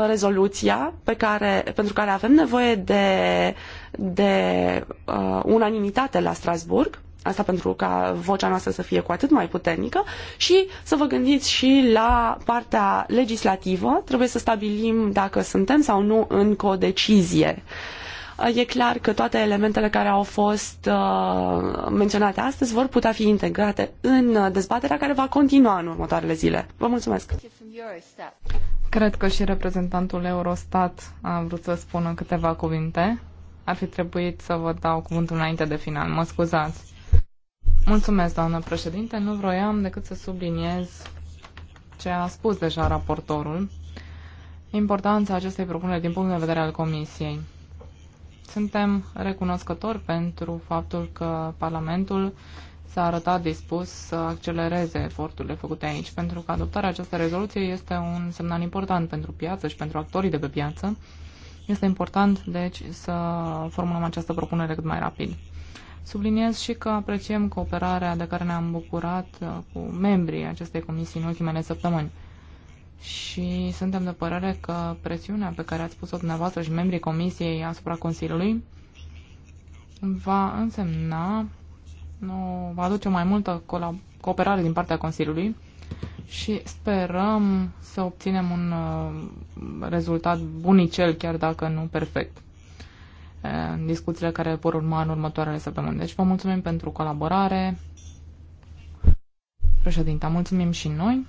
rezoluția pe care, pentru care avem nevoie de, de uh, unanimitate la Strasburg, Asta pentru ca vocea noastră să fie cu atât mai puternică și să vă gândiți și la partea legislativă. Trebuie să stabilim dacă suntem sau nu în codecizie. E clar că toate elementele care au fost uh, menționate astăzi vor putea fi integrate în dezbaterea care va continua în următoarele zile. Vă mulțumesc! Cred că și reprezentantul Eurostat a vrut să spună câteva cuvinte. Ar fi trebuit să vă dau cuvântul înainte de final. Mă scuzați. Mulțumesc, doamnă președinte. Nu vroiam decât să subliniez ce a spus deja raportorul, importanța acestei propuneri din punct de vedere al Comisiei. Suntem recunoscători pentru faptul că Parlamentul s-a arătat dispus să accelereze eforturile făcute aici, pentru că adoptarea acestei rezoluție este un semnal important pentru piață și pentru actorii de pe piață. Este important, deci, să formulăm această propunere cât mai rapid. Subliniez și că apreciem cooperarea de care ne-am bucurat uh, cu membrii acestei comisii în ultimele săptămâni. Și suntem de părere că presiunea pe care ați pus-o dumneavoastră și membrii comisiei asupra Consiliului va însemna, nu, va aduce mai multă cooperare din partea Consiliului și sperăm să obținem un uh, rezultat bunicel, chiar dacă nu perfect în discuțiile care vor urma în următoarele săptămâni. Deci vă mulțumim pentru colaborare. Președinta, mulțumim și noi.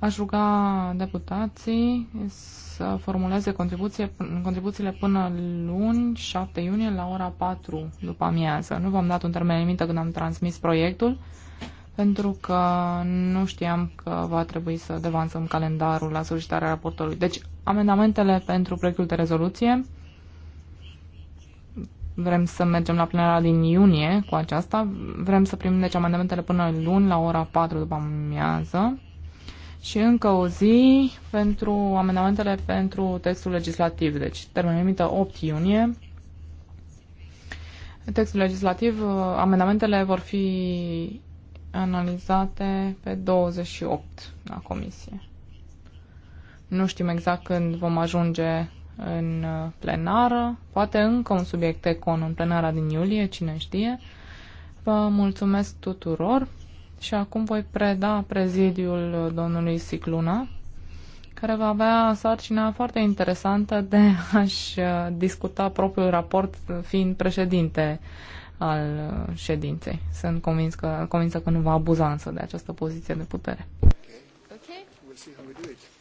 Aș ruga deputații să formuleze contribuție, contribuțiile până luni, 7 iunie, la ora 4 după amiază. Nu v-am dat un termen limită când am transmis proiectul, pentru că nu știam că va trebui să devansăm calendarul la solicitarea raportului. Deci Amendamentele pentru proiectul de rezoluție. Vrem să mergem la plenara din iunie cu aceasta. Vrem să primim deci amendamentele până luni la ora 4 după amiază și încă o zi pentru amendamentele pentru textul legislativ. Deci, termenul limită 8 iunie. Textul legislativ, uh, amendamentele vor fi analizate pe 28 la comisie. Nu știm exact când vom ajunge în uh, plenară, poate încă un subiect econ în plenara din iulie, cine știe. Vă mulțumesc tuturor și acum voi preda prezidiul uh, domnului Sicluna, care va avea sarcina foarte interesantă de a-și uh, discuta propriul raport fiind președinte al ședinței. Sunt convins că, convinsă că nu va abuza însă de această poziție de putere. Okay. Okay. We'll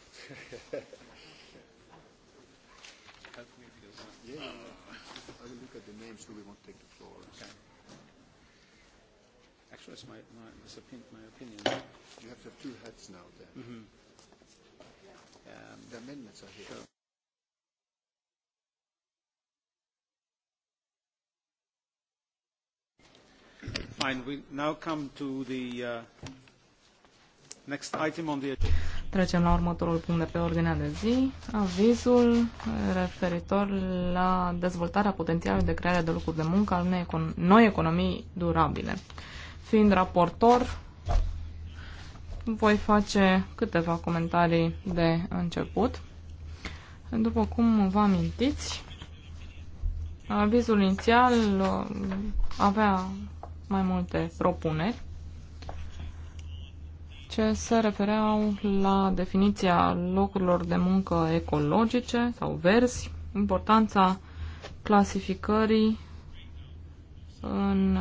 Trecem la următorul punct de pe ordinea de zi, avizul referitor la dezvoltarea potențialului de creare de locuri de muncă al unei econ noi economii durabile. Fiind raportor, voi face câteva comentarii de început. După cum vă amintiți, avizul inițial uh, avea mai multe propuneri ce se refereau la definiția locurilor de muncă ecologice sau verzi, importanța clasificării în,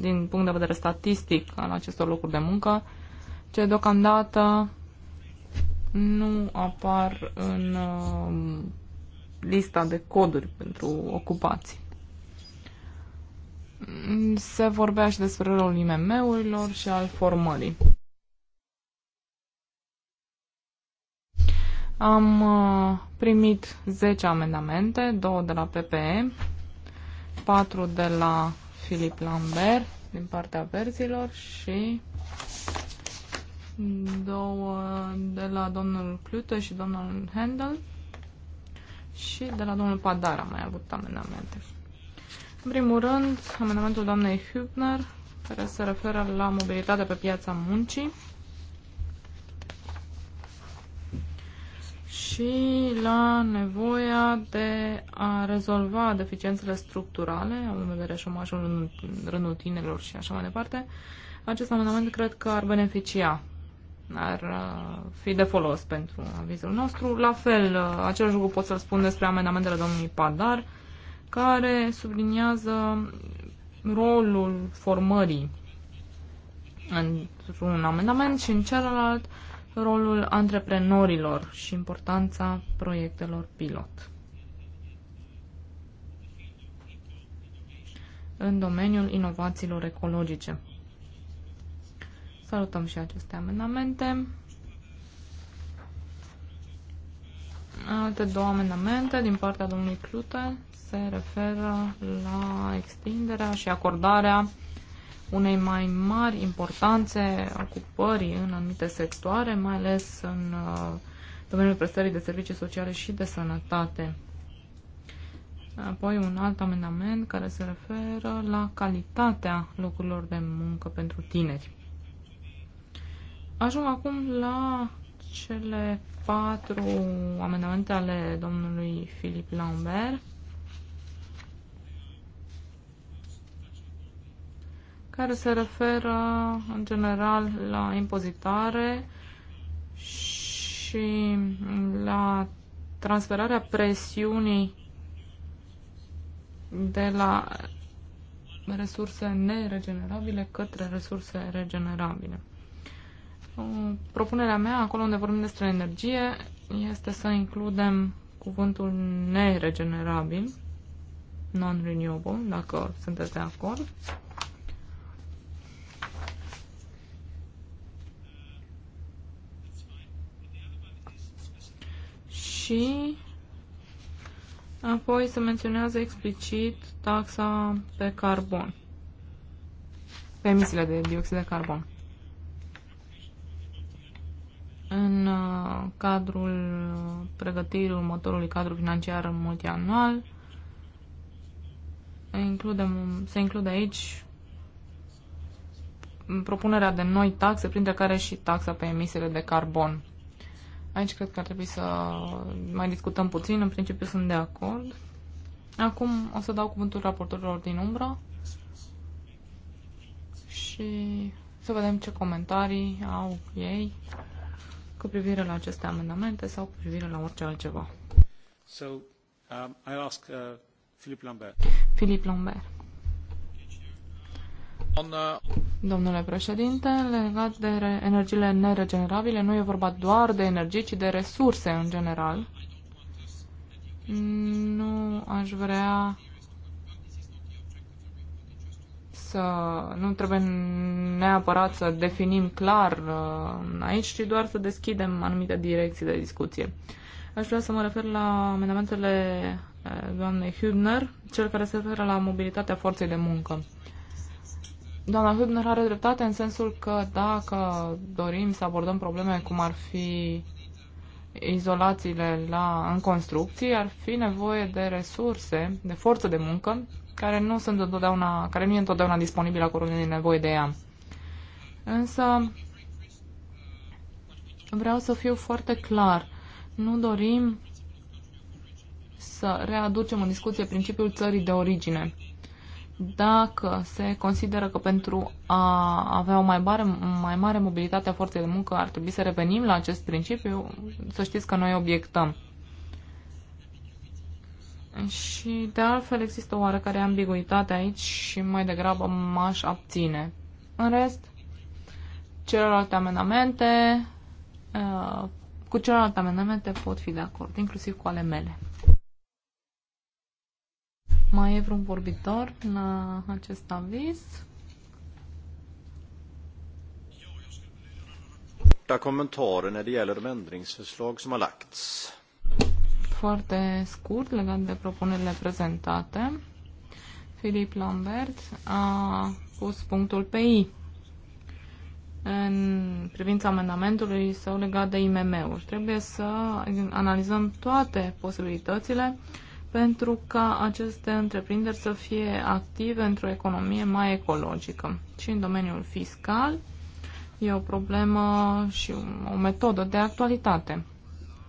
din punct de vedere statistic al acestor locuri de muncă, ce deocamdată nu apar în um, lista de coduri pentru ocupații se vorbea și despre rolul IMM-urilor și al formării. Am uh, primit 10 amendamente, 2 de la PPE, 4 de la Filip Lambert din partea verzilor și două de la domnul Clute și domnul Handel și de la domnul Padar am mai avut amendamente. În primul rând, amendamentul doamnei Hübner, care se referă la mobilitatea pe piața muncii și la nevoia de a rezolva deficiențele structurale, având în vedere șomajul în rândul tinerilor și așa mai departe, acest amendament cred că ar beneficia ar uh, fi de folos pentru avizul nostru. La fel, uh, același lucru pot să-l spun despre amendamentele domnului Padar, care subliniază rolul formării într-un amendament și în celălalt rolul antreprenorilor și importanța proiectelor pilot. în domeniul inovațiilor ecologice. Salutăm și aceste amendamente. Alte două amendamente din partea domnului Clute se referă la extinderea și acordarea unei mai mari importanțe ocupării în anumite sectoare, mai ales în uh, domeniul prestării de servicii sociale și de sănătate. Apoi un alt amendament care se referă la calitatea locurilor de muncă pentru tineri. Ajung acum la cele patru amendamente ale domnului Filip Lambert care se referă în general la impozitare și la transferarea presiunii de la resurse neregenerabile către resurse regenerabile. Propunerea mea, acolo unde vorbim despre energie, este să includem cuvântul neregenerabil, non-renewable, dacă sunteți de acord. și apoi se menționează explicit taxa pe carbon, pe emisiile de dioxid de carbon. În uh, cadrul pregătirii următorului cadru financiar multianual, includem, se include aici propunerea de noi taxe, printre care și taxa pe emisiile de carbon. Aici cred că ar trebui să mai discutăm puțin. În principiu sunt de acord. Acum o să dau cuvântul raportorilor din umbră și să vedem ce comentarii au ei cu privire la aceste amendamente sau cu privire la orice altceva. So, um, I ask, uh, Philippe Lambert. Philippe Lambert. Domnule președinte, legat de energiile neregenerabile, nu e vorba doar de energie, ci de resurse în general. Nu aș vrea să... Nu trebuie neapărat să definim clar uh, aici, ci doar să deschidem anumite direcții de discuție. Aș vrea să mă refer la amendamentele uh, doamnei Hübner, cel care se referă la mobilitatea forței de muncă. Doamna Hübner are dreptate în sensul că dacă dorim să abordăm probleme cum ar fi izolațiile la, în construcții, ar fi nevoie de resurse, de forță de muncă, care nu, sunt întotdeauna, care nu e întotdeauna disponibilă acolo unde e nevoie de ea. Însă vreau să fiu foarte clar. Nu dorim să readucem în discuție principiul țării de origine dacă se consideră că pentru a avea o mai mare, mai mare mobilitate a forței de muncă ar trebui să revenim la acest principiu, să știți că noi obiectăm. Și de altfel există o oarecare ambiguitate aici și mai degrabă m-aș abține. În rest, celelalte amendamente, uh, cu celelalte amendamente pot fi de acord, inclusiv cu ale mele. Mai e vreun vorbitor la uh, acest aviz? Da, comentarii när det gäller de ändringsförslag som har lagts. Foarte scurt legat de propunerile prezentate. Filip Lambert a pus punctul pe I în privința amendamentului său legat de IMM-uri. Trebuie să analizăm toate posibilitățile uh, pentru ca aceste întreprinderi să fie active într-o economie mai ecologică. Și în domeniul fiscal e o problemă și o metodă de actualitate.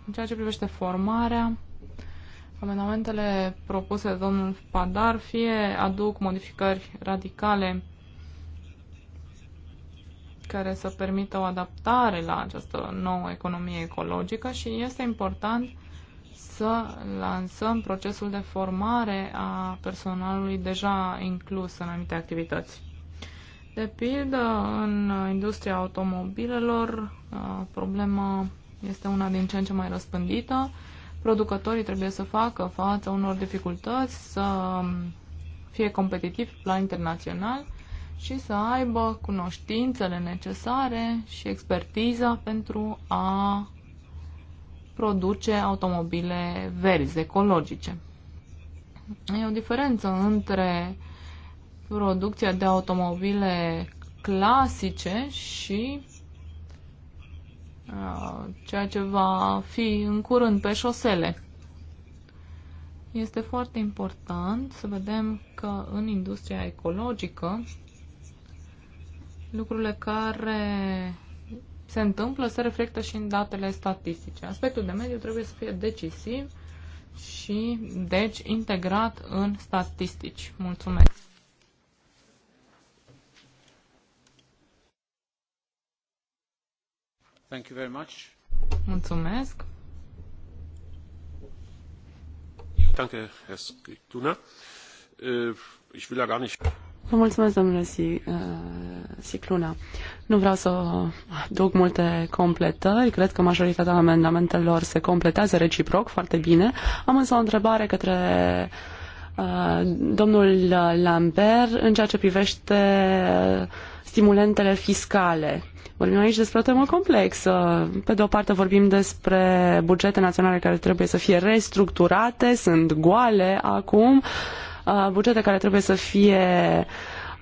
În ceea ce privește formarea, amendamentele propuse de domnul Padar fie aduc modificări radicale care să permită o adaptare la această nouă economie ecologică și este important să lansăm procesul de formare a personalului deja inclus în anumite activități. De pildă, în industria automobilelor, uh, problema este una din ce în ce mai răspândită. Producătorii trebuie să facă față unor dificultăți, să um, fie competitivi la internațional și să aibă cunoștințele necesare și expertiza pentru a produce automobile verzi, ecologice. E o diferență între producția de automobile clasice și uh, ceea ce va fi în curând pe șosele. Este foarte important să vedem că în industria ecologică lucrurile care se întâmplă se reflectă și în datele statistice. Aspectul de mediu trebuie să fie decisiv și, deci, integrat în statistici. Mulțumesc! Thank you very much. Mulțumesc! Danke, Herr Skikuna. Äh, ich will ja da gar nicht... Vă mulțumesc, domnule uh, Sicluna. Nu vreau să aduc multe completări. Cred că majoritatea amendamentelor se completează reciproc foarte bine. Am însă o întrebare către uh, domnul Lambert în ceea ce privește stimulentele fiscale. Vorbim aici despre o temă complexă. Pe de o parte vorbim despre bugete naționale care trebuie să fie restructurate, sunt goale acum. Uh, Uh, bugete care trebuie să fie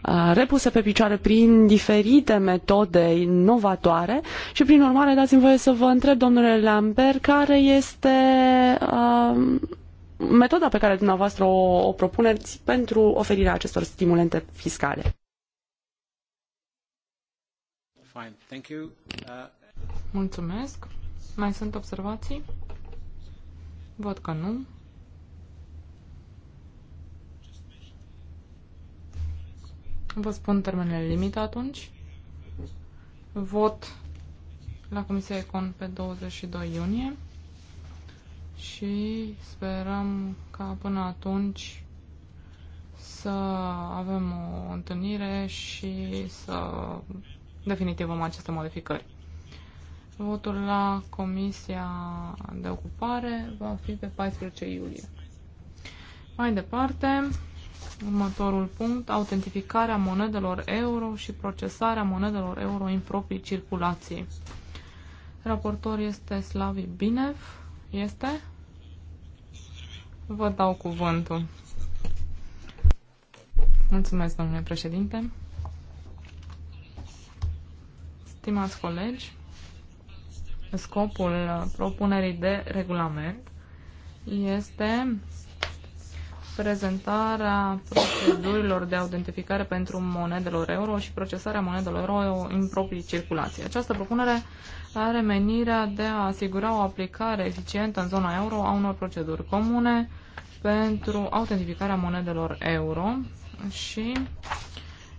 uh, repuse pe picioare prin diferite metode inovatoare și prin urmare dați-mi voie să vă întreb, domnule Lambert, care este uh, metoda pe care dumneavoastră o, o propuneți pentru oferirea acestor stimulente fiscale. Fine, thank you. Uh... Mulțumesc. Mai sunt observații? Văd că nu. Vă spun termenele limită atunci. Vot la Comisia Econ pe 22 iunie și sperăm ca până atunci să avem o întâlnire și să definitivăm aceste modificări. Votul la Comisia de Ocupare va fi pe 14 iulie. Mai departe, Următorul punct, autentificarea monedelor euro și procesarea monedelor euro în proprii circulații. Raportor este Slavi Binev. Este? Vă dau cuvântul. Mulțumesc, domnule președinte. Stimați colegi, scopul propunerii de regulament este prezentarea procedurilor de autentificare pentru monedelor euro și procesarea monedelor euro în proprii circulații. Această propunere are menirea de a asigura o aplicare eficientă în zona euro a unor proceduri comune pentru autentificarea monedelor euro și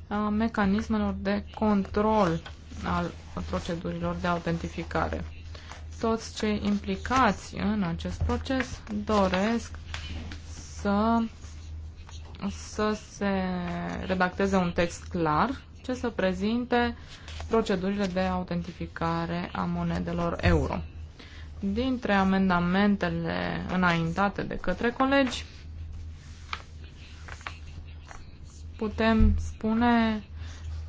a mecanismelor de control al procedurilor de autentificare. Toți cei implicați în acest proces doresc să, să se redacteze un text clar ce să prezinte procedurile de autentificare a monedelor euro. Dintre amendamentele înaintate de către colegi, putem spune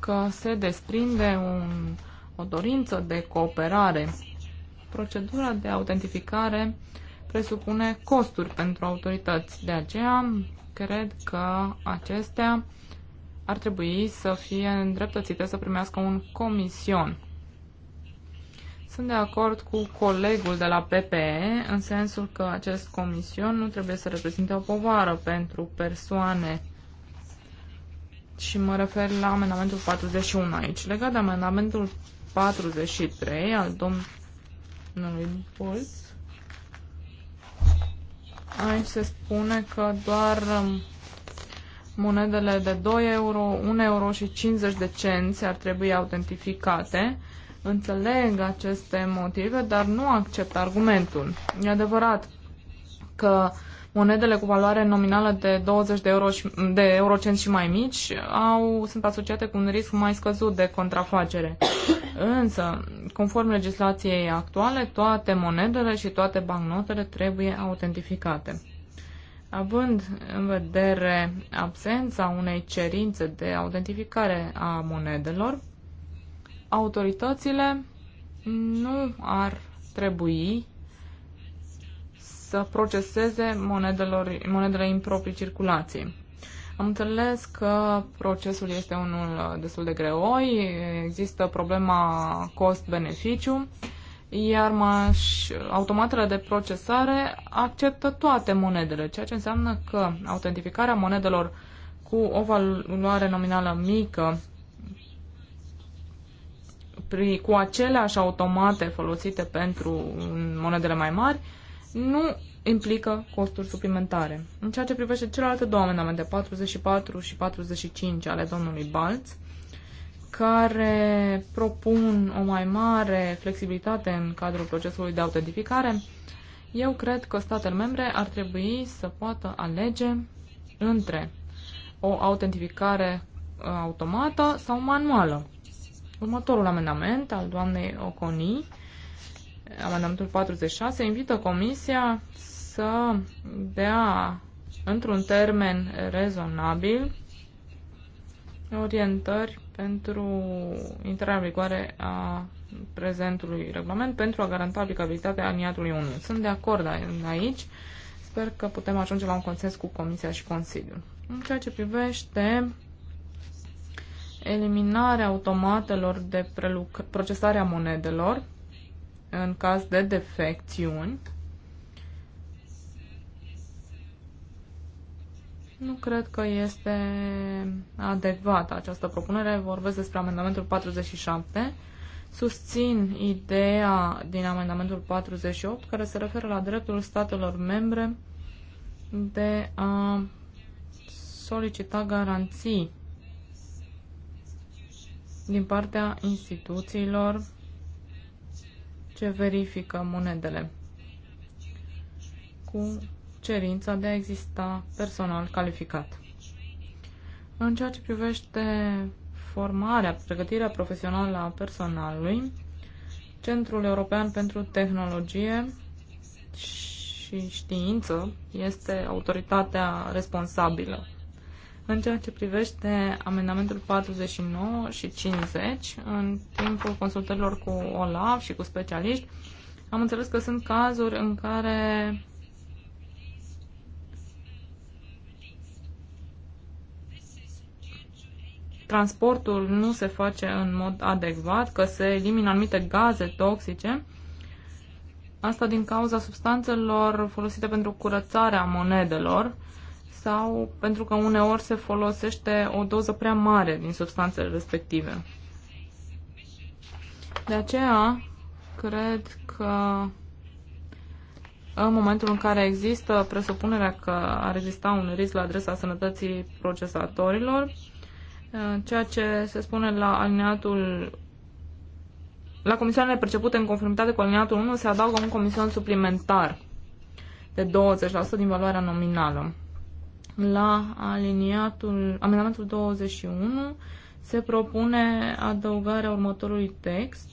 că se desprinde un, o dorință de cooperare. Procedura de autentificare uh, presupune costuri pentru autorități. De aceea, cred că acestea ar trebui să fie îndreptățite să primească un comision. Sunt de acord cu colegul de la PPE în sensul că acest comision nu trebuie să reprezinte o povară pentru persoane și mă refer la amendamentul 41 aici. Legat de amendamentul 43 al domnului Bolz, Aici se spune că doar um, monedele de 2 euro, 1 euro și 50 de cenți ar trebui autentificate. Înțeleg aceste motive, dar nu accept argumentul. E adevărat că uh, monedele cu valoare nominală de 20 de, euro și, de cent și mai mici au, sunt asociate cu un risc mai scăzut de contrafacere. Însă, conform legislației actuale, toate monedele și toate bancnotele trebuie autentificate. Având în vedere absența unei cerințe de autentificare a monedelor, autoritățile nu ar trebui să proceseze monedelor, monedele în proprii circulații. Am înțeles că procesul este unul destul de greoi, există problema cost-beneficiu, iar maș, automatele de procesare acceptă toate monedele, ceea ce înseamnă că autentificarea monedelor cu o valoare nominală mică cu aceleași automate folosite pentru monedele mai mari nu implică costuri suplimentare. În ceea ce privește celelalte două amendamente, 44 și 45 ale domnului Balț, care propun o mai mare flexibilitate în cadrul procesului de autentificare, eu cred că statele membre ar trebui să poată alege între o autentificare uh, automată sau manuală. Următorul amendament al doamnei Oconi amendamentul 46, invită Comisia să dea într-un termen rezonabil orientări pentru intrarea în vigoare a prezentului regulament pentru a garanta aplicabilitatea aliniatului 1. Sunt de acord aici. Sper că putem ajunge la un consens cu Comisia și Consiliul. În ceea ce privește eliminarea automatelor de procesare a monedelor, în caz de defecțiuni. Nu cred că este adecvată această propunere. Vorbesc despre amendamentul 47. Susțin ideea din amendamentul 48 care se referă la dreptul statelor membre de a solicita garanții din partea instituțiilor ce verifică monedele cu cerința de a exista personal calificat. În ceea ce privește formarea, pregătirea profesională a personalului, Centrul European pentru Tehnologie și Știință este autoritatea responsabilă în ceea ce privește amendamentul 49 și 50, în timpul consultărilor cu OLAF și cu specialiști, am înțeles că sunt cazuri în care transportul nu se face în mod adecvat, că se elimină anumite gaze toxice, asta din cauza substanțelor folosite pentru curățarea monedelor, sau pentru că uneori se folosește o doză prea mare din substanțele respective. De aceea, cred că în momentul în care există presupunerea că ar exista un risc la adresa sănătății procesatorilor, ceea ce se spune la alineatul la comisioanele percepute în conformitate cu alineatul 1 se adaugă un comision suplimentar de 20% din valoarea nominală la aliniatul, amendamentul 21 se propune adăugarea următorului text.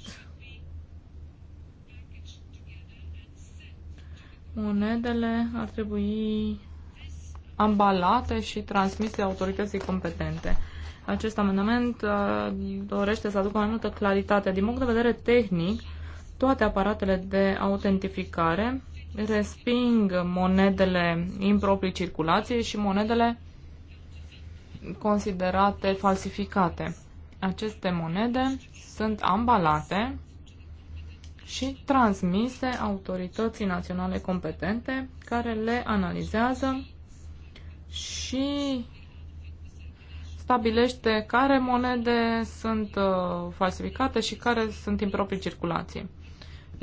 Monedele ar trebui ambalate și transmise autorității competente. Acest amendament uh, dorește să aducă mai multă claritate. Din punct de vedere tehnic, toate aparatele de autentificare resping monedele proprii circulație și monedele considerate falsificate. Aceste monede sunt ambalate și transmise autorității naționale competente care le analizează și stabilește care monede sunt uh, falsificate și care sunt în proprii circulație.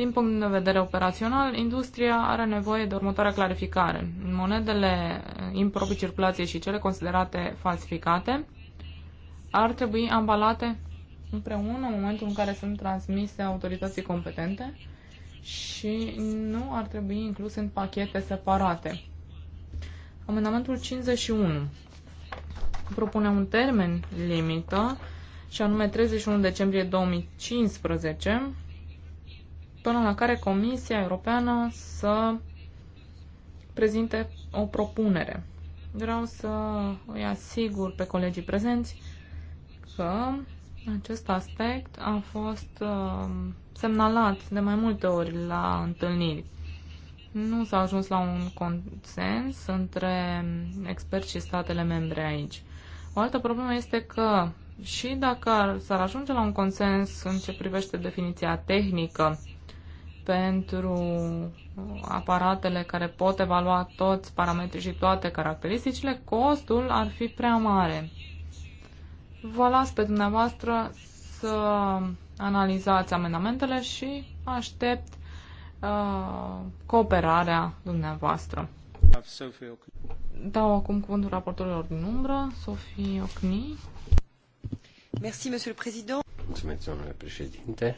Din punct de vedere operațional, industria are nevoie de următoarea clarificare. Monedele improprii circulație și cele considerate falsificate ar trebui ambalate împreună în momentul în care sunt transmise autorității competente și nu ar trebui incluse în pachete separate. Amendamentul 51 propune un termen limită și anume 31 decembrie 2015 până la care Comisia Europeană să prezinte o propunere. Vreau să îi asigur pe colegii prezenți că acest aspect a fost uh, semnalat de mai multe ori la întâlniri. Nu s-a ajuns la un consens între experți și statele membre aici. O altă problemă este că și dacă s-ar ajunge la un consens în ce privește definiția tehnică pentru aparatele care pot evalua toți parametrii și toate caracteristicile, costul ar fi prea mare. Vă las pe dumneavoastră să analizați amendamentele și aștept uh, cooperarea dumneavoastră. Dau acum cuvântul raportorilor din umbră, Sofie Ocni. Merci, Mulțumesc, domnule președinte.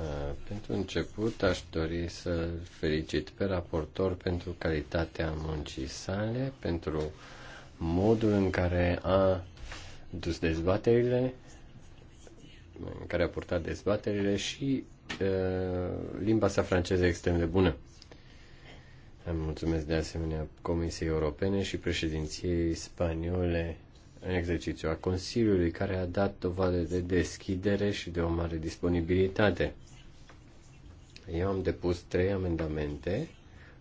Uh, pentru început, aș dori să felicit pe raportor pentru calitatea muncii sale, pentru modul în care a dus dezbaterile, în care a purtat dezbaterile și uh, limba sa franceză extrem de bună. Îmi mulțumesc de asemenea Comisiei Europene și președinției spaniole exercițiu a Consiliului, care a dat dovadă de deschidere și de o mare disponibilitate. Eu am depus trei amendamente.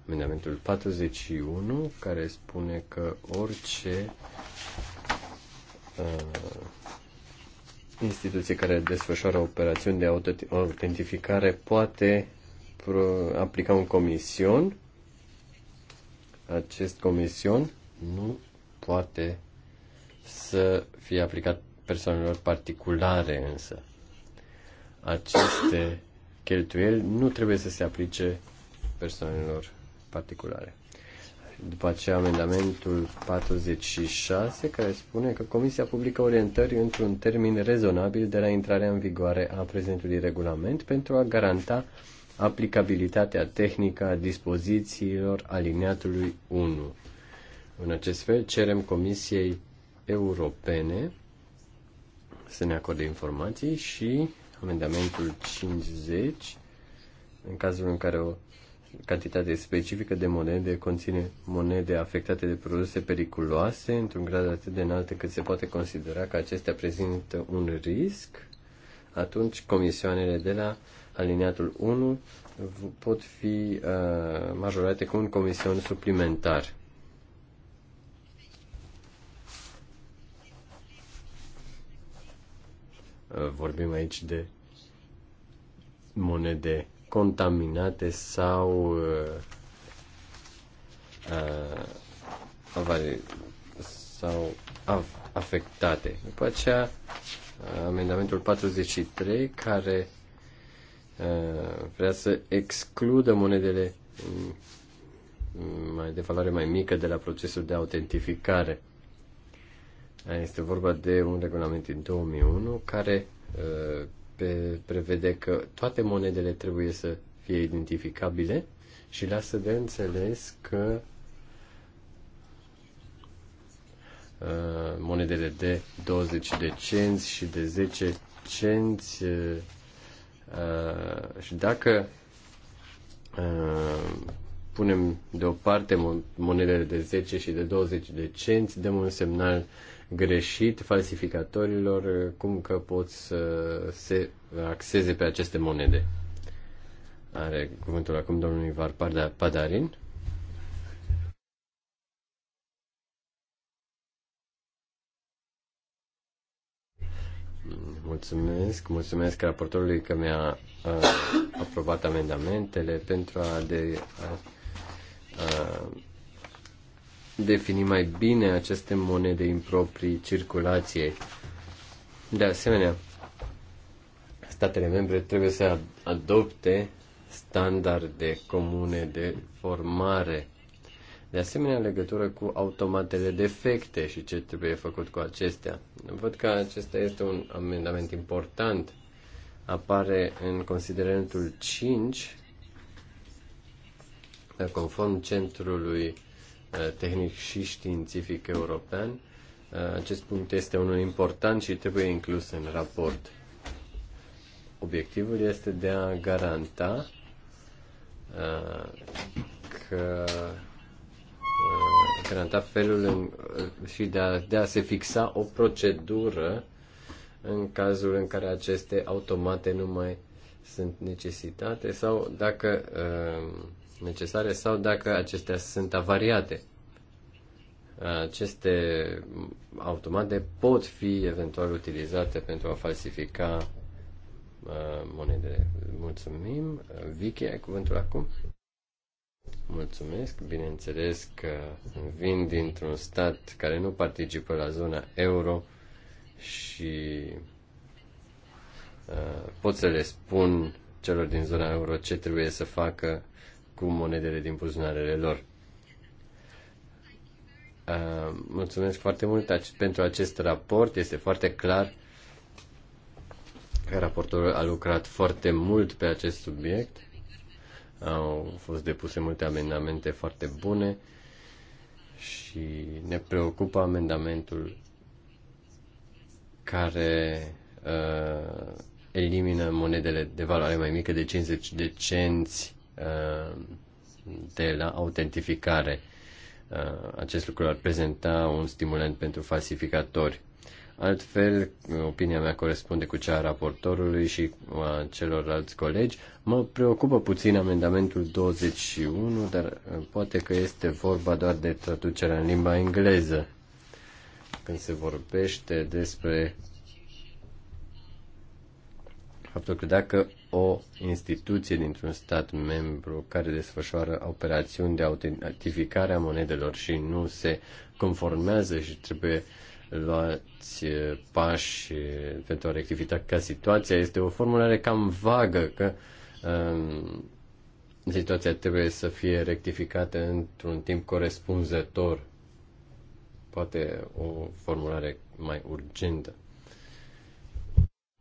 Amendamentul 41, care spune că orice uh, instituție care desfășoară operațiuni de autentificare poate aplica un comision. Acest comision nu poate să fie aplicat persoanelor particulare însă. Aceste cheltuieli nu trebuie să se aplice persoanelor particulare. După aceea amendamentul 46 care spune că Comisia publică orientări într-un termen rezonabil de la intrarea în vigoare a prezentului regulament pentru a garanta aplicabilitatea tehnică a dispozițiilor aliniatului 1. În acest fel cerem Comisiei europene să ne acorde informații și amendamentul 50 în cazul în care o cantitate specifică de monede conține monede afectate de produse periculoase într-un grad atât de înalt încât se poate considera că acestea prezintă un risc, atunci comisioanele de la aliniatul 1 pot fi uh, majorate cu un comision suplimentar. Uh, vorbim aici de monede contaminate sau uh, uh, avare sau afectate. După aceea, amendamentul 43 care vrea să excludă monedele mai de valoare mai mică de la procesul de autentificare. Este vorba de un regulament din 2001 care uh, pe, prevede că toate monedele trebuie să fie identificabile și lasă de înțeles că uh, monedele de 20 de cenți și de 10 cenți uh, și dacă punem deoparte monedele de 10 și de 20 de cenți, dăm un semnal uh, greșit falsificatorilor cum că pot să se axeze pe aceste monede. Are cuvântul acum domnului Varpar Padarin. Mulțumesc, mulțumesc raportorului că mi-a aprobat amendamentele pentru a, de, a, a defini mai bine aceste monede improprii circulației. De asemenea, statele membre trebuie să adopte standarde comune de formare. De asemenea, legătură cu automatele defecte și ce trebuie făcut cu acestea. Văd că acesta este un amendament important. Apare în considerentul 5, conform centrului Uh, tehnic și științific european. Uh, acest punct este unul important și trebuie inclus în raport. Obiectivul este de a garanta uh, că garanta felul în, și de a, de a se fixa o procedură în cazul în care aceste automate nu mai sunt necesitate sau dacă uh, necesare sau dacă acestea sunt avariate. Aceste automate pot fi eventual utilizate pentru a falsifica uh, monedele. Mulțumim. Vicky, ai cuvântul acum? Mulțumesc. Bineînțeles că vin dintr-un stat care nu participă la zona euro și uh, pot să le spun celor din zona euro ce trebuie să facă cu monedele din buzunarele lor. Mulțumesc foarte mult pentru acest raport. Este foarte clar că raportorul a lucrat foarte mult pe acest subiect. Au fost depuse multe amendamente foarte bune și ne preocupă amendamentul care uh, elimină monedele de valoare mai mică de 50 de cenți Uh, de la autentificare. Uh, acest lucru ar prezenta un stimulant pentru falsificatori. Altfel, opinia mea corespunde cu cea a raportorului și a celorlalți colegi. Mă preocupă puțin amendamentul 21, dar uh, poate că este vorba doar de traducerea în limba engleză. Când se vorbește despre faptul că dacă o instituție dintr-un stat membru care desfășoară operațiuni de autentificare a monedelor și nu se conformează și trebuie luați eh, pași eh, pentru a rectifica ca situația. Este o formulare cam vagă că um, situația trebuie să fie rectificată într-un timp corespunzător. Poate o formulare mai urgentă.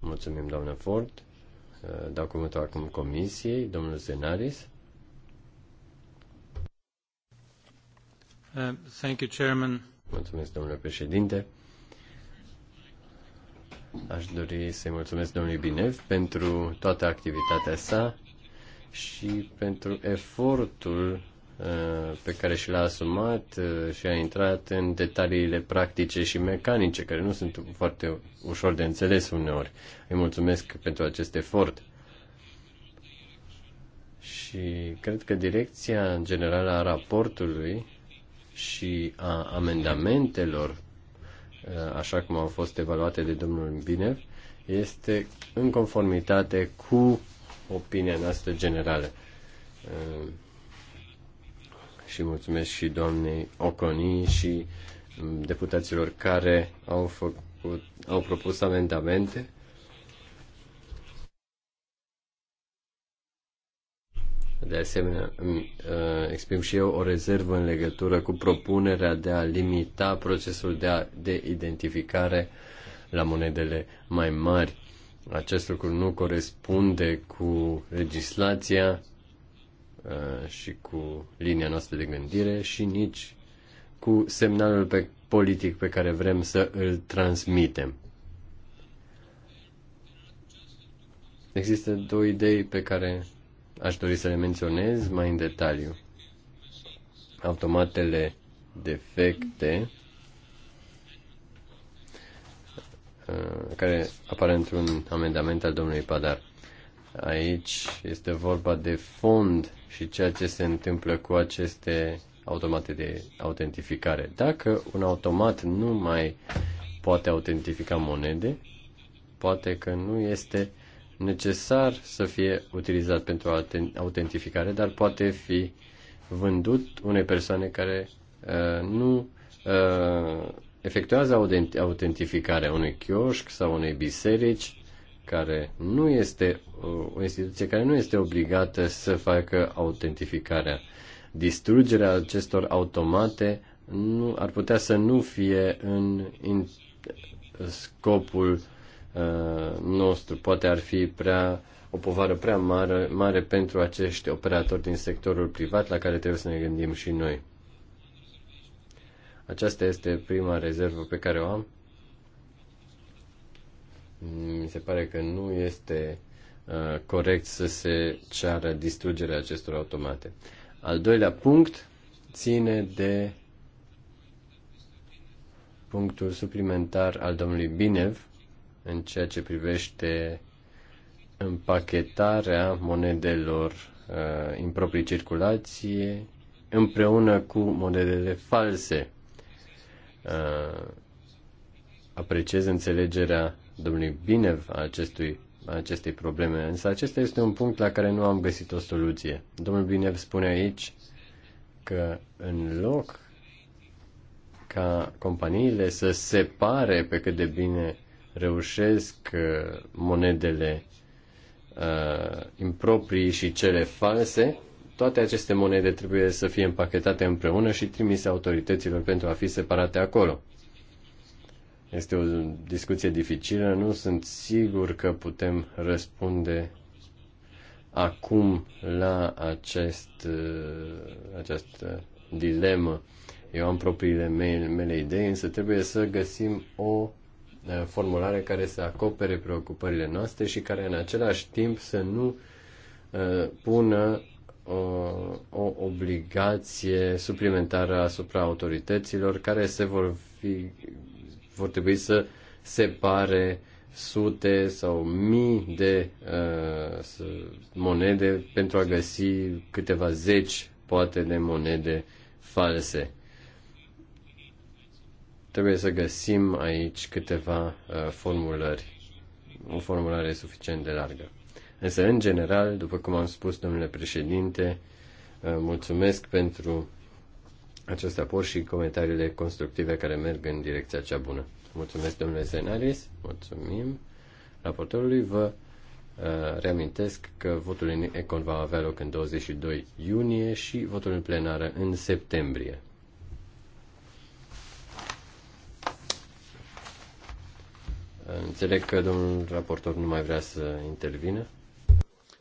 Mulțumim, doamnă Ford. Eh, dau cuvântul acum comisiei, domnul Zenaris. Uh, thank you, Chairman. Mulțumesc, domnule președinte. Aș dori să-i mulțumesc domnului Binev pentru toată activitatea sa și pentru efortul Uh, pe care și l-a asumat uh, și a intrat în detaliile practice și mecanice, care nu sunt foarte ușor de înțeles uneori. Îi mulțumesc pentru acest efort. Și cred că direcția generală a raportului și a amendamentelor, uh, așa cum au fost evaluate de domnul Binev, este în conformitate cu opinia noastră generală și mulțumesc și doamnei Oconi și deputaților care au, făcut, au propus amendamente. De asemenea, uh, exprim și eu o rezervă în legătură cu propunerea de a limita procesul de, a, de identificare la monedele mai mari. Acest lucru nu corespunde cu legislația Uh, și cu linia noastră de gândire și nici cu semnalul pe politic pe care vrem să îl transmitem. Există două idei pe care aș dori să le menționez mai în detaliu. Automatele defecte uh, care apare într-un amendament al domnului Padar. Aici este vorba de fond și ceea ce se întâmplă cu aceste automate de autentificare. Dacă un automat nu mai poate autentifica monede, poate că nu este necesar să fie utilizat pentru autentificare, dar poate fi vândut unei persoane care uh, nu uh, efectuează autentificarea unui chioșc sau unei biserici care nu este o instituție care nu este obligată să facă autentificarea. Distrugerea acestor automate nu ar putea să nu fie în, în scopul uh, nostru. Poate ar fi prea o povară prea mare, mare pentru acești operatori din sectorul privat la care trebuie să ne gândim și noi. Aceasta este prima rezervă pe care o am. Mi se pare că nu este uh, corect să se ceară distrugerea acestor automate. Al doilea punct ține de punctul suplimentar al domnului Binev în ceea ce privește împachetarea monedelor uh, în proprii circulație împreună cu monedele false. Uh, apreciez înțelegerea domnului Binev a acestui, acestei probleme, însă acesta este un punct la care nu am găsit o soluție. Domnul Binev spune aici că în loc ca companiile să separe pe cât de bine reușesc uh, monedele uh, improprii și cele false, toate aceste monede trebuie să fie împachetate împreună și trimise autorităților pentru a fi separate acolo. Este o discuție dificilă, nu sunt sigur că putem răspunde acum la acest, uh, această dilemă. Eu am propriile mele, mele idei, însă trebuie să găsim o uh, formulare care să acopere preocupările noastre și care în același timp să nu uh, pună o, o obligație suplimentară asupra autorităților care se vor fi vor trebui să separe sute sau mii de uh, monede pentru a găsi câteva zeci, poate, de monede false. Trebuie să găsim aici câteva uh, formulări, o formulare suficient de largă. Însă, în general, după cum am spus, domnule președinte, uh, mulțumesc pentru acest raport și comentariile constructive care merg în direcția cea bună. Mulțumesc, domnule Senaris, mulțumim raportorului. Vă uh, reamintesc că votul în Econ va avea loc în 22 iunie și votul în plenară în septembrie. Înțeleg că domnul raportor nu mai vrea să intervină.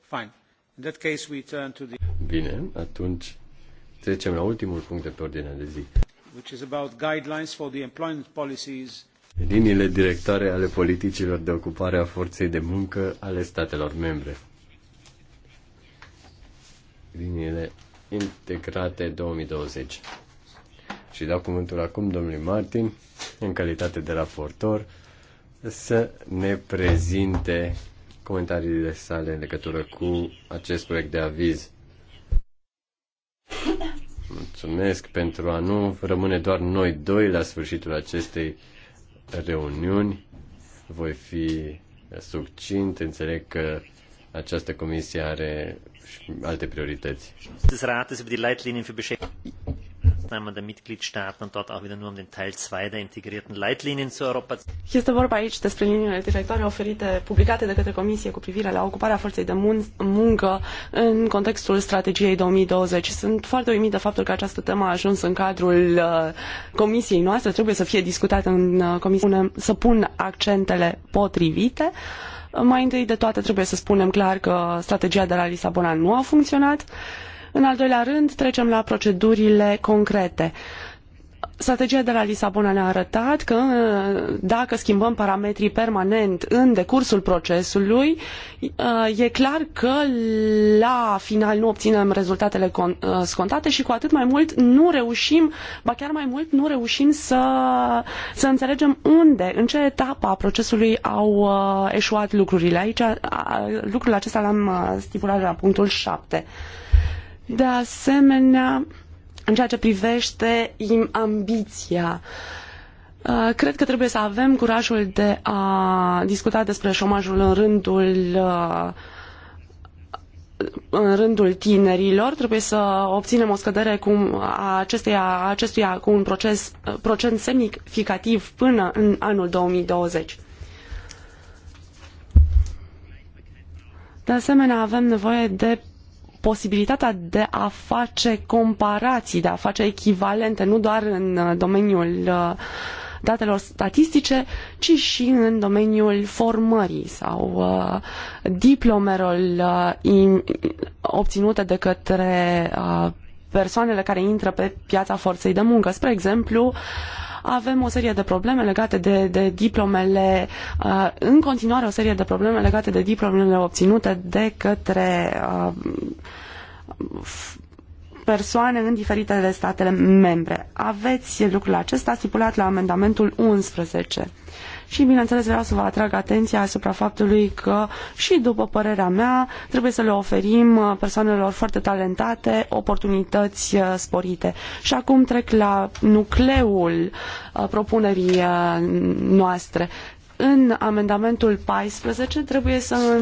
Fine. In that case we turn to the... Bine, atunci Trecem la ultimul punct de pe ordinea de zi. Which is about guidelines for the employment policies liniile directoare ale politicilor de ocupare a forței de muncă ale statelor membre. Liniile integrate 2020. Și dau cuvântul acum domnului Martin, în calitate de raportor, să ne prezinte comentariile sale în legătură cu acest proiect de aviz mulțumesc pentru a nu rămâne doar noi doi la sfârșitul acestei reuniuni. Voi fi succint, înțeleg că această comisie are alte priorități. Este vorba aici despre liniile directoare oferite, publicate de către Comisie cu privire la ocuparea forței de mun muncă în contextul strategiei 2020. Sunt foarte uimit de faptul că această temă a ajuns în cadrul uh, Comisiei noastre, trebuie să fie discutată în uh, Comisie, să pun accentele potrivite. Mai întâi de toate trebuie să spunem clar că strategia de la Lisabona nu a funcționat. Uh, în al doilea rând, trecem la procedurile concrete. Strategia de la Lisabona ne-a arătat că uh, dacă schimbăm parametrii permanent în decursul procesului, uh, e clar că la final nu obținem rezultatele uh, scontate și cu atât mai mult nu reușim, ba chiar mai mult nu reușim să, să înțelegem unde, în ce etapă a procesului au eșuat lucrurile. Aici lucrul acesta l-am stipulat la punctul 7. De asemenea, în ceea ce privește ambiția, uh, cred că trebuie să avem curajul de a discuta despre șomajul în rândul uh, în rândul tinerilor, trebuie să obținem o scădere cu a acesteia, acestuia cu un proces, procent semnificativ până în anul 2020. De asemenea, avem nevoie de posibilitatea de a face comparații, de a face echivalente, nu doar în uh, domeniul uh, datelor statistice, ci și în domeniul formării sau uh, diplomelor obținute de către persoanele care intră pe piața forței de muncă. Spre exemplu, avem o serie de probleme legate de, de diplomele, uh, în continuare o serie de probleme legate de diplomele obținute de către uh, persoane în diferitele statele membre. Aveți lucrul acesta stipulat la amendamentul 11 și, bineînțeles, vreau să vă atrag atenția asupra faptului că și după părerea mea trebuie să le oferim uh, persoanelor foarte talentate oportunități uh, sporite. Și acum trec la nucleul uh, propunerii noastre. În amendamentul 14 trebuie să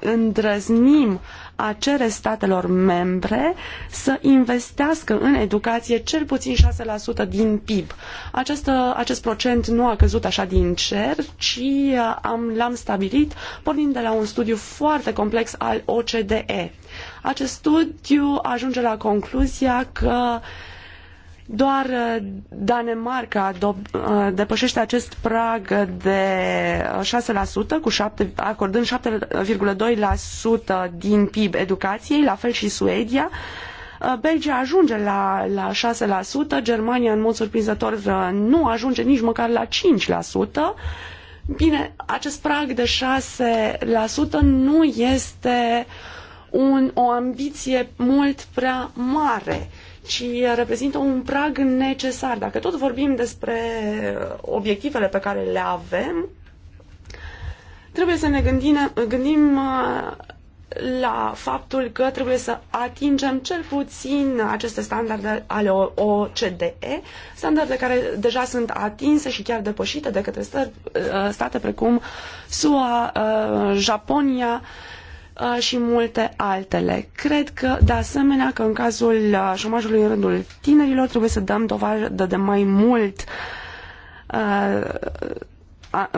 îndrăznim a cere statelor membre să investească în educație cel puțin 6% din PIB. acest acest procent nu a căzut așa din cer, ci uh, am, l-am stabilit pornind de la un studiu foarte complex al OCDE. Acest studiu ajunge la concluzia că doar uh, Danemarca uh, depășește acest prag de 6%, uh, cu 7, acordând 7,2% din PIB educației, la fel și Suedia. Belgia ajunge la, la 6%, Germania, în mod surprinzător, nu ajunge nici măcar la 5%. Bine, acest prag de 6% nu este un, o ambiție mult prea mare. Uh, ci reprezintă un prag necesar. Dacă tot vorbim despre obiectivele pe care le avem, trebuie să ne gândim, gândim uh, la faptul că trebuie să atingem cel puțin aceste standarde ale OCDE, standarde care deja sunt atinse și chiar depășite de către uh, state precum SUA, uh, Japonia, și multe altele. Cred că, de asemenea, că în cazul șomajului în rândul tinerilor trebuie să dăm dovadă de mai mult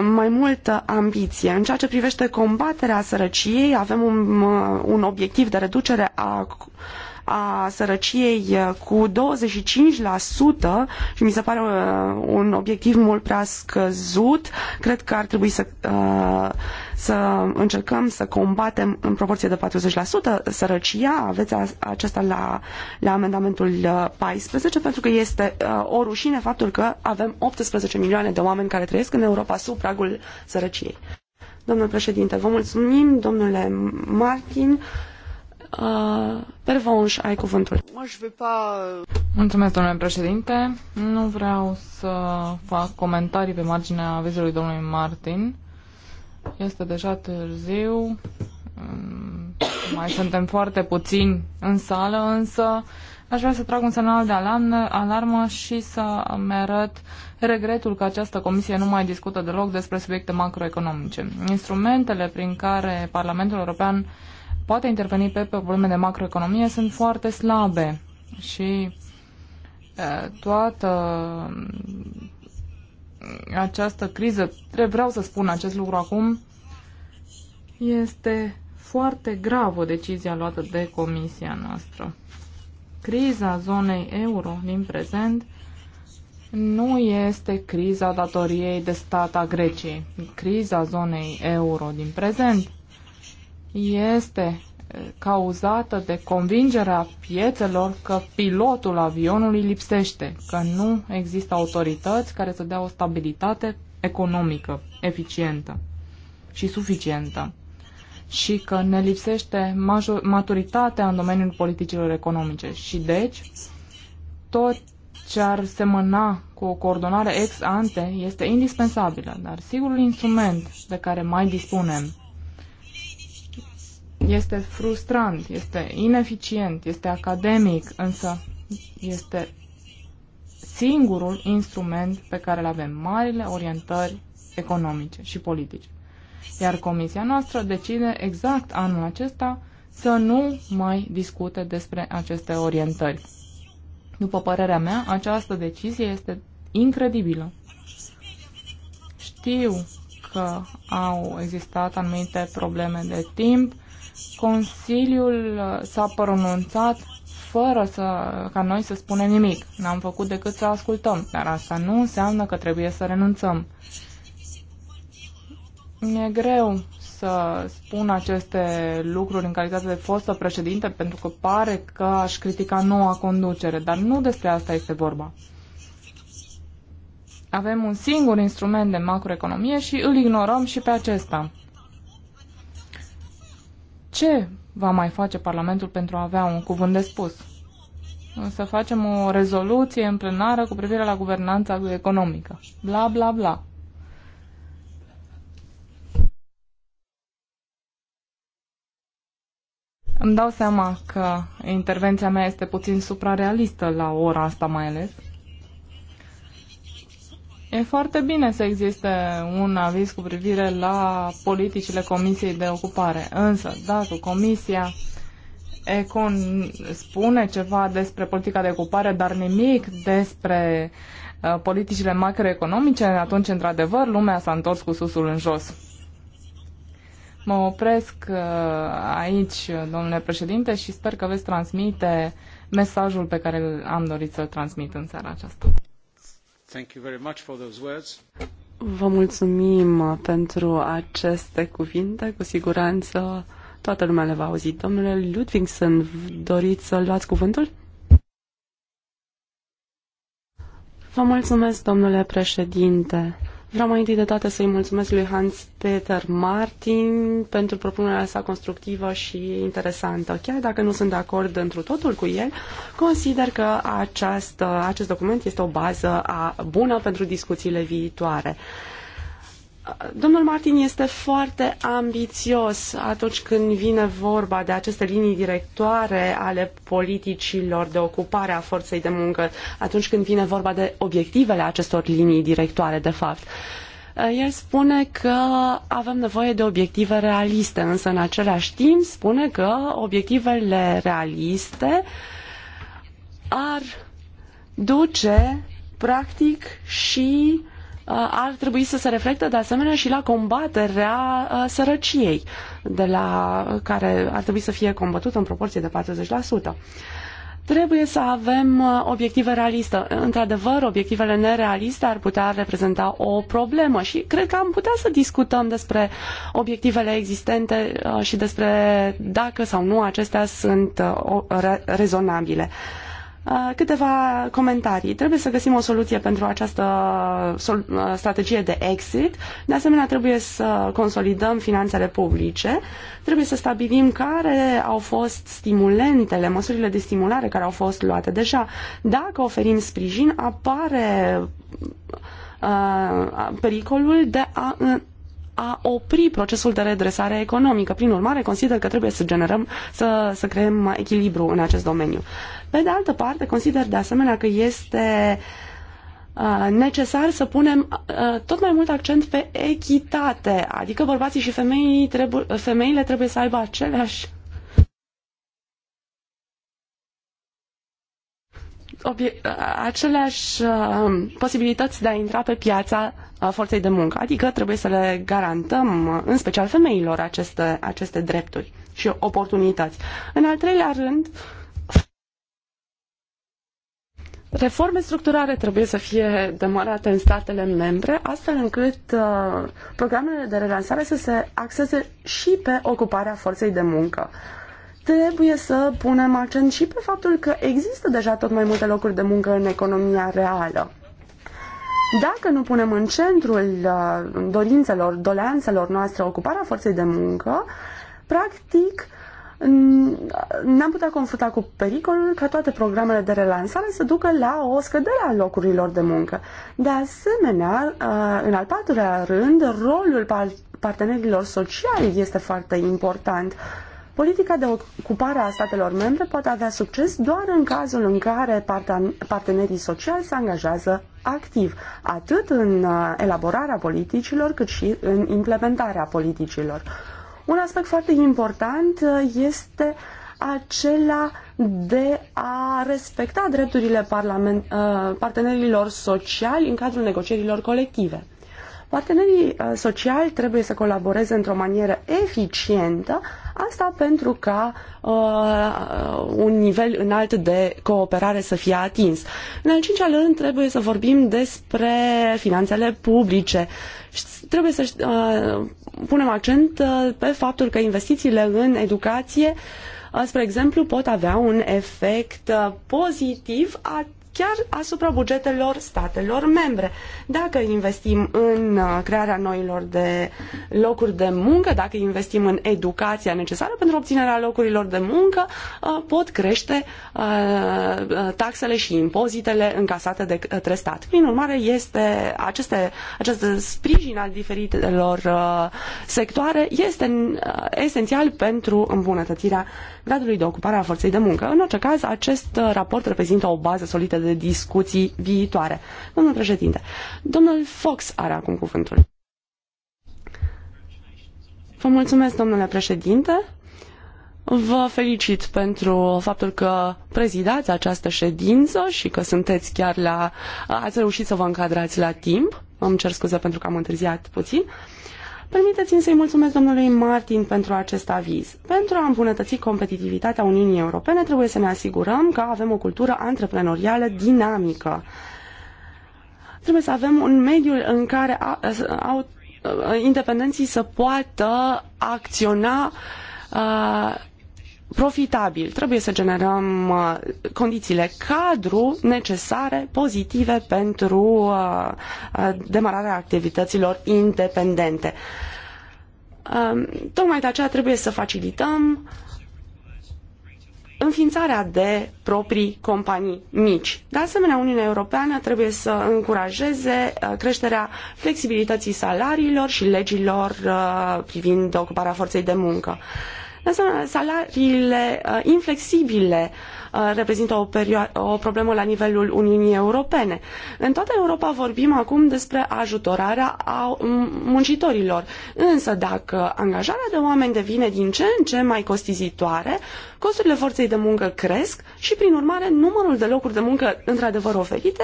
mai multă ambiție. În ceea ce privește combaterea sărăciei, avem un, un obiectiv de reducere a a sărăciei cu 25% și mi se pare un obiectiv mult prea scăzut, cred că ar trebui să, să încercăm să combatem în proporție de 40% sărăcia. Aveți acesta la, la amendamentul 14 pentru că este o rușine faptul că avem 18 milioane de oameni care trăiesc în Europa sub pragul sărăciei. Domnul președinte, vă mulțumim, domnule Martin. Uh, uh, nu vreau să fac comentarii pe marginea avizului domnului Martin. Este deja târziu. Mm, mai suntem foarte puțini în sală, însă aș vrea să trag un semnal de alarmă și să mi arăt regretul că această comisie nu mai discută deloc despre subiecte macroeconomice. Instrumentele prin care Parlamentul European poate interveni pe, probleme de macroeconomie sunt foarte slabe și toată mm, această criză, vreau să spun acest lucru acum, este foarte gravă decizia luată de comisia noastră. Criza zonei euro din prezent nu este criza datoriei de stat a Greciei. Criza zonei euro din prezent este cauzată de convingerea piețelor că pilotul avionului lipsește, că nu există autorități care să dea o stabilitate economică eficientă și suficientă și că ne lipsește major, maturitatea în domeniul politicilor economice și deci tot ce ar semăna cu o coordonare ex ante este indispensabilă, dar singurul instrument de care mai dispunem este frustrant, este ineficient, este academic, însă este singurul instrument pe care îl avem, marile orientări economice și politice. Iar comisia noastră decide exact anul acesta să nu mai discute despre aceste orientări. După părerea mea, această decizie este incredibilă. Știu că au existat anumite probleme de timp, Consiliul s-a pronunțat fără să, ca noi să spunem nimic. N-am făcut decât să ascultăm, dar asta nu înseamnă că trebuie să renunțăm. Mi-e greu să spun aceste lucruri în calitate de fostă președinte pentru că pare că aș critica noua conducere, dar nu despre asta este vorba. Avem un singur instrument de macroeconomie și îl ignorăm și pe acesta ce va mai face Parlamentul pentru a avea un cuvânt de spus? Să facem o rezoluție în plenară cu privire la guvernanța economică. Bla, bla, bla. Îmi dau seama că intervenția mea este puțin suprarealistă la ora asta mai ales. E foarte bine să existe un aviz cu privire la politicile Comisiei de Ocupare, însă dacă Comisia Econ spune ceva despre politica de ocupare, dar nimic despre uh, politicile macroeconomice, atunci, într-adevăr, lumea s-a întors cu susul în jos. Mă opresc uh, aici, domnule președinte, și sper că veți transmite mesajul pe care am dorit să-l transmit în seara aceasta. Vă mulțumim pentru aceste cuvinte. Cu siguranță toată lumea le va auzi. Domnule Ludvigsen, doriți să luați cuvântul? Vă mulțumesc, domnule președinte. Vreau mai întâi de toate să-i mulțumesc lui Hans Peter Martin pentru propunerea sa constructivă și interesantă. Chiar dacă nu sunt de acord întru totul cu el, consider că această, acest document este o bază a, bună pentru discuțiile viitoare. Domnul Martin este foarte ambițios atunci când vine vorba de aceste linii directoare ale politicilor de ocupare a forței de muncă, atunci când vine vorba de obiectivele acestor linii directoare, de fapt. El spune că avem nevoie de obiective realiste, însă în același timp spune că obiectivele realiste ar duce practic și Uh, ar trebui să se reflecte de asemenea și la combaterea uh, sărăciei, de la uh, care ar trebui să fie combătută în proporție de 40% trebuie să avem obiective realiste. Într-adevăr, obiectivele nerealiste ar putea reprezenta o problemă și cred că am putea să discutăm despre obiectivele existente și despre dacă sau nu acestea sunt rezonabile. Uh, câteva comentarii. Trebuie să găsim o soluție pentru această uh, strategie de exit. De asemenea, trebuie să consolidăm finanțele publice. Trebuie să stabilim care au fost stimulentele, măsurile de stimulare care au fost luate deja. Dacă oferim sprijin, apare uh, pericolul de a a opri procesul de redresare economică. Prin urmare, consider că trebuie să generăm, să, să creăm echilibru în acest domeniu. Pe de altă parte, consider de asemenea că este uh, necesar să punem uh, tot mai mult accent pe echitate, adică bărbații și femeii trebu- femeile trebuie să aibă aceleași uh, aceleași posibilități de a intra pe piața forței de muncă. Adică trebuie să le garantăm, în special femeilor, aceste, aceste drepturi și oportunități. În al treilea rând, uh, Reforme structurale trebuie să fie demarate în statele membre, astfel încât uh, programele de relansare să se axeze și pe ocuparea forței de muncă. Trebuie să punem accent și pe faptul că există deja tot mai multe locuri de muncă în economia reală. Dacă nu punem în centrul uh, dorințelor, doleanțelor noastre ocuparea forței de muncă, practic uh, n am putea confrunta cu pericolul ca toate programele de relansare să ducă la o scădere a locurilor de muncă. De asemenea, uh, în al patrulea rând, rolul partenerilor sociali este foarte important. Politica de ocupare a statelor membre poate avea succes doar în cazul în care partenerii sociali se angajează activ, atât în uh, elaborarea politicilor, cât și în implementarea politicilor. Un aspect foarte important uh, este acela de a respecta drepturile parlament, uh, partenerilor sociali în cadrul negocierilor colective. Partenerii uh, sociali trebuie să colaboreze într-o manieră eficientă Asta pentru ca uh, un nivel înalt de cooperare să fie atins. În al cincilea rând, trebuie să vorbim despre finanțele publice. Trebuie să uh, punem accent uh, pe faptul că investițiile în educație uh, spre exemplu, pot avea un efect uh, pozitiv atât chiar asupra bugetelor statelor membre. Dacă investim în uh, crearea noilor de locuri de muncă, dacă investim în educația necesară pentru obținerea locurilor de muncă, uh, pot crește uh, taxele și impozitele încasate de către stat. Prin urmare, este aceste, acest sprijin al diferitelor sectoare este esențial pentru îmbunătățirea gradului de ocupare a forței de muncă. În orice caz, acest uh, raport reprezintă o bază solidă de discuții viitoare. Domnul președinte, domnul Fox are acum cuvântul. Vă mulțumesc, domnule președinte. Vă felicit pentru faptul că prezidați această ședință și că sunteți chiar la... ați reușit să vă încadrați la timp. Îmi cer scuze pentru că am întârziat puțin. Uh, Permiteți-mi să-i mulțumesc domnului Martin pentru acest aviz. Pentru a îmbunătăți competitivitatea Uniunii Europene, trebuie să ne asigurăm că avem o cultură antreprenorială dinamică. Trebuie să avem un mediu în care independenții să poată acționa profitabil. Trebuie să generăm uh, condițiile cadru necesare, pozitive pentru uh, uh, demararea activităților independente. Um, tocmai de aceea trebuie să facilităm înființarea de proprii companii mici. De asemenea, Uniunea Europeană trebuie să încurajeze creșterea flexibilității salariilor și legilor privind ocuparea forței de muncă. Salariile uh, inflexibile uh, reprezintă o, o problemă la nivelul Uniunii Europene. În toată Europa vorbim acum despre ajutorarea a muncitorilor, însă dacă angajarea de oameni devine din ce în ce mai costisitoare, costurile forței de muncă cresc și, prin urmare, numărul de locuri de muncă într-adevăr oferite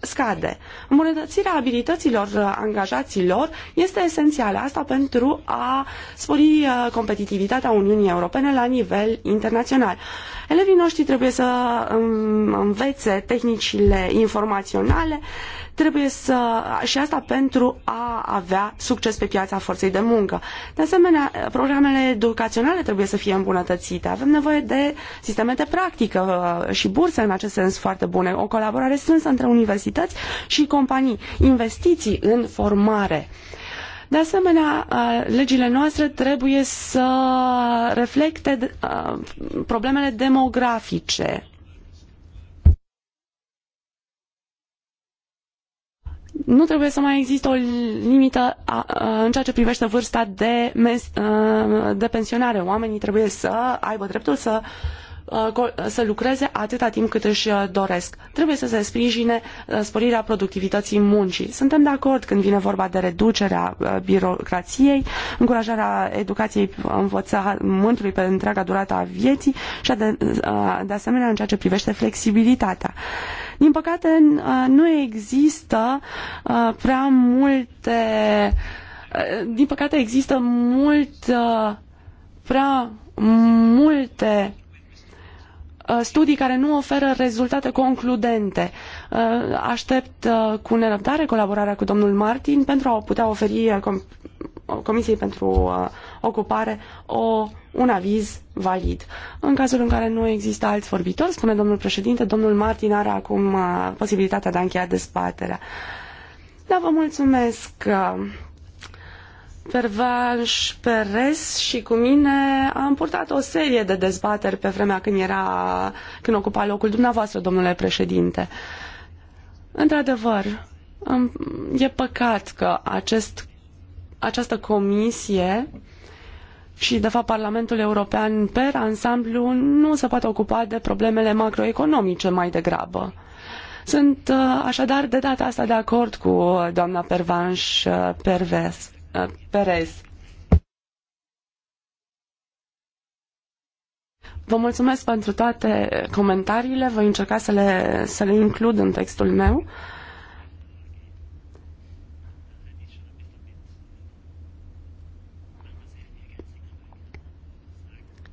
scade. Îmbunătățirea abilităților uh, angajaților este esențială asta pentru a spori uh, competitivitatea Uniunii Europene la nivel internațional. Elevii noștri trebuie să um, învețe tehnicile informaționale, Trebuie să, și asta pentru a avea succes pe piața forței de muncă. De asemenea, programele educaționale trebuie să fie îmbunătățite. Avem nevoie de sisteme de practică uh, și burse în acest sens foarte bune, o colaborare strânsă între universități și companii, investiții în formare. De asemenea, uh, legile noastre trebuie să reflecte uh, problemele demografice nu trebuie să mai existe o limită a, a, în ceea ce privește vârsta de, mes, a, de pensionare. Oamenii trebuie să aibă dreptul să Uh, să lucreze atâta timp cât își uh, doresc. Trebuie să se sprijine uh, sporirea productivității muncii. Suntem de acord când vine vorba de reducerea birocrației, încurajarea educației învățământului pe întreaga durată a vieții și de, de asemenea în ceea ce privește flexibilitatea. Din păcate, nu există prea multe din păcate există mult prea multe Uh, studii care nu oferă rezultate concludente. Uh, aștept uh, cu nerăbdare colaborarea cu domnul Martin pentru a putea oferi Comisiei pentru Ocupare o, un aviz valid. În cazul în care nu există alți vorbitori, spune domnul președinte, domnul Martin are acum posibilitatea de a încheia dezbaterea. Da, vă mulțumesc Pervanș Perez și cu mine am purtat o serie de dezbateri pe vremea când era, când ocupa locul dumneavoastră, domnule președinte. Într-adevăr, e păcat că acest, această comisie și, de fapt, Parlamentul European per ansamblu nu se poate ocupa de problemele macroeconomice mai degrabă. Sunt uh, așadar de data asta de acord cu doamna Pervanș uh, Pervez. Perez. Vă mulțumesc pentru toate comentariile, voi încerca să le, să le includ în textul meu.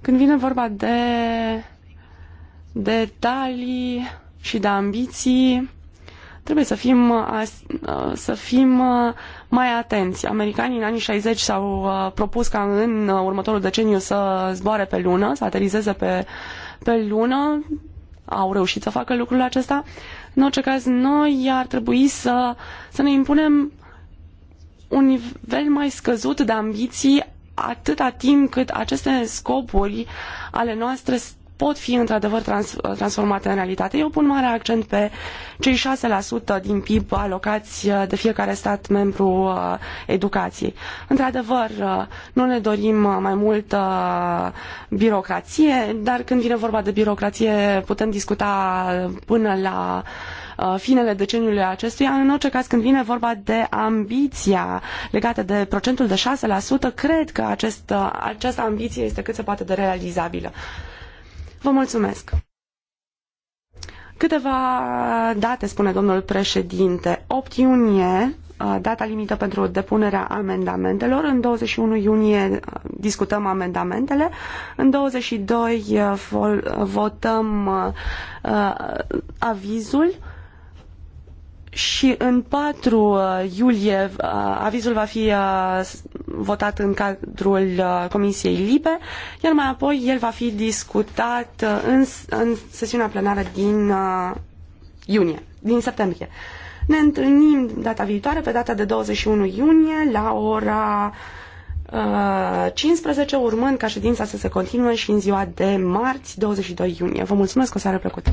Când vine vorba de detalii și de ambiții, Trebuie să fim, uh, uh, să fim uh, mai atenți. Americanii în anii 60 s-au propus ca în următorul deceniu să zboare pe lună, să aterizeze pe, pe lună. Au reușit să facă lucrul acesta. În orice caz, noi ar trebui să, să ne impunem un nivel mai scăzut de ambiții atâta timp cât aceste scopuri ale noastre pot fi într-adevăr trans transformate în realitate. Eu pun mare accent pe cei 6% din PIB alocați uh, de fiecare stat membru uh, educației. Într-adevăr, uh, nu ne dorim mai multă birocrație, dar când vine vorba de birocrație putem discuta până la finele deceniului acestuia. În orice caz, când vine vorba de ambiția legată de procentul de 6%, cred că acest, această ambiție este cât se poate de realizabilă. Vă mulțumesc! Câteva date, spune domnul președinte. 8 iunie, uh, data limită pentru depunerea amendamentelor. În 21 iunie uh, discutăm amendamentele. În 22 uh, votăm avizul și în 4 uh, iulie uh, avizul va fi uh, votat în cadrul Comisiei Libe, iar mai apoi el va fi discutat în, în sesiunea plenară din iunie, din septembrie. Ne întâlnim data viitoare, pe data de 21 iunie, la ora 15, urmând ca ședința să se continue și în ziua de marți, 22 iunie. Vă mulțumesc, o seară plăcută!